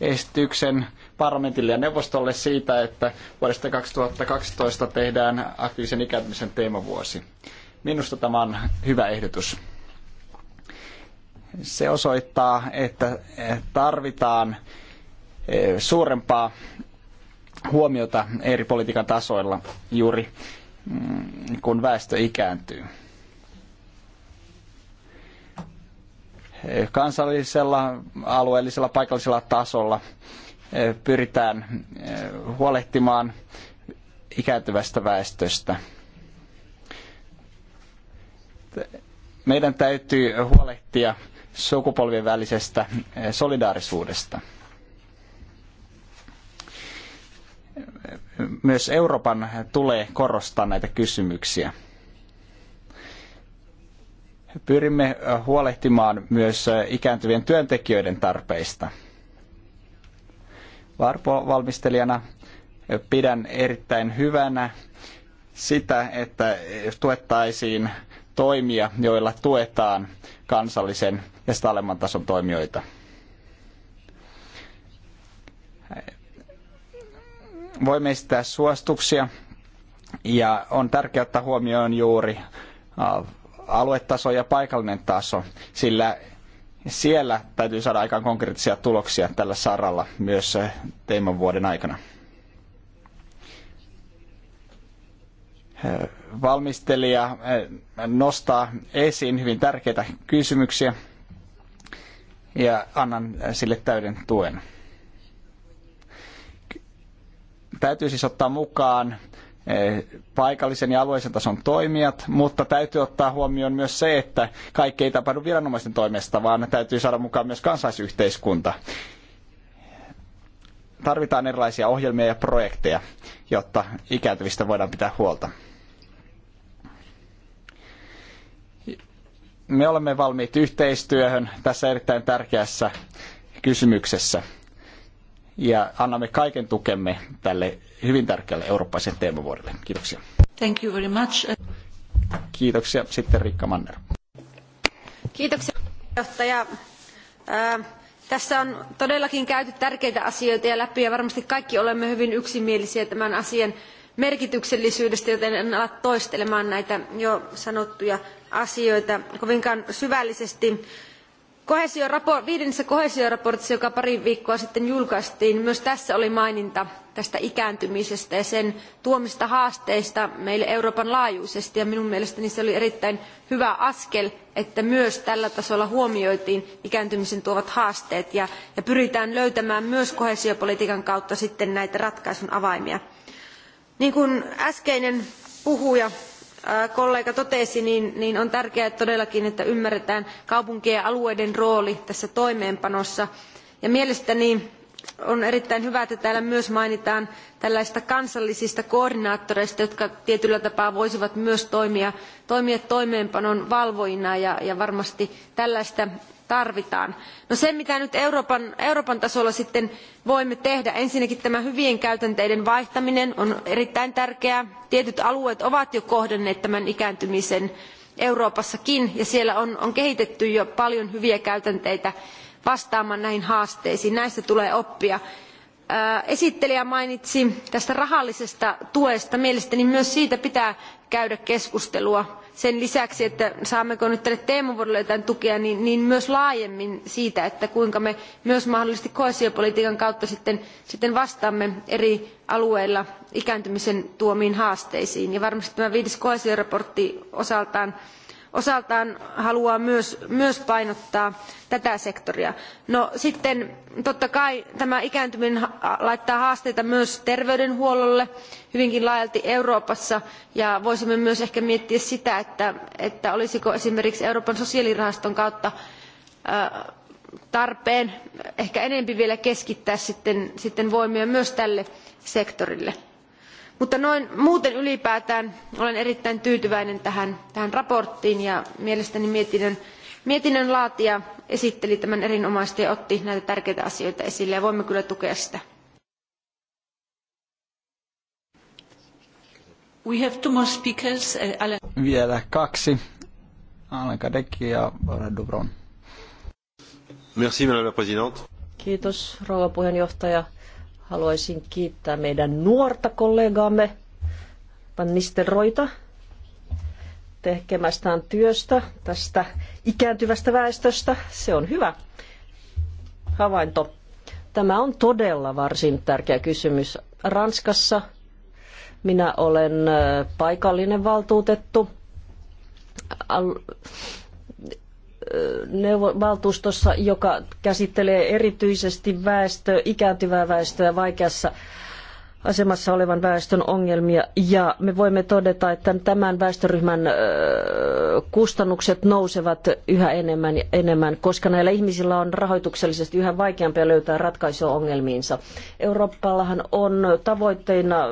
esityksen parlamentille ja neuvostolle siitä, että vuodesta 2012 tehdään aktiivisen ikääntymisen teemavuosi. Minusta tämä on hyvä ehdotus. Se osoittaa, että tarvitaan eh, suurempaa huomiota eri politiikan tasoilla juuri mm, kun väestö ikääntyy. Kansallisella, alueellisella, paikallisella tasolla eh, pyritään eh, huolehtimaan ikääntyvästä väestöstä. Meidän täytyy huolehtia sukupolvien välisestä eh, solidaarisuudesta. myös Euroopan tulee korostaa näitä kysymyksiä. Pyrimme huolehtimaan myös ikääntyvien työntekijöiden tarpeista. Varpo-valmistelijana pidän erittäin hyvänä sitä, että tuettaisiin toimia, joilla tuetaan kansallisen ja sitä alemman tason toimijoita. voimme esittää suostuksia ja on tärkeää ottaa huomioon juuri aluetaso ja paikallinen taso, sillä siellä täytyy saada aikaan konkreettisia tuloksia tällä saralla myös teeman vuoden aikana. Valmistelija nostaa esiin hyvin tärkeitä kysymyksiä ja annan sille täyden tuen. Täytyy siis ottaa mukaan eh, paikallisen ja alueisen tason toimijat, mutta täytyy ottaa huomioon myös se, että kaikki ei tapahdu viranomaisten toimesta, vaan täytyy saada mukaan myös kansalaisyhteiskunta. Tarvitaan erilaisia ohjelmia ja projekteja, jotta ikääntyvistä voidaan pitää huolta. Me olemme valmiit yhteistyöhön tässä erittäin tärkeässä kysymyksessä ja annamme kaiken tukemme tälle hyvin tärkeälle eurooppaisen teemavuodelle. Kiitoksia. Thank you very much. Kiitoksia. Sitten Riikka Manner. Kiitoksia johtaja. Äh, tässä on todellakin käyty tärkeitä asioita ja läpi ja varmasti kaikki olemme hyvin yksimielisiä tämän asian merkityksellisyydestä, joten en ala toistelemaan näitä jo sanottuja asioita kovinkaan syvällisesti viidennessä koheesioraportissa joka pari viikkoa sitten julkaistiin myös tässä oli maininta tästä ikääntymisestä ja sen tuomista haasteista meille euroopan laajuisesti ja minun mielestäni se oli erittäin hyvä askel että myös tällä tasolla huomioitiin ikääntymisen tuomat haasteet ja, ja pyritään löytämään myös koheesiopolitiikan kautta sitten näitä ratkaisun avaimia. niin kuin äskeinen puhuja Äh, kollega totesi niin, niin on tärkeää todellakin että ymmärretään kaupunkien ja alueiden rooli tässä toimeenpanossa ja mielestäni on erittäin hyvä että täällä myös mainitaan tällaisista kansallisista koordinaattoreista jotka tietyllä tapaa voisivat myös toimia, toimeenpanon valvojina ja varmasti tällaista tarvitaan. No se mitä nyt Euroopan, tasolla sitten voimme tehdä, ensinnäkin tämä hyvien käytänteiden vaihtaminen on erittäin tärkeää. Tietyt alueet ovat jo kohdanneet tämän ikääntymisen Euroopassakin ja siellä on, on kehitetty jo paljon hyviä käytänteitä vastaamaan näihin haasteisiin. Näistä tulee oppia esittelijä mainitsi tästä rahallisesta tuesta mielestäni myös siitä pitää käydä keskustelua sen lisäksi, että saammeko nyt tälle teemavuodelle jotain tukea, niin, niin, myös laajemmin siitä, että kuinka me myös mahdollisesti koesiopolitiikan kautta sitten, sitten vastaamme eri alueilla ikääntymisen tuomiin haasteisiin. Ja varmasti tämä viides koesioraportti osaltaan osaltaan haluaa myös, painottaa tätä sektoria. No, sitten totta kai tämä ikääntyminen laittaa haasteita myös terveydenhuollolle hyvinkin laajalti Euroopassa ja voisimme myös ehkä miettiä sitä, että, että olisiko esimerkiksi Euroopan sosiaalirahaston kautta tarpeen ehkä enempi vielä keskittää sitten, sitten voimia myös tälle sektorille. Mutta noin muuten ylipäätään olen erittäin tyytyväinen tähän, tähän raporttiin ja mielestäni mietinnön, laatija esitteli tämän erinomaisesti ja otti näitä tärkeitä asioita esille ja voimme kyllä tukea sitä. We have two more speakers. Uh, Vielä kaksi. Alain Kadeki ja Barbara Dubron. Merci, madame la présidente. Kiitos, rouva puheenjohtaja. Haluaisin kiittää meidän nuorta kollegaamme, Van Nistelroita, tekemästään työstä tästä ikääntyvästä väestöstä. Se on hyvä havainto. Tämä on todella varsin tärkeä kysymys. Ranskassa minä olen paikallinen valtuutettu neuvo- valtuustossa, joka käsittelee erityisesti väestö, ikääntyvää väestöä vaikeassa asemassa olevan väestön ongelmia ja me voimme todeta, että tämän väestöryhmän kustannukset nousevat yhä enemmän, ja enemmän, koska näillä ihmisillä on rahoituksellisesti yhä vaikeampia löytää ratkaisua ongelmiinsa. Eurooppallahan on tavoitteena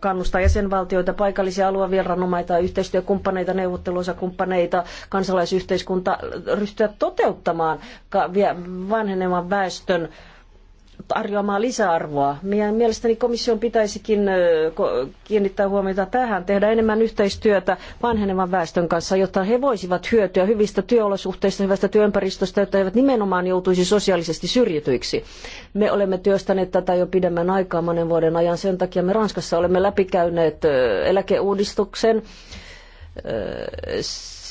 kannustaa jäsenvaltioita, paikallisia alueviranomaita, yhteistyökumppaneita, neuvotteluosakumppaneita, kansalaisyhteiskunta ryhtyä toteuttamaan vanhenevan väestön tarjoamaan lisäarvoa. Meidän mielestäni komission pitäisikin kiinnittää huomiota tähän, tehdä enemmän yhteistyötä vanhenevan väestön kanssa, jotta he voisivat hyötyä hyvistä työolosuhteista, hyvästä työympäristöstä, jotta he eivät nimenomaan joutuisi sosiaalisesti syrjityiksi. Me olemme työstäneet tätä jo pidemmän aikaa monen vuoden ajan, sen takia me Ranskassa olemme läpikäyneet eläkeuudistuksen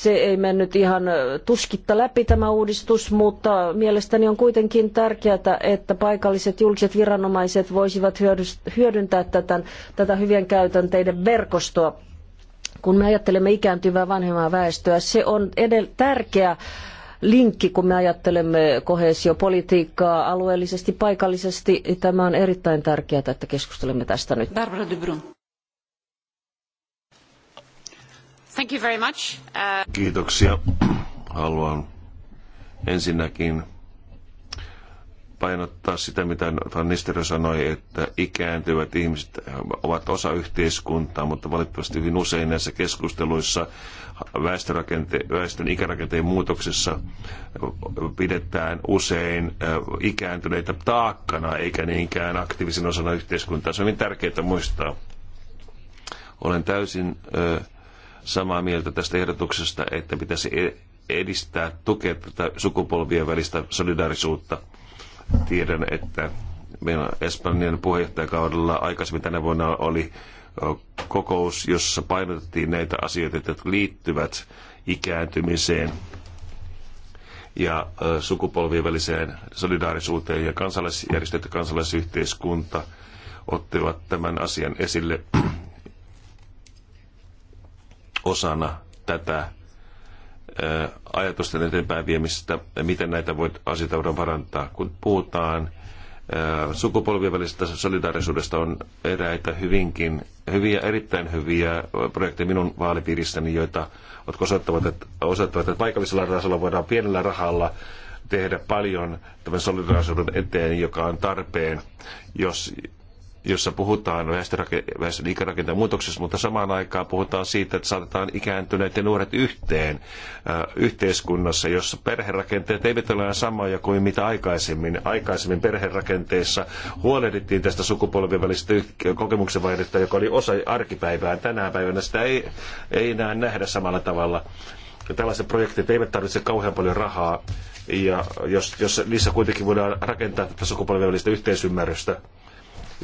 se ei mennyt ihan tuskitta läpi tämä uudistus, mutta mielestäni on kuitenkin tärkeää, että paikalliset julkiset viranomaiset voisivat hyödyntää tätä, tätä hyvien käytänteiden verkostoa. Kun me ajattelemme ikääntyvää vanhempaa väestöä, se on edell- tärkeä linkki, kun me ajattelemme koheesiopolitiikkaa alueellisesti, paikallisesti. Tämä on erittäin tärkeää, että keskustelemme tästä nyt. Barbara Thank you very much. Uh, Kiitoksia. Haluan ensinnäkin painottaa sitä, mitä Van Nistelö sanoi, että ikääntyvät ihmiset ovat osa yhteiskuntaa, mutta valitettavasti hyvin usein näissä keskusteluissa väestön ikärakenteen muutoksessa pidetään usein ikääntyneitä taakkana eikä niinkään aktiivisen osana yhteiskuntaa. Se on hyvin tärkeää muistaa. Olen täysin äh, samaa mieltä tästä ehdotuksesta, että pitäisi e- edistää, tukea tätä sukupolvien välistä solidaarisuutta. Tiedän, että meillä Espanjan puheenjohtajakaudella aikaisemmin tänä vuonna oli kokous, jossa painotettiin näitä asioita, jotka liittyvät ikääntymiseen ja sukupolvien väliseen solidaarisuuteen ja kansalaisjärjestöt ja kansalaisyhteiskunta ottivat tämän asian esille osana tätä ajatusten eteenpäin viemistä, miten näitä voit asioita voidaan parantaa. Kun puhutaan sukupolvien välisestä solidaarisuudesta on eräitä hyvinkin, hyviä, erittäin hyviä projekteja minun vaalipiirissäni, joita jotka osoittavat, että, osoittavat, että paikallisella tasolla voidaan pienellä rahalla tehdä paljon tämän solidaarisuuden eteen, joka on tarpeen, jos jossa puhutaan väestön ikärakenteen muutoksesta, mutta samaan aikaan puhutaan siitä, että saatetaan ikääntyneet ja nuoret yhteen äh, yhteiskunnassa, jossa perherakenteet eivät ole enää samoja kuin mitä aikaisemmin. Aikaisemmin perherakenteissa huolehdittiin tästä sukupolvien välistä kokemuksen vaihdetta, joka oli osa arkipäivää. Tänä päivänä sitä ei, ei enää nähdä samalla tavalla. Tällaiset projektit eivät tarvitse kauhean paljon rahaa, ja jos, jos niissä kuitenkin voidaan rakentaa tätä sukupolvien välistä yhteisymmärrystä,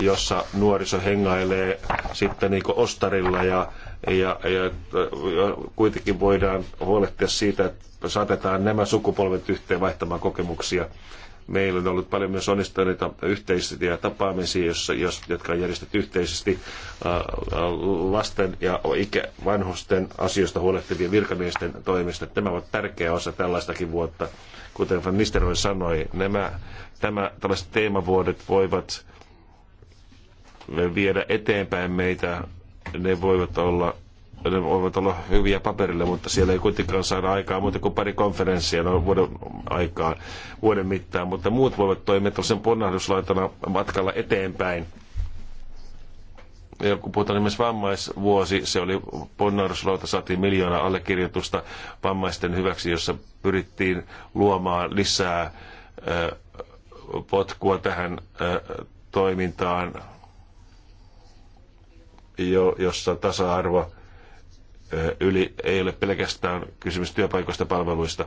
jossa nuoriso hengailee sitten niin ostarilla ja, ja, ja, ja kuitenkin voidaan huolehtia siitä, että saatetaan nämä sukupolvet yhteen vaihtamaan kokemuksia. Meillä on ollut paljon myös onnistuneita yhteisiä tapaamisia, jossa, jos, jotka on järjestetty yhteisesti lasten ja ikä, vanhusten asioista huolehtivien virkamiesten toimesta. Tämä on tärkeä osa tällaistakin vuotta. Kuten Van Nistelrooy sanoi, nämä, tämä, tällaiset teemavuodet voivat viedä eteenpäin meitä. Ne voivat olla ne voivat olla hyviä paperille, mutta siellä ei kuitenkaan saada aikaa muuta kuin pari konferenssia no, vuoden aikaa vuoden mittaan, mutta muut voivat toimia tällaisen ponnahduslaitona matkalla eteenpäin. Ja kun puhutaan esimerkiksi vammaisvuosi, se oli ponnahduslauta, saatiin miljoona allekirjoitusta vammaisten hyväksi, jossa pyrittiin luomaan lisää potkua tähän toimintaan jo, jossa tasa-arvo yli ei ole pelkästään kysymys työpaikoista palveluista.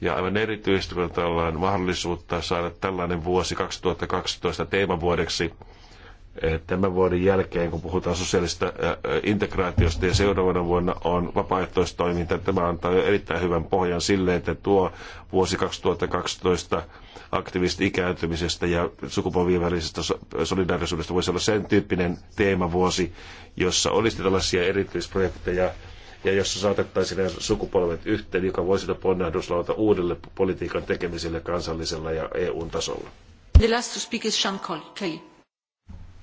Ja aivan erityisesti, kun ollaan mahdollisuutta saada tällainen vuosi 2012 teemavuodeksi, tämän vuoden jälkeen, kun puhutaan sosiaalista integraatiosta ja seuraavana vuonna on vapaaehtoistoiminta. Tämä antaa erittäin hyvän pohjan sille, että tuo vuosi 2012 aktiivisesta ikääntymisestä ja sukupolvien välisestä solidaarisuudesta voisi olla sen tyyppinen teemavuosi, jossa olisi tällaisia erityisprojekteja ja jossa saatettaisiin nämä sukupolvet yhteen, joka voisi olla ponnahduslauta uudelle politiikan tekemiselle kansallisella ja EU-tasolla. The last to speak is Sean Kelly.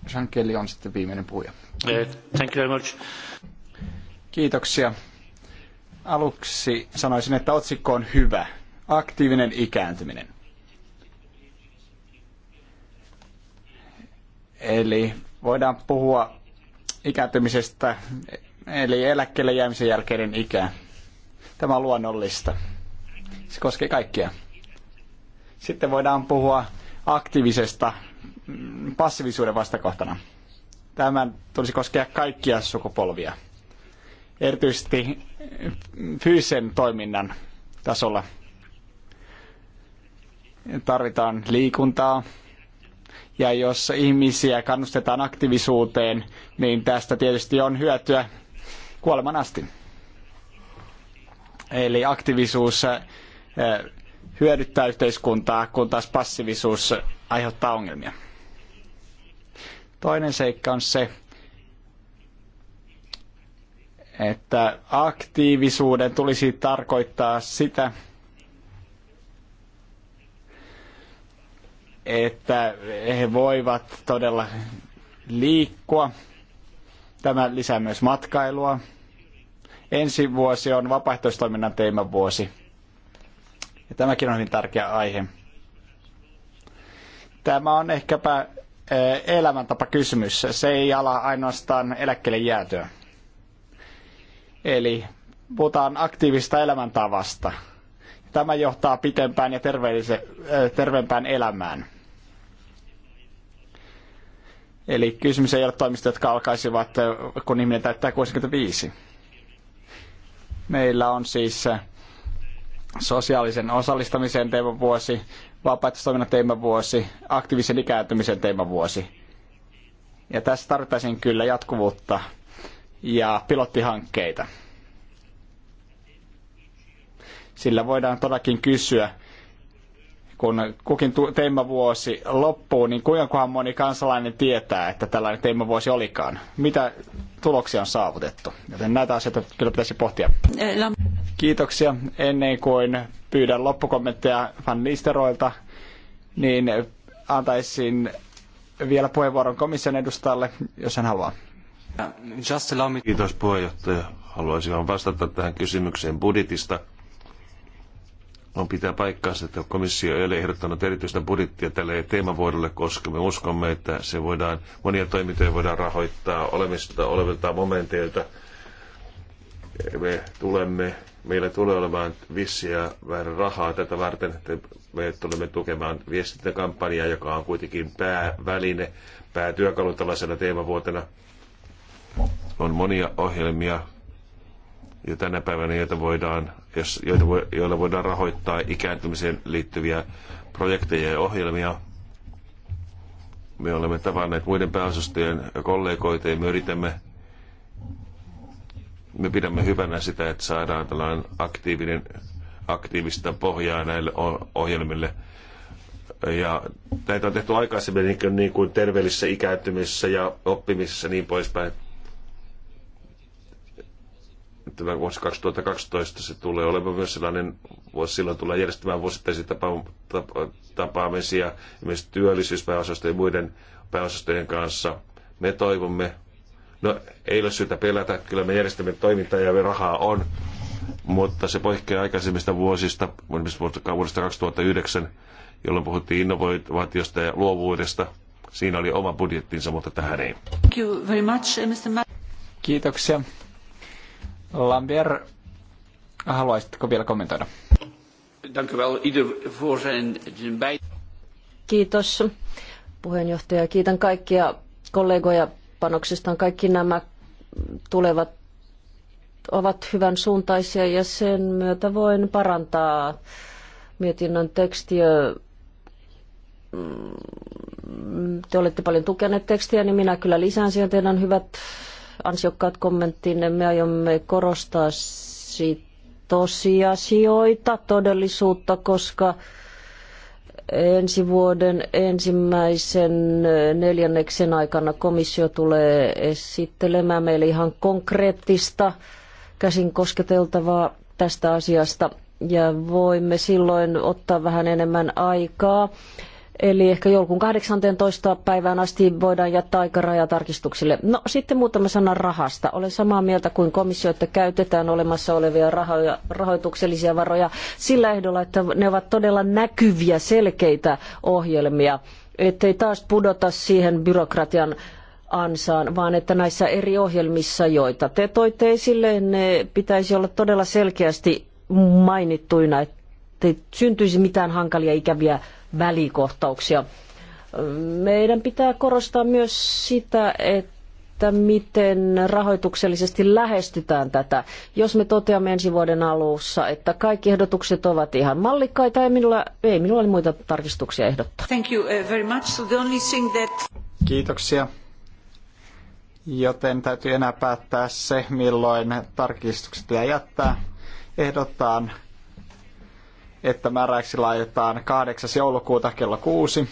Sean Kelly on sitten viimeinen puhuja. Eh, thank you very much. Kiitoksia. Aluksi sanoisin, että otsikko on hyvä. Aktiivinen ikääntyminen. Eli voidaan puhua ikääntymisestä, eli eläkkeelle jäämisen jälkeinen ikä. Tämä on luonnollista. Se koskee kaikkia. Sitten voidaan puhua aktiivisesta mm, passiivisuuden vastakohtana. Tämän tulisi koskea kaikkia sukupolvia. Erityisesti fyysisen toiminnan tasolla tarvitaan liikuntaa, ja jos ihmisiä kannustetaan aktiivisuuteen, niin tästä tietysti on hyötyä kuoleman asti. Eli aktiivisuus eh, hyödyttää yhteiskuntaa, kun taas passiivisuus aiheuttaa ongelmia. Toinen seikka on se, että aktiivisuuden tulisi tarkoittaa sitä, että he voivat todella liikkua. Tämä lisää myös matkailua. Ensi vuosi on vapaaehtoistoiminnan vuosi. Ja tämäkin on hyvin tärkeä aihe. Tämä on ehkäpä elämäntapa kysymys. Se ei ala ainoastaan eläkkeelle jäätyä. Eli puhutaan aktiivista elämäntavasta. Tämä johtaa pitempään ja terveempään elämään. Eli kysymys ei ole toimista, jotka alkaisivat, eh, kun ihminen täyttää 65. Meillä on siis eh, sosiaalisen osallistamisen teemavuosi, vapaaehtoistoiminnan teemavuosi, aktiivisen ikääntymisen teemavuosi. Ja tässä tarvittaisiin kyllä jatkuvuutta ja pilottihankkeita. Sillä voidaan todellakin kysyä, kun kukin teemavuosi loppuu, niin kuinkahan moni kansalainen tietää, että tällainen teemavuosi olikaan? Mitä tuloksia on saavutettu? Joten näitä asioita kyllä pitäisi pohtia. Kiitoksia. Ennen kuin pyydän loppukommentteja Van Nisteroilta, niin antaisin vielä puheenvuoron komission edustajalle, jos hän haluaa. Just allow me... Kiitos puheenjohtaja. Haluaisin vastata tähän kysymykseen budjetista on pitää paikkaansa, että komissio ei ole ehdottanut erityistä budjettia tälle teemavuodelle, koska me uskomme, että se voidaan, monia toimintoja voidaan rahoittaa olemista olevilta momenteilta. Me tulemme, meillä tulee olemaan vissiä vähän rahaa tätä varten, että me tulemme tukemaan viestintäkampanjaa, joka on kuitenkin pääväline, päätyökalu tällaisena teemavuotena. On monia ohjelmia, jo tänä päivänä, joita voidaan, jos, joita vo, joilla voidaan rahoittaa ikääntymiseen liittyviä projekteja ja ohjelmia. Me olemme tavanneet muiden pääosastojen kollegoita ja me yritämme, me pidämme hyvänä sitä, että saadaan tällainen aktiivinen, aktiivista pohjaa näille ohjelmille. Ja näitä on tehty aikaisemmin niin kuin niin terveellisessä ikääntymisessä ja oppimisessa niin poispäin tämä vuosi 2012 se tulee olemaan myös sellainen vuosi, silloin tulee järjestämään vuosittaisia tapa, tapa, tapaamisia myös työllisyyspääosastojen ja muiden pääosastojen kanssa. Me toivomme, no ei ole syytä pelätä, kyllä me järjestämme toimintaa ja rahaa on, mutta se poikkeaa aikaisemmista vuosista, esimerkiksi vuodesta 2009, jolloin puhuttiin innovaatiosta ja luovuudesta. Siinä oli oma budjettinsa, mutta tähän ei. Thank you very much, Mr. Kiitoksia. Lambert, haluaisitko vielä kommentoida? Kiitos puheenjohtaja. Kiitän kaikkia kollegoja panoksistaan. Kaikki nämä tulevat ovat hyvän suuntaisia ja sen myötä voin parantaa mietinnön tekstiä. Mm, te olette paljon tukeneet tekstiä, niin minä kyllä lisään siihen teidän hyvät ansiokkaat kommenttinne. Me aiomme korostaa tosiasioita, todellisuutta, koska ensi vuoden ensimmäisen neljänneksen aikana komissio tulee esittelemään meille ihan konkreettista käsin kosketeltavaa tästä asiasta ja voimme silloin ottaa vähän enemmän aikaa Eli ehkä joulukuun 18. päivään asti voidaan jättää aikaraja tarkistuksille. No sitten muutama sana rahasta. Olen samaa mieltä kuin komissio, että käytetään olemassa olevia rahoja, rahoituksellisia varoja sillä ehdolla, että ne ovat todella näkyviä, selkeitä ohjelmia, ettei taas pudota siihen byrokratian ansaan, vaan että näissä eri ohjelmissa, joita te toitte esille, ne pitäisi olla todella selkeästi mainittuina, ettei syntyisi mitään hankalia ikäviä välikohtauksia. Meidän pitää korostaa myös sitä, että että miten rahoituksellisesti lähestytään tätä. Jos me toteamme ensi vuoden alussa, että kaikki ehdotukset ovat ihan mallikkaita, ei minulla, ei minulla ole muita tarkistuksia ehdottaa. Thank you uh, very much. So the only thing that... Kiitoksia. Joten täytyy enää päättää se, milloin tarkistukset pitää jättää. Ehdotaan että määräksi laitetaan 8. joulukuuta kello 6.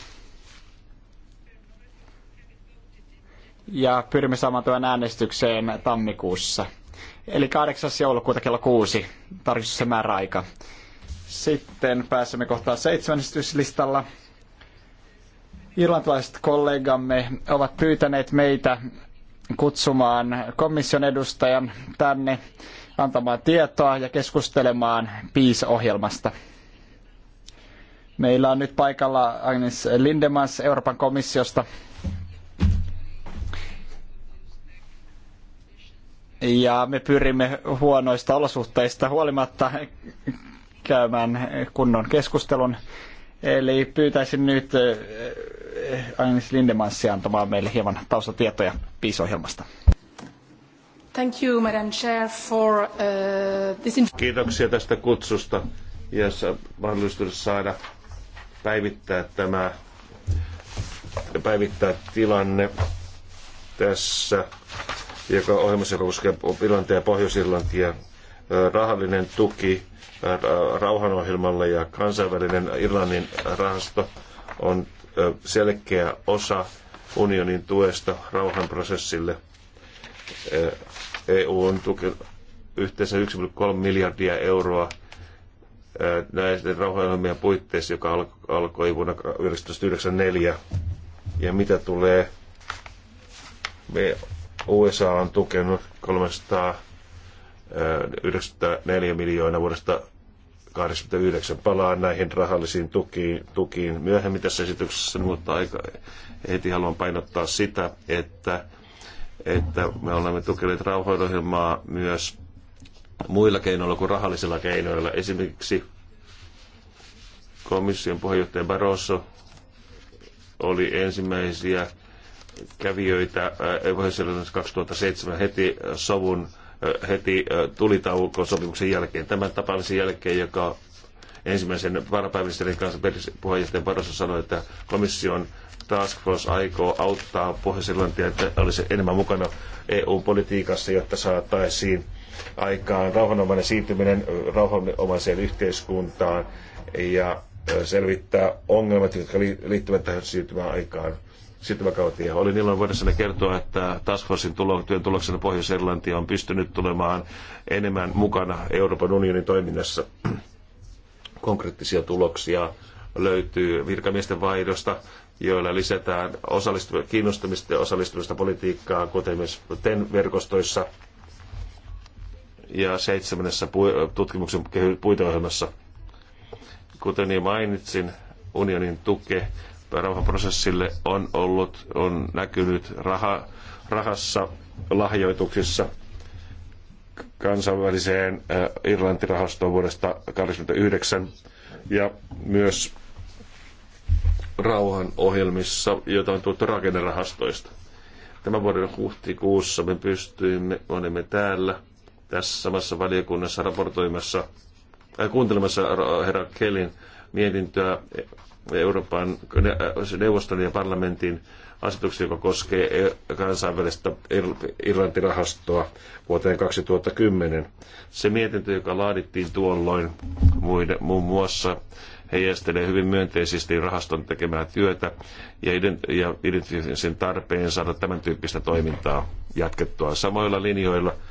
Ja pyrimme saamaan tuon äänestykseen tammikuussa. Eli 8. joulukuuta kello 6 tarkistus se määräaika. Sitten pääsemme kohtaan seitsemänestyslistalla. Irlantilaiset kollegamme ovat pyytäneet meitä kutsumaan komission edustajan tänne antamaan tietoa ja keskustelemaan piisohjelmasta. ohjelmasta Meillä on nyt paikalla Agnes Lindemans Euroopan komissiosta. Ja me pyrimme huonoista olosuhteista huolimatta käymään kunnon keskustelun. Eli pyytäisin nyt eh, Agnes Lindemansia antamaan meille hieman taustatietoja piisohjelmasta. Thank you, Madam Chair, for, uh, this Kiitoksia tästä kutsusta ja mahdollisuudesta saada päivittää tämä päivittää tilanne tässä, joka ohjelmassa, joka koskee Irlantia ja Pohjois-Irlantia, rahallinen tuki rauhanohjelmalle ja kansainvälinen Irlannin rahasto on selkeä osa unionin tuesta rauhanprosessille. EU on tukenut yhteensä 1,3 miljardia euroa näiden rauhanohjelmien puitteissa, joka alkoi vuonna 1994. Ja mitä tulee, me USA on tukenut 394 miljoonaa vuodesta 1989. palaan näihin rahallisiin tukiin, tukiin myöhemmin tässä esityksessä, mutta aika heti haluan painottaa sitä, että, että me olemme tukeneet rauhanohjelmaa myös muilla keinoilla kuin rahallisilla keinoilla. Esimerkiksi komission puheenjohtaja Barroso oli ensimmäisiä kävijöitä Pohjois-Irlannissa äh, 2007 heti äh, sovun äh, heti tulitaukosopimuksen jälkeen, tämän tapaamisen jälkeen, joka ensimmäisen varapääministerin kanssa puheenjohtaja Barroso sanoi, että komission Task Force aikoo auttaa Pohjois-Irlantia, että olisi enemmän mukana EU-politiikassa, jotta saataisiin aikaan rauhanomainen siirtyminen rauhanomaiseen yhteiskuntaan ja selvittää ongelmat, jotka liittyvät tähän siirtymäaikaan siirtymäkautia. Olin ilman vuodessani kertoa, että Task Forcein tulo, työn tuloksena Pohjois-Irlanti on pystynyt tulemaan enemmän mukana Euroopan unionin toiminnassa. [CLEARS THROAT] Konkreettisia tuloksia löytyy virkamiesten vaihdosta, joilla lisätään kiinnostumista ja osallistumista politiikkaan, kuten myös TEN-verkostoissa – ja seitsemännessä tutkimuksen puiteohjelmassa. Kuten jo niin mainitsin, unionin tuke rauhanprosessille on ollut, on näkynyt raha, rahassa, lahjoituksissa kansainväliseen Irlantirahastoon vuodesta 1989 ja myös rauhanohjelmissa, joita on tuotu rakennerahastoista. Tämän vuoden huhtikuussa me pystyimme, olemme täällä tässä samassa valiokunnassa raportoimassa äh, kuuntelemassa herra Kellin mietintöä Euroopan äh, neuvoston ja parlamentin asetuksia, joka koskee äh, kansainvälistä Irlantirahastoa vuoteen 2010. Se mietintö, joka laadittiin tuolloin muiden, muun muassa, heijastelee hyvin myönteisesti rahaston tekemää työtä ja, ja sen tarpeen saada tämän tyyppistä toimintaa jatkettua samoilla linjoilla –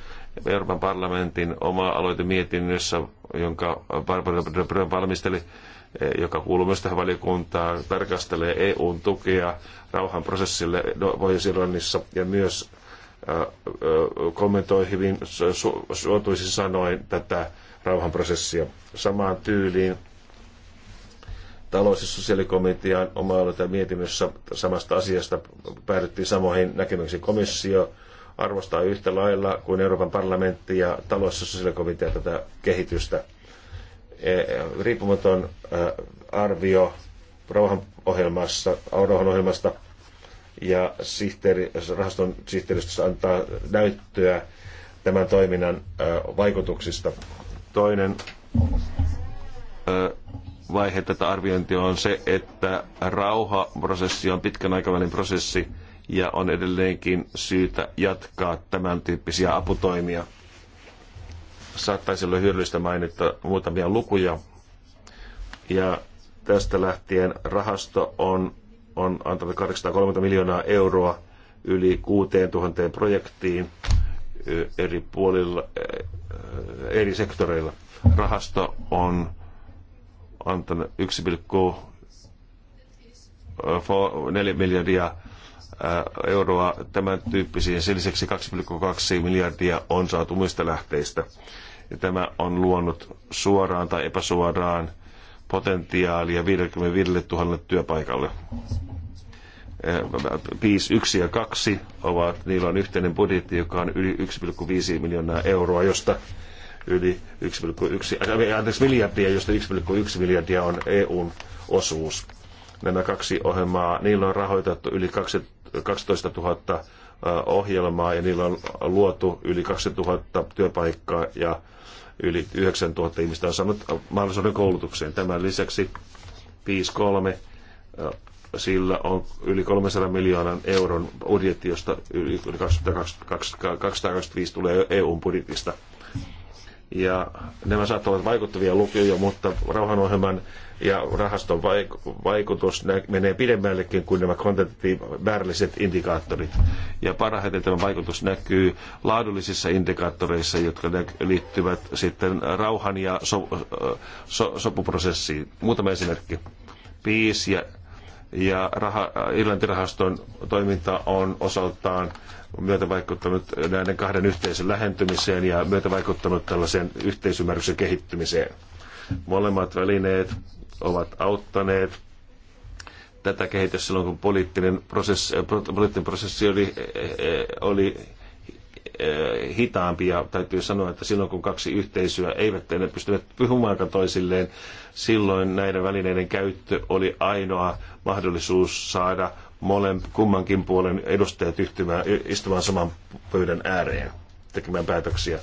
Euroopan parlamentin oma aloite mietinnössä, jonka Barbara valmisteli, eh, joka kuuluu myös tähän valiokuntaan, tarkastelee EUn tukea rauhanprosessille Pohjois-Irlannissa ja myös eh, eh, kommentoi hyvin suotuisin sanoin tätä rauhanprosessia samaan tyyliin. Talous- ja sosiaalikomitean oma mietinnössä samasta asiasta päädyttiin samoihin näkemyksiin komissio arvostaa yhtä lailla kuin Euroopan parlamentti ja talous- ja sosiaalikomitea tätä kehitystä. E, riippumaton arvio rauhanohjelmassa, rauhanohjelmasta ja sihteeri, rahaston sihteeristössä antaa näyttöä tämän toiminnan vaikutuksista. Toinen vaihe tätä arviointia on se, että rauhaprosessi on pitkän aikavälin prosessi, ja on edelleenkin syytä jatkaa tämän tyyppisiä aputoimia. Saattaisi olla hyödyllistä mainita muutamia lukuja. Ja tästä lähtien rahasto on, on antanut 830 miljoonaa euroa yli 6000 projektiin eri puolilla, eri sektoreilla. Rahasto on antanut 1,4 miljardia euroa tämän tyyppisiin. Sen lisäksi 2,2 miljardia on saatu muista lähteistä. Ja tämä on luonut suoraan tai epäsuoraan potentiaalia 55 000 työpaikalle. Piis 1 ja 2 ovat, niillä on yhteinen budjetti, joka on yli 1,5 miljoonaa euroa, josta yli 1,1, äh, anteeksi miljardia, josta 1,1 miljardia on EUn osuus. Nämä kaksi ohjelmaa, niillä on rahoitettu yli 2 12 000 ohjelmaa ja niillä on luotu yli 2000 työpaikkaa ja yli 9000 ihmistä on saanut mahdollisuuden koulutukseen. Tämän lisäksi 5.3. Sillä on yli 300 miljoonan euron budjetti, josta yli 225 tulee EUn budjetista. Ja nämä saattavat olla vaikuttavia lukuja, mutta rauhanohjelman ja rahaston vaikutus menee pidemmällekin kuin nämä kvantitatiivimäärälliset indikaattorit. Ja parhaiten tämä vaikutus näkyy laadullisissa indikaattoreissa, jotka liittyvät sitten rauhan ja so, so, sopuprosessiin. Muutama esimerkki. Peace ja ja raha, Irlantirahaston toiminta on osaltaan myötävaikuttanut näiden kahden yhteisön lähentymiseen ja myötävaikuttanut tällaisen yhteisymmärryksen kehittymiseen. Molemmat välineet ovat auttaneet tätä kehitystä silloin, kun poliittinen prosessi, poliittinen prosessi oli, eh, eh, oli Eh, hitaampi ja täytyy sanoa, että silloin kun kaksi yhteisöä eivät ne pystyneet puhumaankaan toisilleen, silloin näiden välineiden käyttö oli ainoa mahdollisuus saada molemmin kummankin puolen edustajat yhtymään, istumaan saman pöydän ääreen tekemään päätöksiä.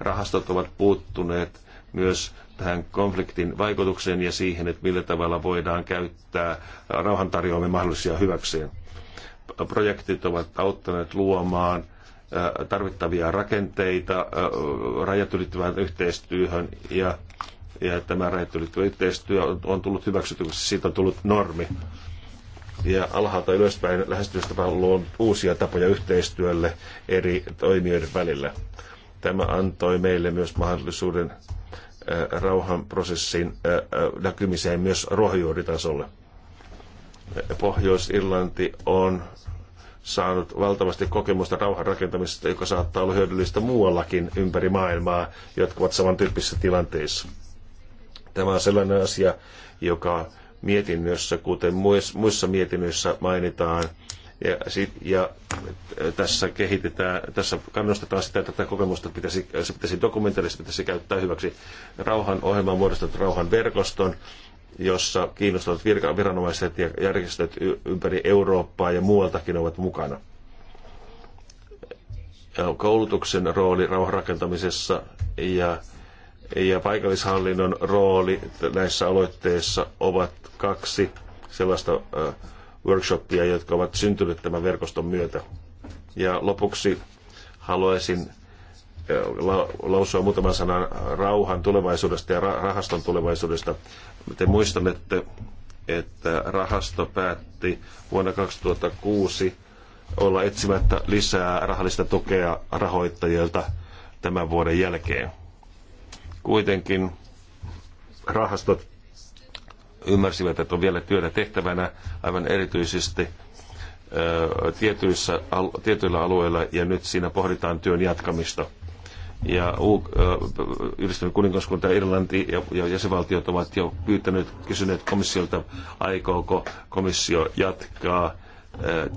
Rahastot ovat puuttuneet myös tähän konfliktin vaikutukseen ja siihen, että millä tavalla voidaan käyttää rauhantarjoamme mahdollisia hyväkseen. Projektit ovat auttaneet luomaan tarvittavia rakenteita rajat ylittävään yhteistyöhön ja, ja tämä rajat ylittävä yhteistyö on, on tullut hyväksytyksi, siitä on tullut normi. Ja alhaalta ylöspäin lähestymistapa on uusia tapoja yhteistyölle eri toimijoiden välillä. Tämä antoi meille myös mahdollisuuden rauhanprosessin näkymiseen myös ruohonjuuritasolle. Pohjois-Irlanti on saanut valtavasti kokemusta rauhan rakentamisesta, joka saattaa olla hyödyllistä muuallakin ympäri maailmaa, jotka ovat samantyyppisissä tilanteissa. Tämä on sellainen asia, joka mietinnössä, kuten muissa mietinnöissä mainitaan, ja, sit, ja äh, tässä kehitetään, tässä kannustetaan sitä, että tätä kokemusta pitäisi, se pitäisi dokumenteellisesti pitäisi käyttää hyväksi. Rauhan ohjelman on muodostanut rauhan verkoston, jossa kiinnostavat viranomaiset ja järjestöt ympäri Eurooppaa ja muualtakin ovat mukana. Koulutuksen rooli rauhanrakentamisessa ja, ja paikallishallinnon rooli näissä aloitteissa ovat kaksi sellaista workshopia, jotka ovat syntyneet tämän verkoston myötä. Ja lopuksi haluaisin lausua muutaman sanan rauhan tulevaisuudesta ja rahaston tulevaisuudesta. Te muistanette, että rahasto päätti vuonna 2006 olla etsimättä lisää rahallista tukea rahoittajilta tämän vuoden jälkeen. Kuitenkin rahastot ymmärsivät, että on vielä työtä tehtävänä aivan erityisesti tietyissä, tietyillä alueilla ja nyt siinä pohditaan työn jatkamista ja U- yhdistynyt kuningaskunta, Irlanti ja, ja jäsenvaltiot ovat jo pyytäneet, kysyneet komissiolta, aikooko komissio jatkaa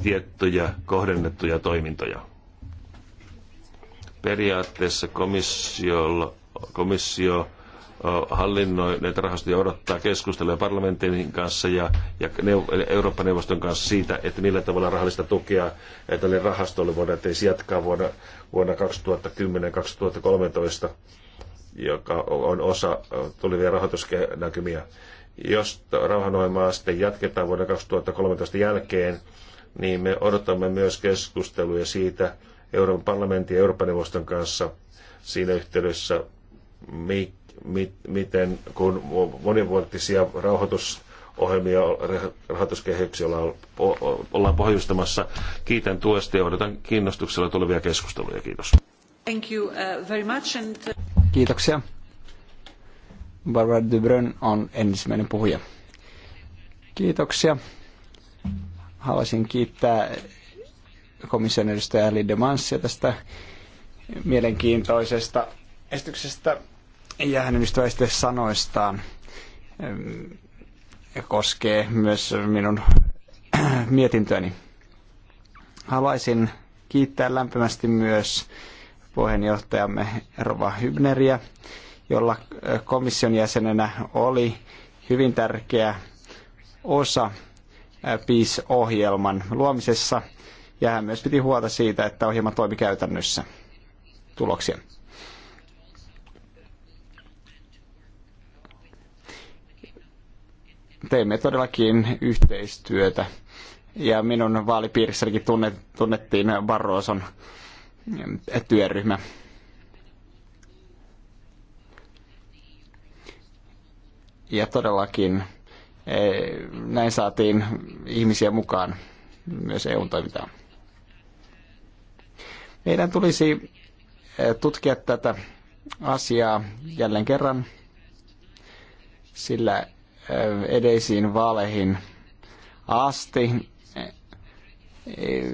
tiettyjä kohdennettuja toimintoja. Periaatteessa komissiolla, komissio hallinnoi näitä rahastoja odottaa keskustelua parlamentin kanssa ja, ja Euroopan neuvoston kanssa siitä, että millä tavalla rahallista tukea tälle rahastolle voidaan teisi jatkaa vuonna, vuonna 2010-2013, joka on osa tulevia rahoitusnäkymiä. Jos rauhanohjelmaa sitten jatketaan vuoden 2013 jälkeen, niin me odotamme myös keskusteluja siitä Euroopan parlamentin ja Euroopan neuvoston kanssa siinä yhteydessä, mikä miten, kun monivuotisia rauhoitus ohjelmia, rahoituskehyksiä ollaan, ollaan pohjustamassa. Kiitän tuesta ja odotan kiinnostuksella tulevia keskusteluja. Kiitos. Thank you uh, very much and... Uh, Kiitoksia. Barbara Dubrön on ensimmäinen puhuja. Kiitoksia. Haluaisin kiittää komission edustaja Linde Manssia tästä mielenkiintoisesta esityksestä ja hänen sanoistaan ehm, koskee myös minun [CLEARS THROAT] mietintöni. Haluaisin kiittää lämpimästi myös puheenjohtajamme Rova Hybneriä, jolla komission jäsenenä oli hyvin tärkeä osa PIS-ohjelman luomisessa, ja hän myös piti huolta siitä, että ohjelma toimi käytännössä tuloksia. teimme todellakin yhteistyötä. Ja minun vaalipiirissänikin tunnettiin Barroson mm, työryhmä. Ja todellakin e, näin saatiin ihmisiä mukaan myös EUn toimintaan. Meidän tulisi e, tutkia tätä asiaa jälleen kerran, sillä edellisiin vaaleihin asti.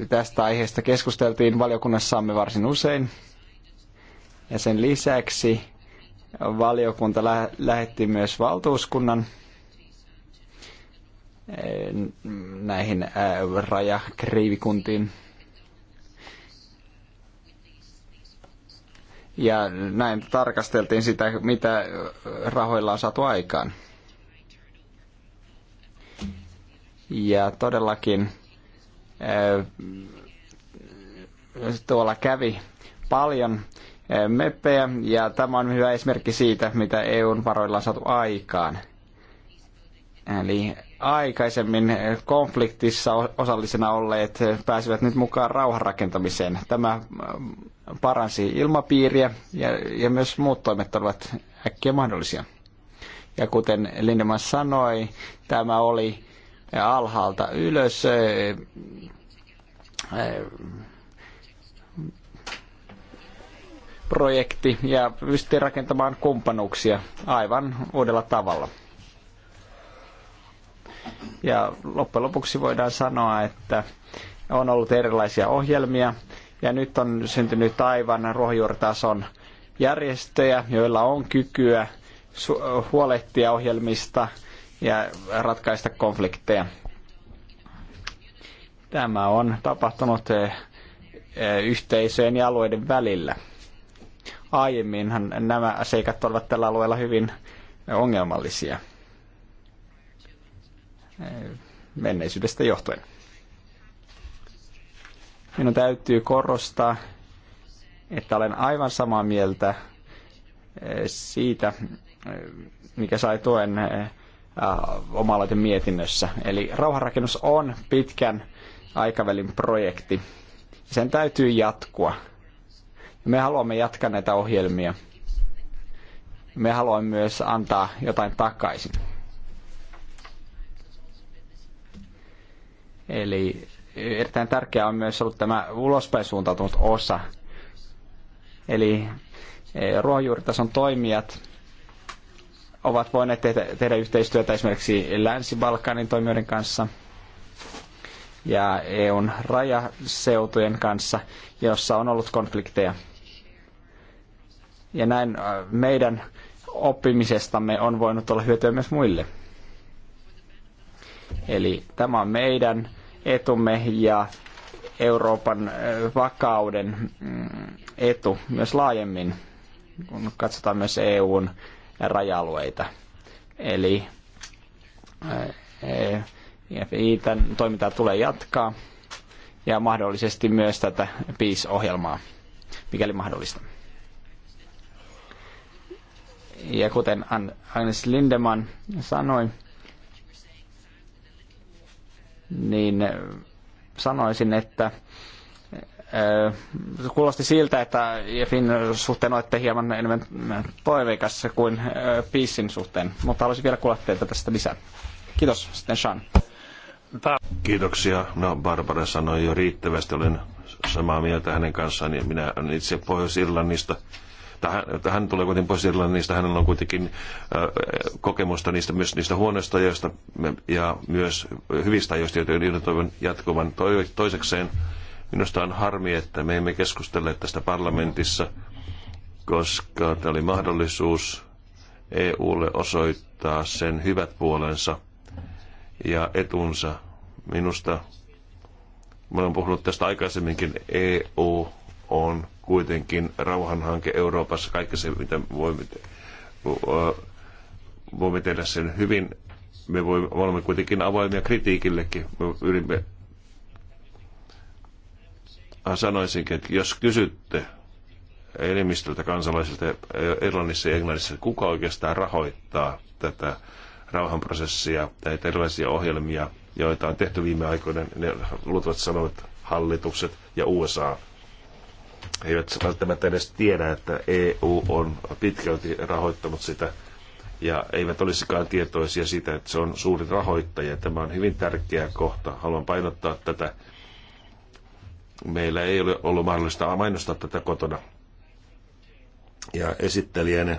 Tästä aiheesta keskusteltiin valiokunnassamme varsin usein. Ja sen lisäksi valiokunta lä- lähetti myös valtuuskunnan näihin rajakriivikuntiin. Ja näin tarkasteltiin sitä, mitä rahoilla on saatu aikaan. Ja todellakin tuolla kävi paljon meppejä ja tämä on hyvä esimerkki siitä, mitä EUn varoilla on saatu aikaan. Eli aikaisemmin konfliktissa osallisena olleet pääsivät nyt mukaan rauhanrakentamiseen. Tämä paransi ilmapiiriä ja, ja myös muut toimet olivat äkkiä mahdollisia. Ja kuten Lindemann sanoi, tämä oli alhaalta ylös. Eh, projekti ja pystyi rakentamaan kumppanuuksia aivan uudella tavalla. Ja loppujen lopuksi voidaan sanoa, että on ollut erilaisia ohjelmia ja nyt on syntynyt aivan ruohonjuuritason järjestöjä, joilla on kykyä huolehtia ohjelmista – ja ratkaista konflikteja. Tämä on tapahtunut eh, eh, yhteisöjen ja alueiden välillä. Aiemminhan nämä seikat olivat tällä alueella hyvin ongelmallisia eh, menneisyydestä johtuen. Minun täytyy korostaa, että olen aivan samaa mieltä siitä, mikä sai tuen Äh, omalaiten mietinnössä. Eli rauhanrakennus on pitkän aikavälin projekti. Sen täytyy jatkua. Me haluamme jatkaa näitä ohjelmia. Me haluamme myös antaa jotain takaisin. Eli erittäin tärkeää on myös ollut tämä ulospäin suuntautunut osa. Eli eh, ruohonjuuritason toimijat ovat voineet tehdä, tehdä yhteistyötä esimerkiksi Länsi-Balkanin toimijoiden kanssa ja EUn rajaseutujen kanssa, jossa on ollut konflikteja. Ja näin äh, meidän oppimisestamme on voinut olla hyötyä myös muille. Eli tämä on meidän etumme ja Euroopan äh, vakauden mm, etu myös laajemmin, kun katsotaan myös EUn raja-alueita. Eli eh, eh, tämän toimintaa tulee jatkaa ja mahdollisesti myös tätä pis ohjelmaa mikäli mahdollista. Ja kuten Agnes Lindemann sanoi, niin eh, sanoisin, että kuulosti siltä, että Jeffin suhteen olette hieman enemmän toiveikas kuin Peacein suhteen, mutta haluaisin vielä kuulla teiltä tästä lisää. Kiitos sitten Sean. Kiitoksia. No Barbara sanoi jo riittävästi, olen samaa mieltä hänen kanssaan ja minä olen itse Pohjois-Irlannista. Hän, hän tulee kuitenkin Pohjois-Irlannista, hänellä on kuitenkin äh, kokemusta niistä, myös niistä huonoista ajoista ja myös hyvistä ajoista, joita toivon jatkuvan toisekseen. Minusta on harmi, että me emme keskustelleet tästä parlamentissa, koska tämä oli mahdollisuus EUlle osoittaa sen hyvät puolensa ja etunsa. Minusta, mä olen puhunut tästä aikaisemminkin, EU on kuitenkin rauhanhanke Euroopassa, kaikki se, mitä voimme, voimme tehdä sen hyvin. Me, voimme, me olemme kuitenkin avoimia kritiikillekin. Me yrimme Äh, sanoisinkin, että jos kysytte enemmistöltä kansalaisilta Irlannissa ja Englannissa, kuka oikeastaan rahoittaa tätä rauhanprosessia, näitä erilaisia ohjelmia, joita on tehty viime aikoina, ne luultavasti sanovat hallitukset ja USA. He eivät välttämättä edes tiedä, että EU on pitkälti rahoittanut sitä ja eivät olisikaan tietoisia siitä, että se on suuri rahoittaja. Tämä on hyvin tärkeä kohta. Haluan painottaa tätä meillä ei ole ollut mahdollista mainostaa tätä kotona. Ja esittelijänä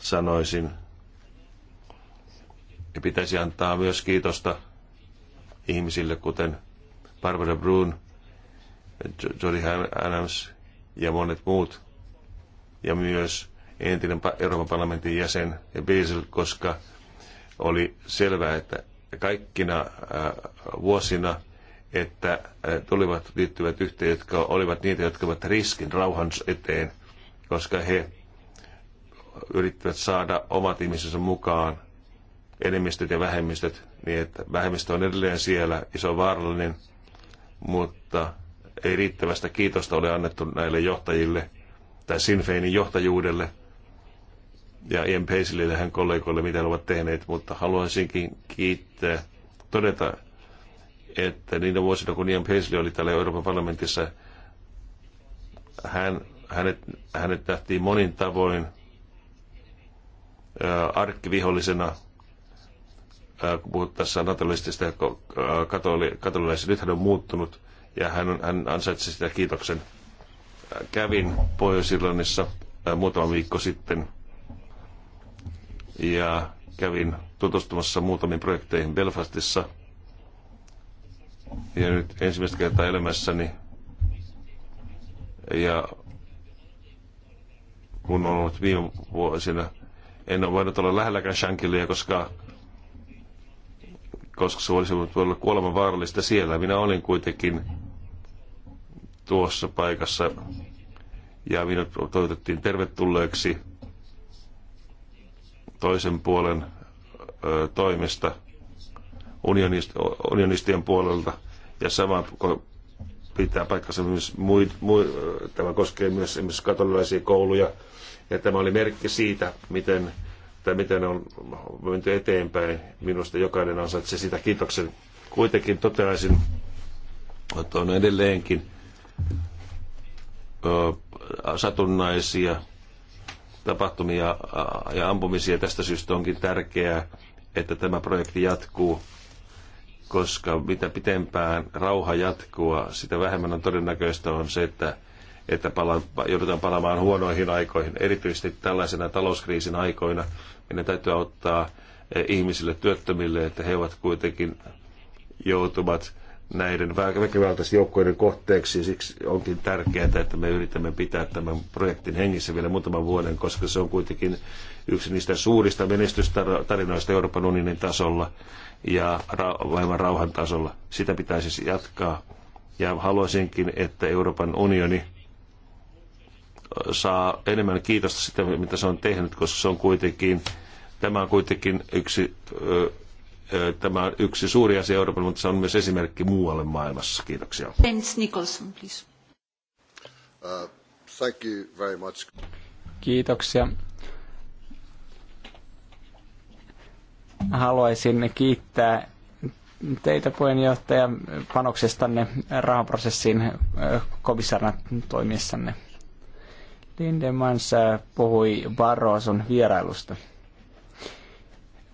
sanoisin, ja pitäisi antaa myös kiitosta ihmisille, kuten Barbara Brun, Jody Adams ja monet muut, ja myös entinen Euroopan parlamentin jäsen ja Beisel, koska oli selvää, että kaikkina äh, vuosina että äh, tulivat liittyvät yhteen, jotka olivat niitä, jotka ovat riskin rauhan eteen, koska he yrittivät saada omat ihmisensä mukaan, enemmistöt ja vähemmistöt, niin että vähemmistö on edelleen siellä, iso vaarallinen, mutta ei riittävästä kiitosta ole annettu näille johtajille tai Sinfeinin johtajuudelle ja Ian Paisleylle hän kollegoille, mitä he ovat tehneet, mutta haluaisinkin kiittää, todeta, että niinä vuosina, kun Ian Paisley oli täällä Euroopan parlamentissa, hän, hänet, hänet nähtiin monin tavoin arkkivihollisena, puhuttaessa natalistisesta ja katoli, Nyt hän on muuttunut ja hän, hän ansaitsi sitä kiitoksen. Kävin Pohjois-Irlannissa muutama viikko sitten ja kävin tutustumassa muutamiin projekteihin Belfastissa – ja nyt ensimmäistä kertaa elämässäni ja kun on ollut viime vuosina, en ole voinut olla lähelläkään Shankilia, koska, koska se olisi voinut olla kuoleman vaarallista siellä. Minä olin kuitenkin tuossa paikassa ja minut toivotettiin tervetulleeksi toisen puolen ö, toimesta – unionist, unionistien puolelta. Ja sama pitää paikkansa myös mui, mui, tämä koskee myös esimerkiksi katolilaisia kouluja. Ja tämä oli merkki siitä, miten, tai miten on menty eteenpäin. Minusta jokainen ansaitsee sitä kiitoksen. Kuitenkin toteaisin, että on edelleenkin satunnaisia tapahtumia ja ampumisia. Tästä syystä onkin tärkeää, että tämä projekti jatkuu koska mitä pitempään rauha jatkuu, sitä vähemmän on todennäköistä on se, että, että pala, joudutaan palaamaan huonoihin aikoihin. Erityisesti tällaisena talouskriisin aikoina meidän täytyy ottaa eh, ihmisille työttömille, että he ovat kuitenkin joutuvat näiden väkivaltaisten joukkojen kohteeksi. Siksi onkin tärkeää, että me yritämme pitää tämän projektin hengissä vielä muutaman vuoden, koska se on kuitenkin yksi niistä suurista menestystarinoista Euroopan unionin tasolla ja ra- maailman rauhan tasolla. Sitä pitäisi siis jatkaa. Ja haluaisinkin, että Euroopan unioni saa enemmän kiitosta sitä, mitä se on tehnyt, koska se on kuitenkin, tämä on kuitenkin yksi, ö, ö, tämä on yksi suuri asia Euroopan, mutta se on myös esimerkki muualle maailmassa. Kiitoksia. Jens Nicholson, please. Uh, thank you very much. Kiitoksia. haluaisin kiittää teitä puheenjohtaja panoksestanne rahaprosessiin komissaarina toimissanne. Lindemans puhui Barroson vierailusta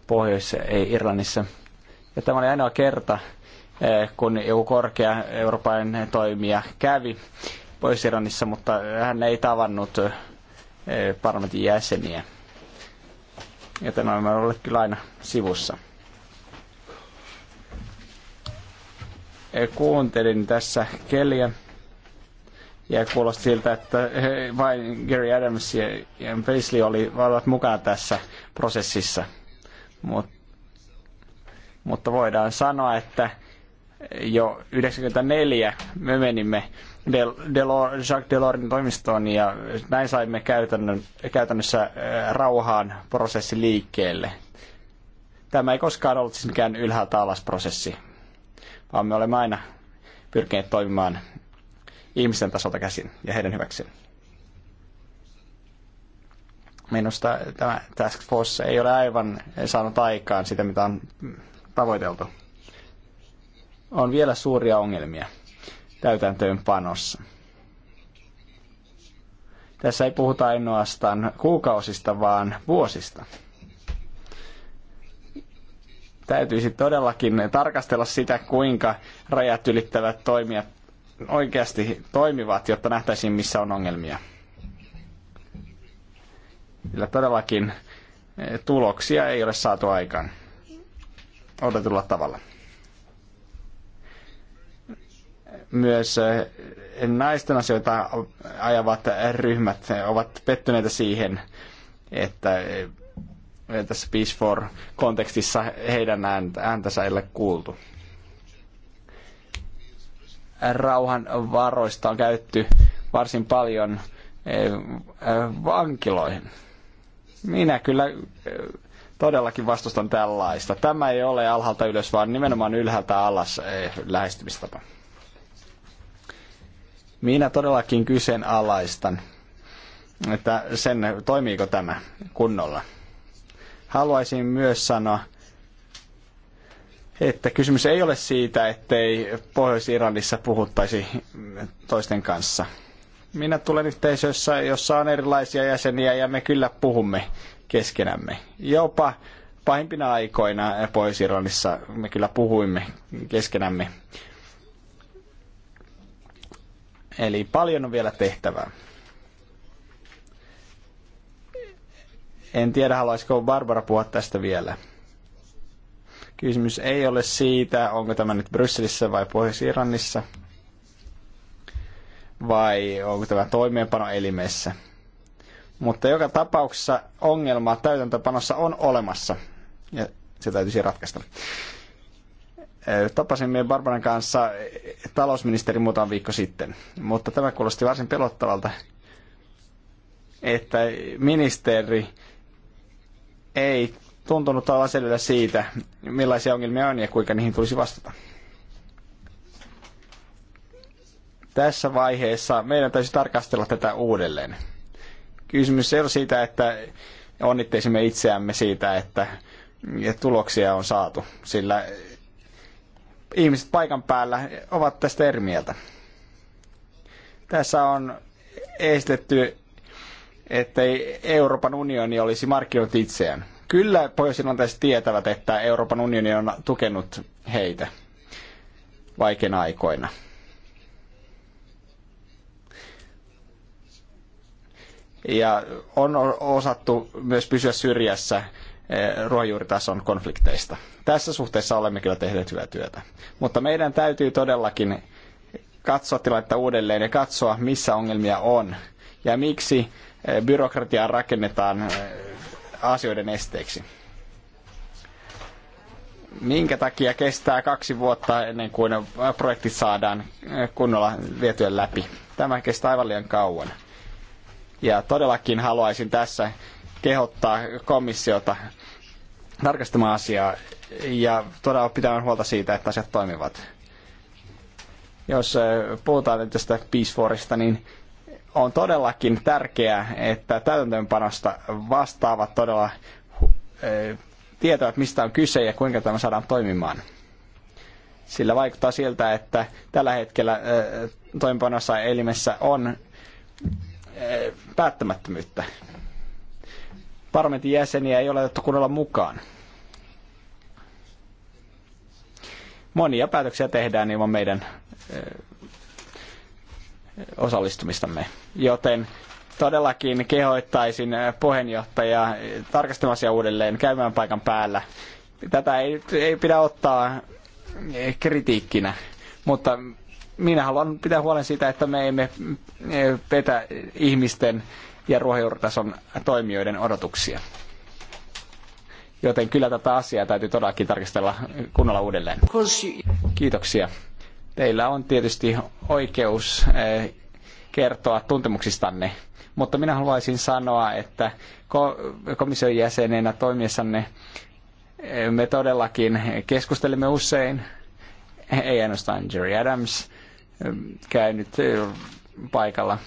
Pohjois-Irlannissa. Ja tämä oli ainoa kerta, kun joku korkea Euroopan toimija kävi Pohjois-Irlannissa, mutta hän ei tavannut parlamentin jäseniä joten olemme olleet kyllä aina sivussa. E, kuuntelin tässä Kellyä ja kuulosti siltä, että e, vain Gary Adams ja Ian Paisley oli, olivat mukana tässä prosessissa. Mut, mutta voidaan sanoa, että jo 1994 me menimme Delor, Jacques Delorin toimistoon ja näin saimme käytännön, käytännössä äh, rauhaan prosessi liikkeelle. Tämä ei koskaan ollut siis mikään ylhäältä alas prosessi, vaan me olemme aina pyrkineet toimimaan ihmisten tasolta käsin ja heidän hyväkseen. Minusta tämä Task Force ei ole aivan saanut aikaan sitä, mitä on tavoiteltu. On vielä suuria ongelmia täytäntöönpanossa. Tässä ei puhuta ainoastaan kuukausista, vaan vuosista. Täytyisi todellakin tarkastella sitä, kuinka rajat ylittävät toimijat oikeasti toimivat, jotta nähtäisiin, missä on ongelmia. Sillä todellakin tuloksia ei ole saatu aikaan odotetulla tavalla myös eh, naisten asioita ajavat ryhmät ovat pettyneitä siihen, että eh, tässä Peace For-kontekstissa heidän ääntänsä ei ole kuultu. Rauhan varoista on käytetty varsin paljon eh, vankiloihin. Minä kyllä todellakin vastustan tällaista. Tämä ei ole alhaalta ylös, vaan nimenomaan ylhäältä alas lähestymistapa. Minä todellakin kyseenalaistan, että sen toimiiko tämä kunnolla. Haluaisin myös sanoa, että kysymys ei ole siitä, ettei pohjois iranissa puhuttaisi toisten kanssa. Minä tulen yhteisössä, jossa on erilaisia jäseniä ja me kyllä puhumme keskenämme. Jopa pahimpina aikoina pohjois iranissa me kyllä puhuimme keskenämme Eli paljon on vielä tehtävää. En tiedä, haluaisiko Barbara puhua tästä vielä. Kysymys ei ole siitä, onko tämä nyt Brysselissä vai pohjois irannissa vai onko tämä toimeenpanoelimessä. Mutta joka tapauksessa ongelma täytäntöpanossa on olemassa, ja se täytyisi ratkaista. Tapasimme Barbaran kanssa talousministeri muutama viikko sitten, mutta tämä kuulosti varsin pelottavalta, että ministeri ei tuntunut olla selvillä siitä, millaisia ongelmia on ja kuinka niihin tulisi vastata. Tässä vaiheessa meidän täytyy tarkastella tätä uudelleen. Kysymys ei ole siitä, että onnittelisimme itseämme siitä, että tuloksia on saatu, sillä ihmiset paikan päällä ovat tästä eri mieltä. Tässä on estetty, ettei Euroopan unioni olisi markkinoinut itseään. Kyllä pohjois tietävät, että Euroopan unioni on tukenut heitä vaikeina aikoina. Ja on osattu myös pysyä syrjässä Eh, ruohonjuuritason konflikteista. Tässä suhteessa olemme kyllä tehneet hyvää työtä. Mutta meidän täytyy todellakin katsoa tilannetta uudelleen ja katsoa, missä ongelmia on ja miksi eh, byrokratiaa rakennetaan eh, asioiden esteeksi. Minkä takia kestää kaksi vuotta ennen kuin projektit saadaan kunnolla vietyä läpi? Tämä kestää aivan liian kauan. Ja todellakin haluaisin tässä kehottaa komissiota tarkastamaan asiaa ja todella pitämään huolta siitä, että asiat toimivat. Jos puhutaan nyt tästä Peace Forista, niin on todellakin tärkeää, että täytäntöönpanosta vastaavat todella tietoa, mistä on kyse ja kuinka tämä saadaan toimimaan. Sillä vaikuttaa siltä, että tällä hetkellä toimipanossa elimessä on päättämättömyyttä parlamentin jäseniä ei ole otettu kunnolla mukaan. Monia päätöksiä tehdään ilman meidän eh, osallistumistamme. Joten todellakin kehoittaisin eh, puheenjohtajaa eh, tarkastamaan asia uudelleen, käymään paikan päällä. Tätä ei, ei pidä ottaa kritiikkinä, mutta minä haluan pitää huolen siitä, että me emme petä ihmisten ja ruohonjuuritason toimijoiden odotuksia. Joten kyllä tätä asiaa täytyy todellakin tarkistella kunnolla uudelleen. Kiitoksia. Teillä on tietysti oikeus eh, kertoa tuntemuksistanne, mutta minä haluaisin sanoa, että komission jäsenenä toimiessanne eh, me todellakin keskustelimme usein, ei ainoastaan Jerry Adams eh, käynyt paikalla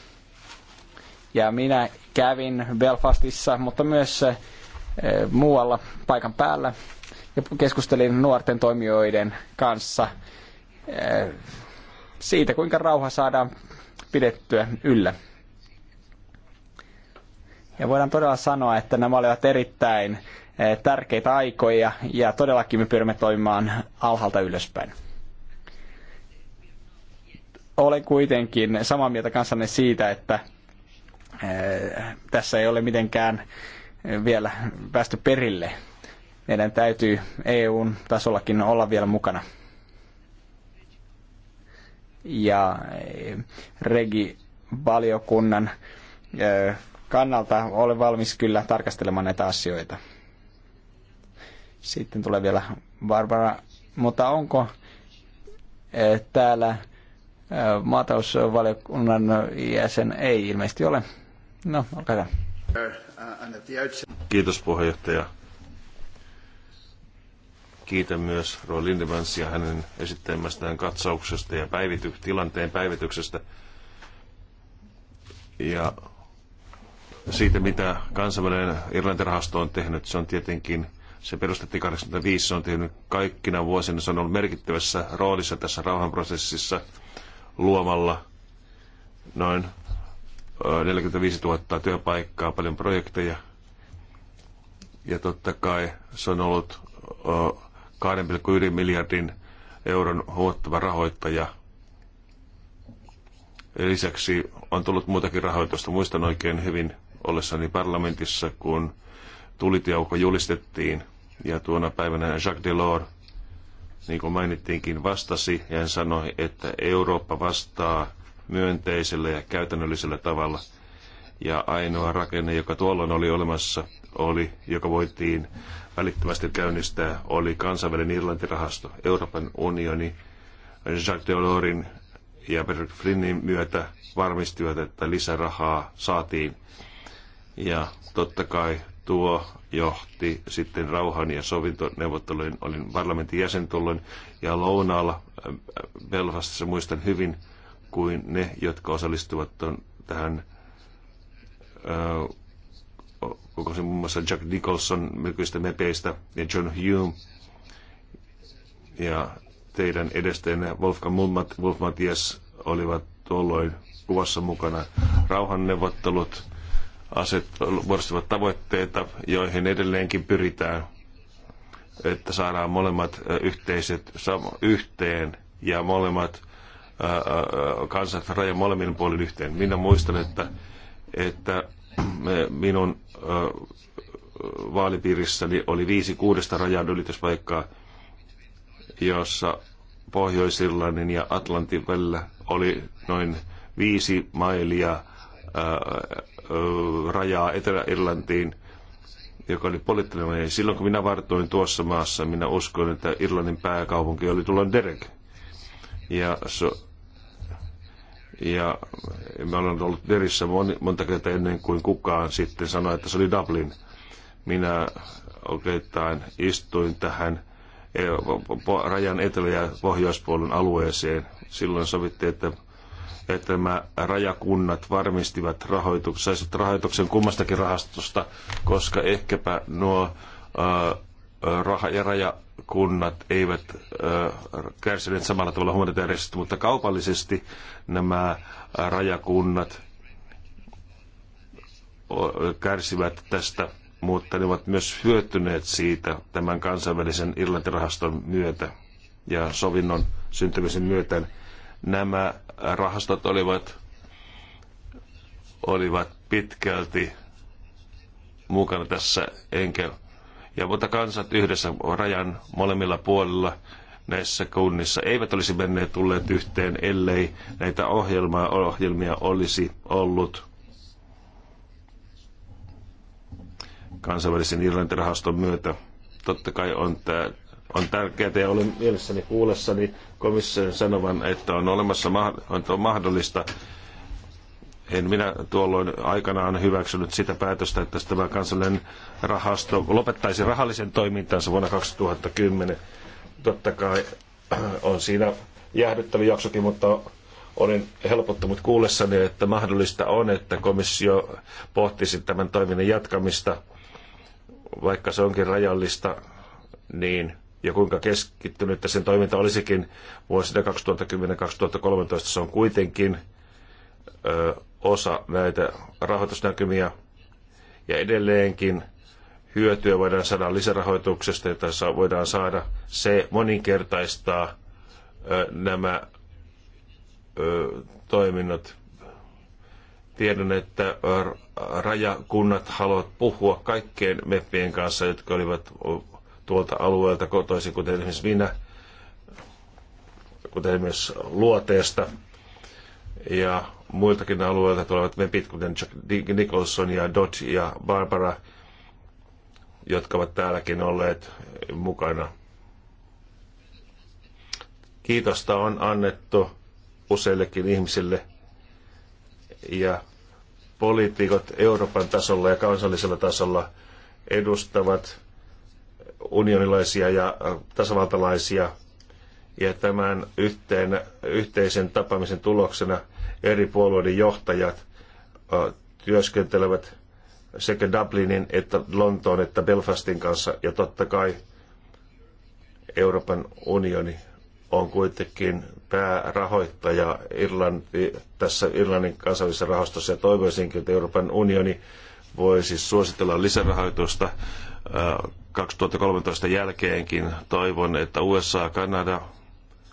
ja minä kävin Belfastissa, mutta myös eh, muualla paikan päällä ja keskustelin nuorten toimijoiden kanssa eh, siitä, kuinka rauha saadaan pidettyä yllä. Ja voidaan todella sanoa, että nämä olivat erittäin eh, tärkeitä aikoja ja todellakin me pyrimme toimimaan alhaalta ylöspäin. Olen kuitenkin samaa mieltä kanssanne siitä, että Eh, tässä ei ole mitenkään vielä päästy perille. Meidän täytyy EUn tasollakin olla vielä mukana. Ja eh, regi-valiokunnan eh, kannalta olen valmis kyllä tarkastelemaan näitä asioita. Sitten tulee vielä Barbara, mutta onko täällä maatalousvaliokunnan jäsen? Ei ilmeisesti ole. No, olkaa Kiitos puheenjohtaja. Kiitän myös Roy Lindemansia hänen esittämästään katsauksesta ja päivity- tilanteen päivityksestä ja siitä, mitä kansainvälinen Irlantirahasto on tehnyt. Se on tietenkin, se perustettiin 85, se on tehnyt kaikkina vuosina, se on ollut merkittävässä roolissa tässä rauhanprosessissa luomalla noin 45 000 työpaikkaa, paljon projekteja. Ja totta kai se on ollut 2,1 miljardin euron huottava rahoittaja. Lisäksi on tullut muutakin rahoitusta. Muistan oikein hyvin ollessani parlamentissa, kun tulitiauko julistettiin ja tuona päivänä Jacques Delors, niin kuin mainittiinkin, vastasi ja hän sanoi, että Eurooppa vastaa myönteisellä ja käytännöllisellä tavalla. Ja ainoa rakenne, joka tuolloin oli olemassa, oli, joka voitiin välittömästi käynnistää, oli kansainvälinen Irlantirahasto, Euroopan unioni, Jacques Delorsin ja Patrick Flynnin myötä varmistivat, että lisärahaa saatiin. Ja totta kai tuo johti sitten rauhan ja sovintoneuvottelujen. Olin parlamentin jäsen tuolloin ja lounaalla äh, äh, Belfastissa muistan hyvin, kuin ne, jotka osallistuvat ton, tähän koko se muun muassa Jack Nicholson nykyistä mepeistä ja John Hume ja teidän edestäenne Wolfgang Mulmat, Wolf Matthias olivat tuolloin kuvassa mukana. Rauhanneuvottelut aset, muodostivat tavoitteita, joihin edelleenkin pyritään, että saadaan molemmat yhteiset yhteen ja molemmat kansat raja molemmin puolin yhteen. Minä muistan, että, että minun vaalipiirissäni oli viisi kuudesta rajan ylityspaikkaa, jossa Pohjois-Irlannin ja Atlantin välillä oli noin viisi mailia rajaa Etelä-Irlantiin, joka oli poliittinen. Ja silloin kun minä vartuin tuossa maassa, minä uskoin, että Irlannin pääkaupunki oli tullut Derek. Ja so, ja mä olen ollut verissä monta kertaa ennen kuin kukaan sitten sanoi, että se oli Dublin. Minä oikeastaan istuin tähän e, rajan etelä- ja pohjoispuolen alueeseen. Silloin sovittiin, että että nämä rajakunnat varmistivat rahoituksen, saisivat rahoituksen kummastakin rahastosta, koska ehkäpä nuo ää, raha- ja raja kunnat eivät kärsineet samalla tavalla humanitaarisesti, mutta kaupallisesti nämä rajakunnat kärsivät tästä, mutta ne ovat myös hyötyneet siitä tämän kansainvälisen Irlantirahaston myötä ja sovinnon syntymisen myötä. Nämä rahastot olivat, olivat pitkälti mukana tässä, enkä ja mutta kansat yhdessä rajan molemmilla puolilla näissä kunnissa eivät olisi menneet tulleet yhteen, ellei näitä ohjelmaa, ohjelmia olisi ollut kansainvälisen Irlantirahaston myötä. Totta kai on, tää, on tärkeää ja olen mielessäni kuulessani komission sanovan, että on olemassa on mahdollista en minä tuolloin aikanaan hyväksynyt sitä päätöstä, että tämä kansallinen rahasto lopettaisi rahallisen toimintansa vuonna 2010. Totta kai [CLEARS THROAT] on siinä jäähdyttävä jaksokin, mutta olin helpottunut kuullessani, että mahdollista on, että komissio pohtisi tämän toiminnan jatkamista, vaikka se onkin rajallista, niin ja kuinka keskittynyt sen toiminta olisikin vuosina 2010-2013. Se on kuitenkin ö, osa näitä rahoitusnäkymiä. Ja edelleenkin hyötyä voidaan saada lisärahoituksesta, jota voidaan saada. Se moninkertaistaa nämä toiminnot. Tiedän, että rajakunnat haluavat puhua kaikkien meppien kanssa, jotka olivat tuolta alueelta kotoisin, kuten esimerkiksi minä, kuten esimerkiksi luoteesta. Ja muiltakin alueilta tulevat vepit, kuten Jack Nicholson ja Dodge ja Barbara, jotka ovat täälläkin olleet mukana. Kiitosta on annettu useillekin ihmisille ja poliitikot Euroopan tasolla ja kansallisella tasolla edustavat unionilaisia ja äh, tasavaltalaisia. Ja tämän yhteen, yhteisen tapaamisen tuloksena – eri puolueiden johtajat työskentelevät sekä Dublinin että Lontoon että Belfastin kanssa. Ja totta kai Euroopan unioni on kuitenkin päärahoittaja Irlanti, tässä Irlannin kansallisessa rahastossa ja toivoisinkin, että Euroopan unioni voisi siis suositella lisärahoitusta 2013 jälkeenkin. Toivon, että USA, Kanada,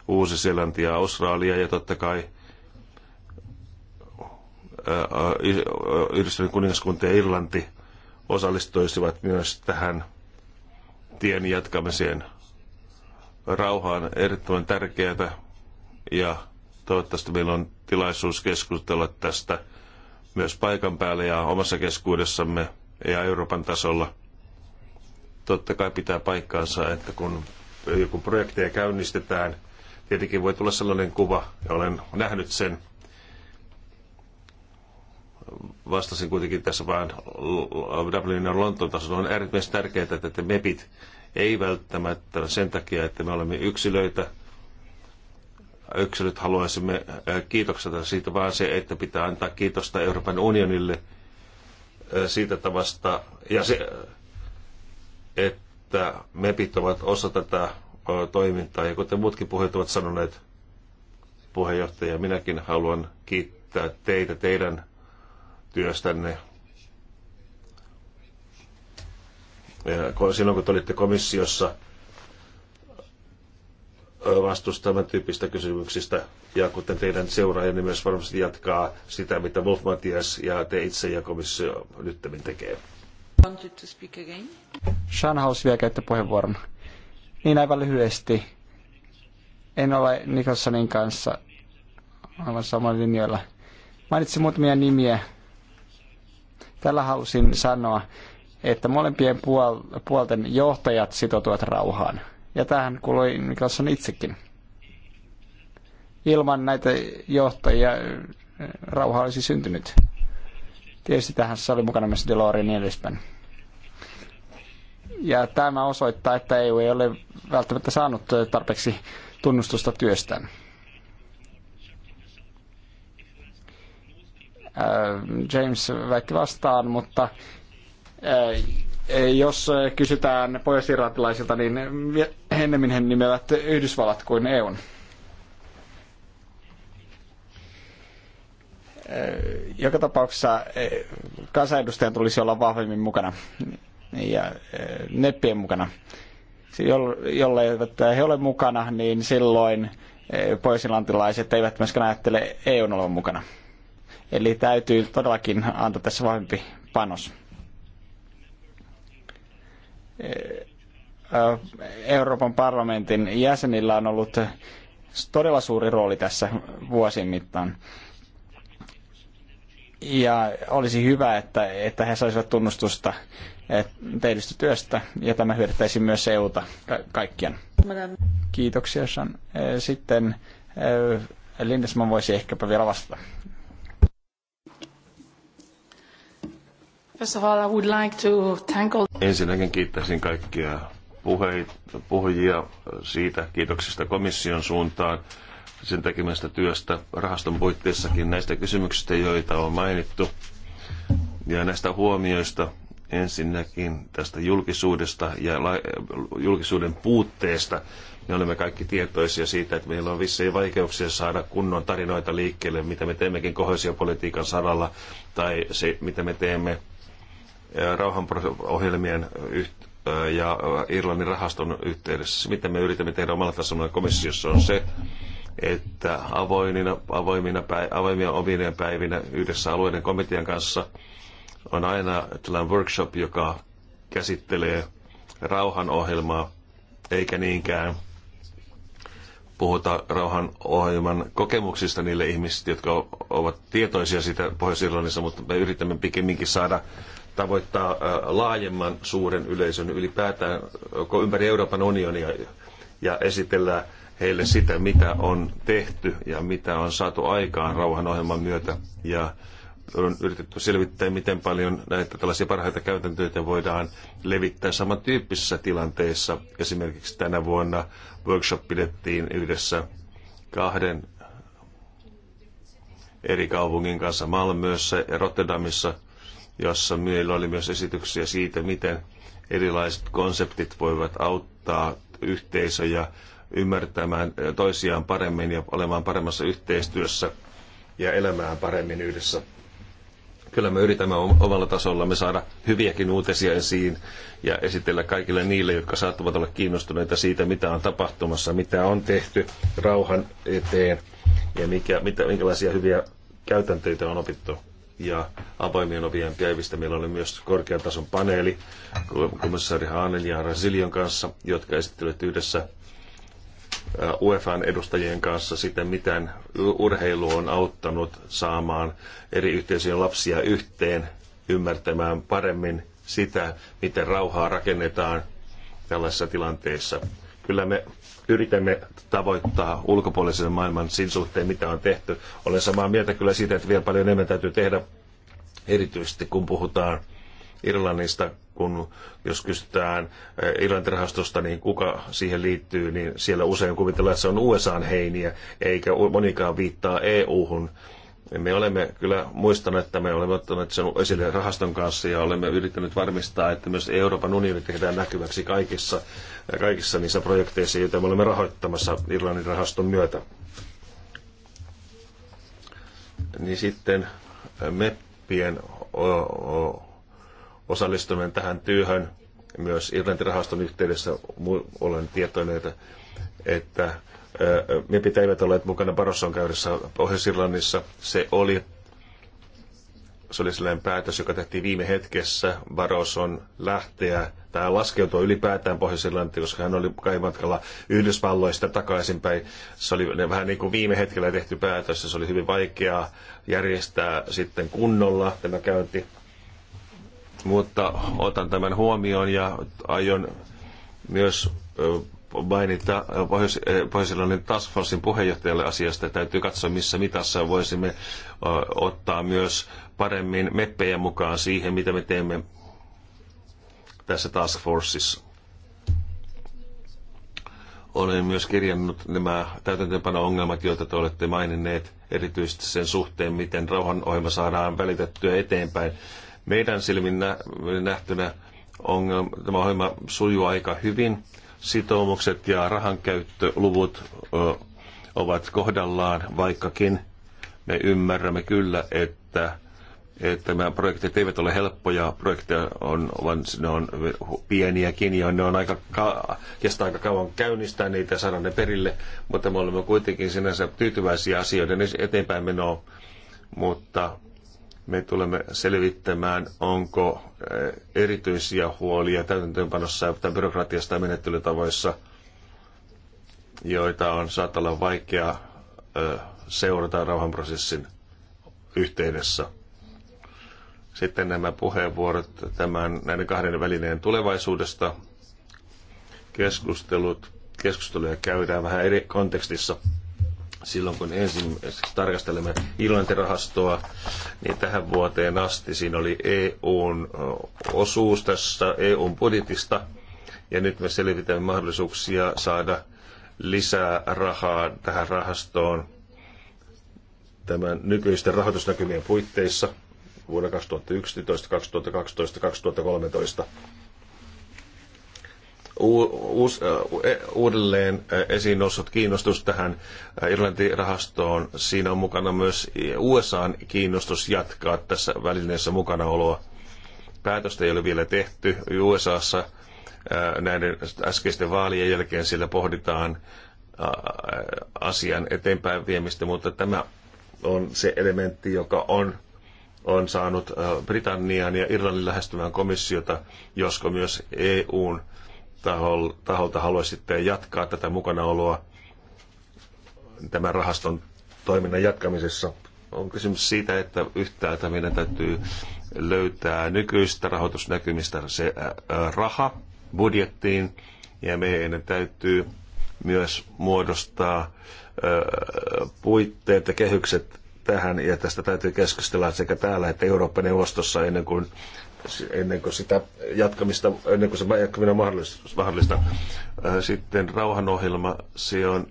Uusi-Seelanti ja Australia ja totta kai Yhdistyneen kuningaskunta ja Irlanti osallistuisivat myös tähän tien jatkamiseen. Rauha on erittäin tärkeää ja toivottavasti meillä on tilaisuus keskustella tästä myös paikan päällä ja omassa keskuudessamme ja Euroopan tasolla. Totta kai pitää paikkaansa, että kun joku projekteja käynnistetään, tietenkin voi tulla sellainen kuva, ja olen nähnyt sen, vastasin kuitenkin tässä vain Dublinin ja Lontoon tasolla. On erittäin tärkeää, että MEPit ei välttämättä sen takia, että me olemme yksilöitä, yksilöt haluaisimme äh, kiitokseta siitä, vaan se, että pitää antaa kiitosta Euroopan unionille äh, siitä tavasta, ja se, äh, että MEPit ovat osa tätä toimintaa, ja kuten muutkin puheet ovat sanoneet, puheenjohtaja, minäkin haluan kiittää teitä teidän työstänne. Ja silloin kun te olitte komissiossa vastuussa tyyppistä kysymyksistä, ja kuten teidän seuraajanne myös varmasti jatkaa sitä, mitä Wolf Matias ja te itse ja komissio nyt tekee. Sean House vielä käyttää puheenvuoron. Niin aivan lyhyesti. En ole Nicholsonin kanssa aivan samoin linjoilla. Mainitsin muutamia nimiä, Tällä halusin sanoa, että molempien puol- puolten johtajat sitoutuvat rauhaan. Ja tähän kuului on itsekin. Ilman näitä johtajia äh, rauha olisi syntynyt. Tietysti tähän oli mukana myös Delori ja niin edespäin. Ja tämä osoittaa, että EU ei ole välttämättä saanut tarpeeksi tunnustusta työstään. Äh, James väitti vastaan, mutta äh, jos äh, kysytään pohjois niin ennemmin he nimevät Yhdysvallat kuin EUn. Joka tapauksessa kansanedustajan tulisi olla vahvemmin mukana ja neppien mukana. eivät he ole mukana, niin silloin pohjoisilantilaiset eivät myöskään ajattele EUn olevan mukana. Eli täytyy todellakin antaa tässä vahvempi panos. Euroopan parlamentin jäsenillä on ollut todella suuri rooli tässä vuosien mittaan. Ja olisi hyvä, että, että he saisivat tunnustusta eh, teidystä työstä ja tämä hyödyttäisi myös EUta ka- kaikkien. Kiitoksia, Sean. Eh, sitten eh, Lindesman voisi ehkäpä vielä vastata. First of all, I would like to thank all... Ensinnäkin kiittäisin kaikkia puheita, puhujia äh, siitä kiitoksista komission suuntaan sen tekemästä työstä rahaston puitteissakin näistä kysymyksistä, joita on mainittu ja näistä huomioista ensinnäkin tästä julkisuudesta ja julkisuuden puutteesta me olemme kaikki tietoisia siitä, että meillä on vissiin vaikeuksia saada kunnon tarinoita liikkeelle, mitä me teemmekin kohesiopolitiikan saralla tai se, mitä me teemme eh, rauhanohjelmien eh, ja eh, Irlannin rahaston yhteydessä. Se, mitä me yritämme tehdä omalla tasolla komissiossa on se, että avoimina, avoimina, päiv- avoimia ovineen päivinä yhdessä alueiden komitean kanssa on aina tällainen workshop, joka käsittelee rauhanohjelmaa, eikä niinkään rauhan ohjelman kokemuksista niille ihmisille, jotka ovat tietoisia siitä Pohjois-Irlannissa, mutta me yritämme pikemminkin saada tavoittaa laajemman suuren yleisön ylipäätään ympäri Euroopan unionia ja esitellä heille sitä, mitä on tehty ja mitä on saatu aikaan rauhan ohjelman myötä. Ja on yritetty selvittää, miten paljon näitä tällaisia parhaita käytäntöitä voidaan levittää samantyyppisissä tilanteissa. Esimerkiksi tänä vuonna workshop pidettiin yhdessä kahden eri kaupungin kanssa Malmössä ja Rotterdamissa, jossa meillä oli myös esityksiä siitä, miten erilaiset konseptit voivat auttaa yhteisöjä ymmärtämään toisiaan paremmin ja olemaan paremmassa yhteistyössä ja elämään paremmin yhdessä kyllä me yritämme omalla tasollamme saada hyviäkin uutisia esiin ja esitellä kaikille niille, jotka saattavat olla kiinnostuneita siitä, mitä on tapahtumassa, mitä on tehty rauhan eteen ja mikä, mitä, minkälaisia hyviä käytänteitä on opittu. Ja avoimien ovien käyvistä. meillä oli myös korkean tason paneeli komissaari Haanen ja Rasilion kanssa, jotka esittelivät yhdessä UEFAn edustajien kanssa sitä, miten urheilu on auttanut saamaan eri yhteisöjen lapsia yhteen, ymmärtämään paremmin sitä, miten rauhaa rakennetaan tällaisessa tilanteessa. Kyllä me yritämme tavoittaa ulkopuolisen maailman sin suhteen, mitä on tehty. Olen samaa mieltä kyllä siitä, että vielä paljon enemmän täytyy tehdä, erityisesti kun puhutaan Irlannista, kun jos kysytään eh, rahastosta, niin kuka siihen liittyy, niin siellä usein kuvitellaan, että se on USAn heiniä, eikä monikaan viittaa EU-hun. Me olemme kyllä muistaneet, että me olemme ottaneet sen esille rahaston kanssa ja olemme yrittäneet varmistaa, että myös Euroopan unioni tehdään näkyväksi kaikissa, kaikissa niissä projekteissa, joita me olemme rahoittamassa Irlannin rahaston myötä. Niin sitten eh, meppien osallistuminen tähän työhön. Myös Irlantirahaston yhteydessä olen tietoinen, että, että MEPit eivät olleet mukana Barosson käydessä Pohjois-Irlannissa. Se oli, se oli sellainen päätös, joka tehtiin viime hetkessä Baroson lähteä tai laskeutua ylipäätään Pohjois-Irlantiin, koska hän oli kai matkalla Yhdysvalloista takaisinpäin. Se oli vähän niin kuin viime hetkellä tehty päätös ja se oli hyvin vaikeaa järjestää sitten kunnolla tämä käynti mutta otan tämän huomioon ja aion myös mainita Pohjois-Irlannin Task Forcein puheenjohtajalle asiasta. Täytyy katsoa, missä mitassa voisimme ottaa myös paremmin meppejä mukaan siihen, mitä me teemme tässä Task Forceissa. Olen myös kirjannut nämä täytäntöönpano-ongelmat, joita te olette maininneet, erityisesti sen suhteen, miten rauhanohjelma saadaan välitettyä eteenpäin. Meidän silmin nähtynä ongelma, tämä ohjelma sujuu aika hyvin. Sitoumukset ja rahankäyttöluvut ovat kohdallaan, vaikkakin me ymmärrämme kyllä, että että nämä projektit eivät ole helppoja, projekteja on, on, ne on pieniäkin ja ne on aika, kestää aika kauan käynnistää niitä ja saada ne perille, mutta me olemme kuitenkin sinänsä tyytyväisiä asioiden eteenpäin menoon, mutta me tulemme selvittämään, onko eh, erityisiä huolia täytäntöönpanossa ja byrokratiasta ja menettelytavoissa, joita on saattaa olla vaikea eh, seurata rauhanprosessin yhteydessä. Sitten nämä puheenvuorot tämän, näiden kahden välineen tulevaisuudesta. Keskustelut, keskusteluja käydään vähän eri kontekstissa silloin kun ensin tarkastelemme Irlantirahastoa, niin tähän vuoteen asti siinä oli EUn osuus tässä EUn budjetista. Ja nyt me selvitämme mahdollisuuksia saada lisää rahaa tähän rahastoon tämän nykyisten rahoitusnäkymien puitteissa vuonna 2011, 2012, 2013 uudelleen esiin noussut kiinnostus tähän Irlanti-rahastoon. Siinä on mukana myös USAn kiinnostus jatkaa tässä välineessä mukanaoloa. Päätöstä ei ole vielä tehty USAssa näiden äskeisten vaalien jälkeen, sillä pohditaan asian eteenpäin viemistä, mutta tämä on se elementti, joka on on saanut Britannian ja Irlannin lähestymään komissiota, josko myös EUn taholta sitten jatkaa tätä mukanaoloa tämän rahaston toiminnan jatkamisessa? On kysymys siitä, että yhtäältä meidän täytyy löytää nykyistä rahoitusnäkymistä se raha budjettiin, ja meidän täytyy myös muodostaa puitteet ja kehykset tähän, ja tästä täytyy keskustella sekä täällä että Euroopan neuvostossa ennen kuin ennen kuin sitä jatkamista, ennen kuin se jatkaminen on mahdollista. Äh, sitten rauhanohjelma, se on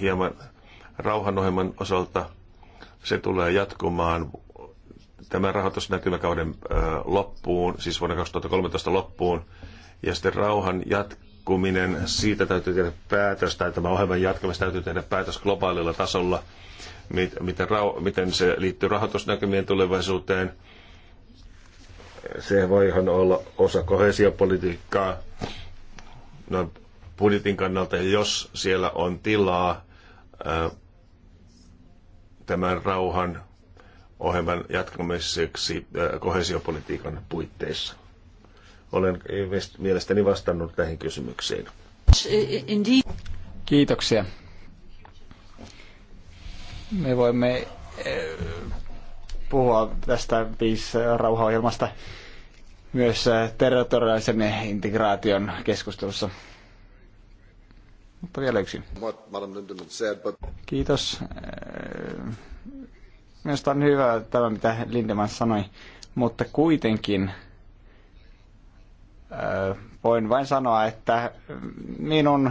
hieman rauhanohjelman osalta, se tulee jatkumaan tämän rahoitusnäkymäkauden äh, loppuun, siis vuonna 2013 loppuun, ja sitten rauhan jatkuminen, siitä täytyy tehdä päätös, tai tämä ohjelman jatkamista täytyy tehdä päätös globaalilla tasolla, miten, miten se liittyy rahoitusnäkymien tulevaisuuteen, se voi ihan olla osa kohesiopolitiikkaa no, budjetin kannalta, jos siellä on tilaa tämän rauhan ohjelman jatkamiseksi kohesiopolitiikan puitteissa. Olen mielestäni vastannut tähän kysymykseen. Kiitoksia. Me voimme puhua tästä viis rauhaohjelmasta myös eh, territoriaalisen integraation keskustelussa. Mutta vielä yksi. Kiitos. Eh, minusta on hyvä tämä, mitä Lindemann sanoi, mutta kuitenkin eh, voin vain sanoa, että minun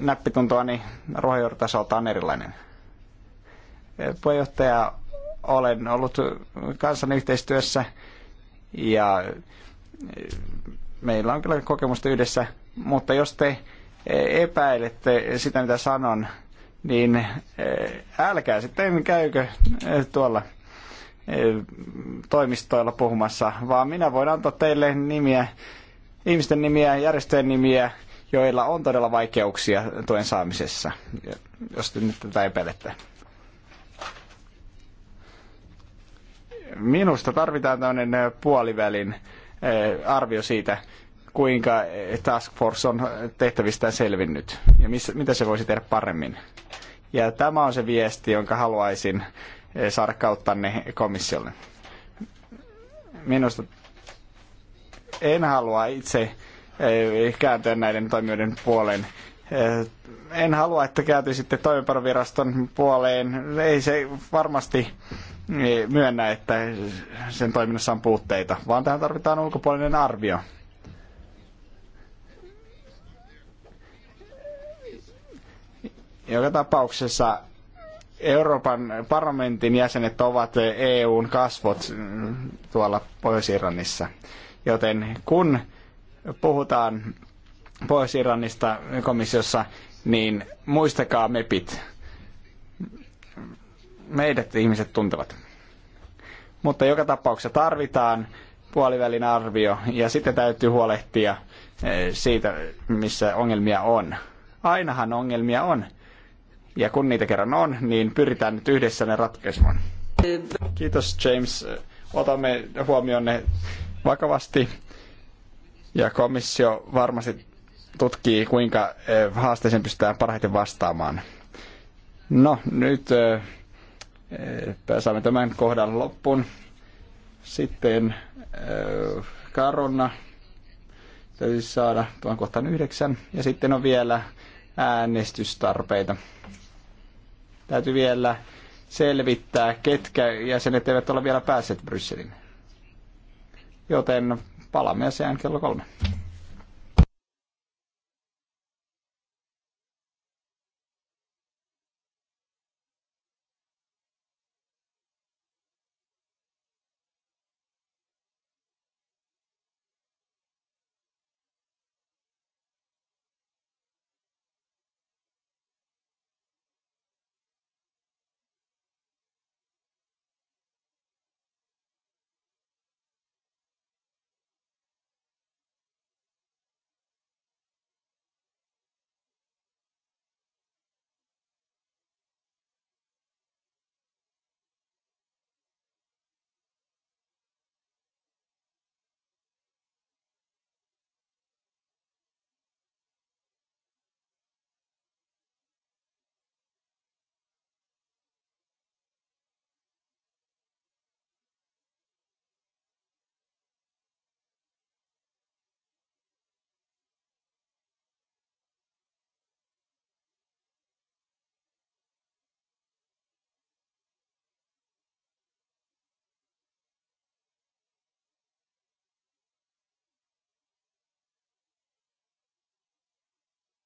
näppituntoani ruohonjuuritasolta on erilainen puheenjohtaja olen ollut kansan yhteistyössä ja meillä on kyllä kokemusta yhdessä, mutta jos te epäilette sitä, mitä sanon, niin eh, älkää sitten käykö eh, tuolla eh, toimistoilla puhumassa, vaan minä voin antaa teille nimiä, ihmisten nimiä, järjestöjen nimiä, joilla on todella vaikeuksia tuen saamisessa, jos te nyt tätä epäilette. Minusta tarvitaan tämmöinen eh, puolivälin eh, arvio siitä, kuinka eh, Task Force on tehtävistään selvinnyt ja missä, mitä se voisi tehdä paremmin. Ja tämä on se viesti, jonka haluaisin saada ne komissiolle. Minusta en halua itse kääntyä näiden toimijoiden puoleen Eh, en halua, että sitten toimeenpanoviraston puoleen. Ei se varmasti eh, myönnä, että sen toiminnassa on puutteita, vaan tähän tarvitaan ulkopuolinen arvio. Joka tapauksessa Euroopan parlamentin jäsenet ovat EUn kasvot tuolla pohjois Joten kun puhutaan Pohjois-Irlannista komissiossa, niin muistakaa mepit. Meidät ihmiset tuntevat. Mutta joka tapauksessa tarvitaan puolivälin arvio ja sitten täytyy huolehtia eh, siitä, missä ongelmia on. Ainahan ongelmia on. Ja kun niitä kerran on, niin pyritään nyt yhdessä ne ratkaisemaan. Kiitos James. Otamme huomioon ne vakavasti. Ja komissio varmasti tutkii, kuinka eh, haasteeseen pystytään parhaiten vastaamaan. No, nyt eh, eh, saamme tämän kohdan loppuun. Sitten Karonna täytyy saada tuon kohtaan yhdeksän. Ja sitten on vielä äänestystarpeita. Täytyy vielä selvittää, ketkä jäsenet eivät ole vielä päässeet Brysseliin. Joten palaamme asiaan kello kolme.